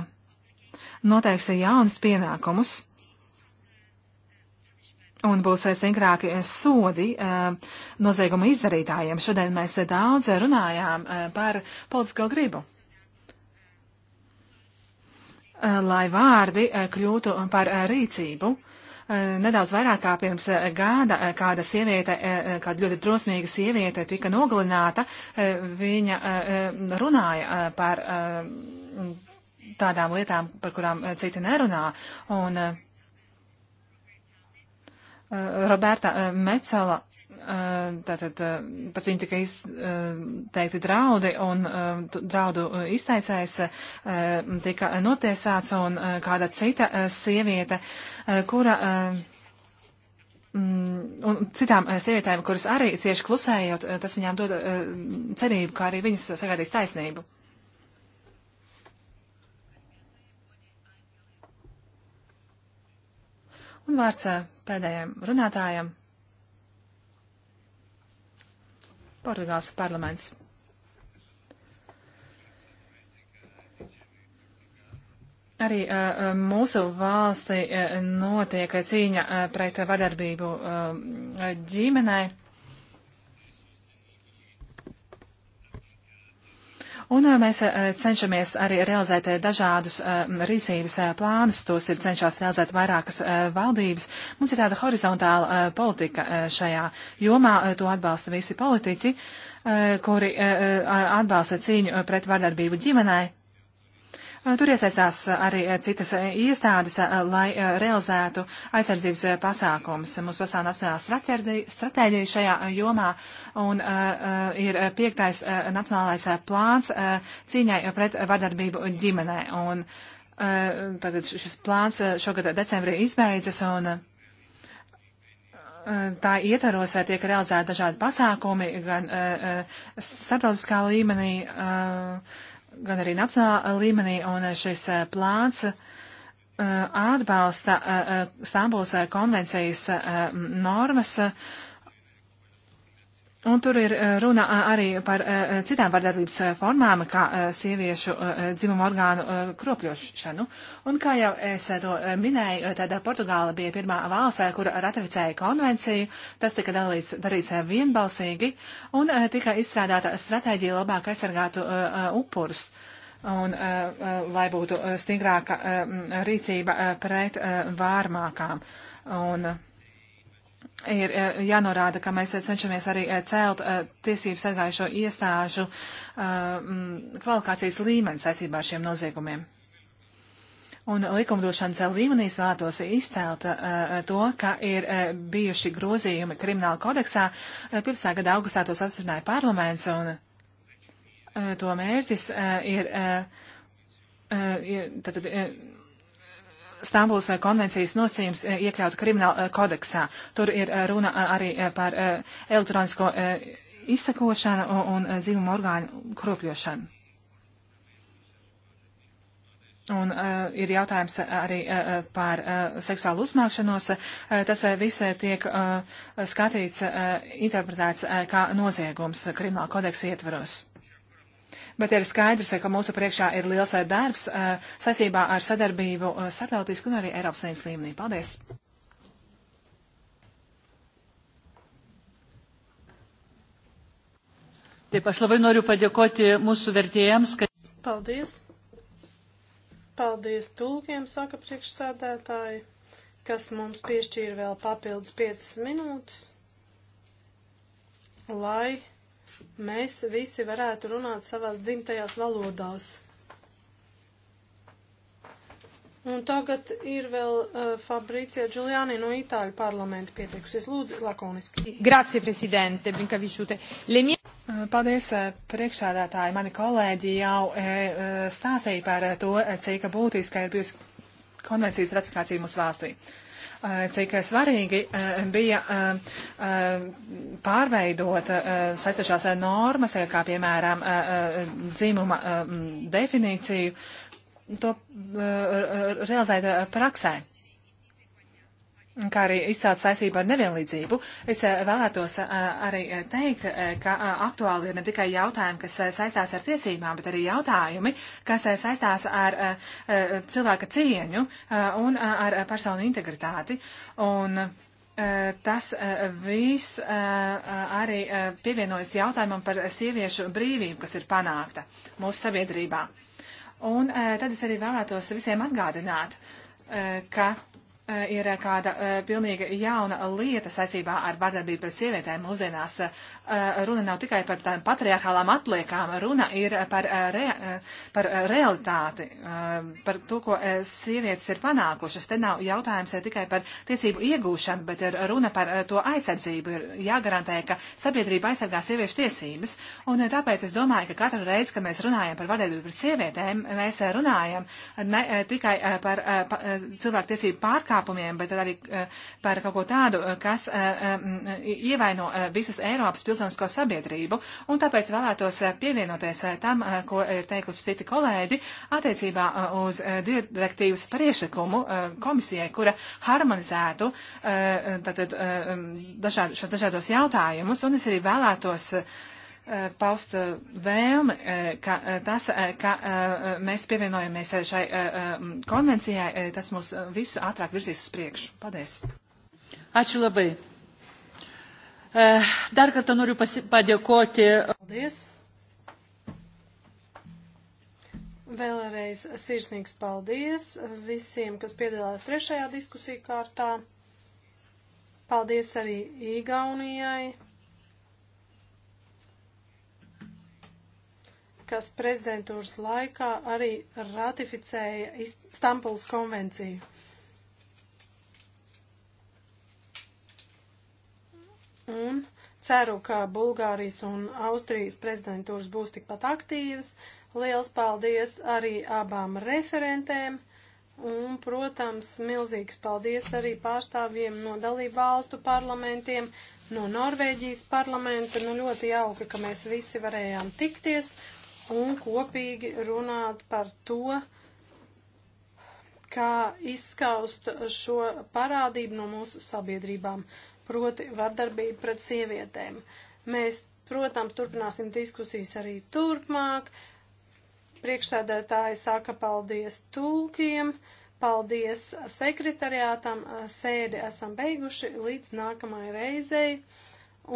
noteiks jaunus pienākumus. Un būs stingrāki sodi nozieguma izdarītājiem. Šodien mēs daudz runājām par politisko gribu. Eh, lai vārdi eh, kļūtu par eh, rīcību. Nedaudz vairāk kā pirms gada kāda sieviete, kāda ļoti drosmīga sieviete tika nogalināta, viņa runāja par tādām lietām, par kurām citi nerunā. Un Roberta Mecela Eh, tātad eh, pat viņi tika izteikti eh, draudi un draudu izteicējs tika notiesāts un kāda cita sieviete, kura. Mm, un citām sievietēm, kuras arī cieši klusējot, tas viņām dod cerību, kā arī viņas sagaidīs taisnību. Un vārds pēdējiem runātājiem. Portugāles parlaments. Arī uh, uh mūsu valstī uh, notiek cīņa uh, pret vardarbību uh, ģimenei. Un eh, mēs eh, cenšamies arī realizēt eh, dažādus rīcības plānus, tos ir cenšās realizēt vairākas valdības. Mums ir tāda horizontāla politika šajā jomā, to atbalsta visi politiķi, kuri atbalsta cīņu pret vardarbību ģimenei Tur iesaistās arī eh, citas eh, iestādes, eh, lai realizētu aizsardzības pasākumus. Mums pasāv nacionālā stratēģija šajā jomā un ir piektais nacionālais plāns cīņai pret vardarbību ģimenē. Un tātad šis plāns šogad decembrī izbeidzas un tā ietvaros tiek realizēti dažādi pasākumi gan starptautiskā līmenī, gan arī nacionālā līmenī, un šis eh, plāns eh, atbalsta eh, Stambuls konvencijas normas Un tur ir eh, runa arī par eh, eh, citām vardarbības formām, kā sieviešu dzimumu orgānu kropļošanu. Un kā jau es to minēju, tad Portugāla bija pirmā valsts, kur ratificēja konvenciju. Tas tika dalīts, darīts vienbalsīgi un tika izstrādāta stratēģija labāk aizsargātu upurus. Un, lai būtu stingrāka rīcība pret vārmākām. Un, ir eh, jānorāda, ka mēs eh, cenšamies arī eh, celt tiesību sargājušo iestāžu kvalifikācijas līmeni saistībā ar šiem noziegumiem. Un likumdošanas līmenīs vēlētos izcelt to, ka ir bijuši grozījumi krimināla kodeksā. Pirmsā gada augustā tos apstiprināja parlaments, un to mērķis ir. Tātad, Stambulas eh, konvencijas nosījums eh, iekļautu krimināla eh, kodeksā. Tur ir runa arī par elektronisko izsakošanu un, un dzīvumu orgānu kropļošanu. Un uh, ir jautājums arī uh, par uh, seksuālu uzmākšanos. Uh, tas uh, visai tiek uh, skatīts, uh, interpretēts uh, kā noziegums krimināla kodeksa ietvaros. Bet ir skaidrs, ka mūsu priekšā ir liels eh, darbs eh, saistībā ar sadarbību eh, starptautisku un arī Eiropas Savienības līmenī. Paldies! Taip, aš labai noriu padėkoti mūsų vertėjams, kad. Paldies! Paldies tulkiem, saka priekšsēdētāji, kas mums piešķīra vēl papildus 5 minūtes, lai mēs visi varētu runāt savās dzimtajās valodās. Un tagad ir vēl uh, Fabricija Giuliani no Itāļu parlamenta pieteikusies. Lūdzu, lakoniski. Grazie, prezidente, Brinkavišūte. Mie... Uh, paldies, uh, priekšādātāji. Mani kolēģi jau e, stāstīja par to, cik būtiska ir bijusi konvencijas ratifikācija mūsu valstī. Uh, cik svarīgi bija pārveidot saistošās normas, kā piemēram dzimuma definīciju, to realizēt praksē kā arī izsāca saistība ar nevienlīdzību, es eh, vēlētos eh, arī eh, teikt, ka aktuāli ir ne tikai jautājumi, kas saistās ar tiesībām, bet arī jautājumi, kas saistās ar cilvēka cieņu un ar personu integritāti. Un tas viss arī pievienojas jautājumam par sieviešu brīvību, kas ir panākta mūsu sabiedrībā. Un tad es arī vēlētos visiem atgādināt, ka ir kāda eh, pilnīgi jauna lieta saistībā ar vardarbību pret sievietēm mūsdienās Eh, runa nav tikai par tām patriarchālām atliekām, runa ir par, eh, rea, eh, par realitāti, par to, ko sievietes ir panākušas. Te nav jautājums tikai par tiesību iegūšanu, bet ir runa par to aizsardzību. Ir jāgarantē, ka sabiedrība aizsargā sieviešu tiesības, un tāpēc es domāju, ka katru reizi, kad mēs runājam par vardarbību pret sievietēm, mēs runājam ne tikai par cilvēku tiesību pārkāpumiem, bet arī par kaut ko tādu, kas mm, ievaino visas Eiropas pilsētas pilsonisko sabiedrību, un tāpēc vēlētos eh, pievienoties eh, tam, eh, ko ir teikuši citi kolēģi attiecībā uz direktīvas priešlikumu komisijai, kura harmonizētu tātad, dažād, šos dažādos jautājumus, un es arī vēlētos paust vēlmi, ka tas, ka mēs pievienojamies šai konvencijai, tas mūs visu ātrāk virzīs uz priekšu. Paldies! Ačiū labai! Eh, dar kartą noriu padėkoti. Eh, paldies. Vēlreiz sirsnīgs paldies visiem, kas piedalās trešajā diskusiju kārtā. Paldies arī Igaunijai, kas prezidentūras laikā arī ratificēja Stambuls konvenciju. Un ceru, ka Bulgārijas un Austrijas prezidentūras būs tikpat aktīvas. Liels paldies arī abām referentēm. Un, protams, milzīgs paldies arī pārstāvjiem no dalību valstu parlamentiem, no Norvēģijas parlamenta. Nu, ļoti jauka, ka mēs visi varējām tikties un kopīgi runāt par to, kā izskaust šo parādību no mūsu sabiedrībām proti vardarbību pret sievietēm. Mēs, protams, turpināsim diskusijas arī turpmāk. Priekšsēdētāji saka paldies tulkiem, paldies sekretariātam, sēdi esam beiguši līdz nākamajai reizei.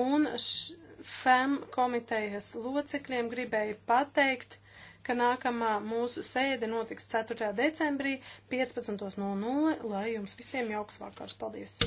Un š, FEM komitejas locekļiem gribēju pateikt, ka nākamā mūsu sēde notiks 4. decembrī 15.00, lai jums visiem jauks vakars. Paldies!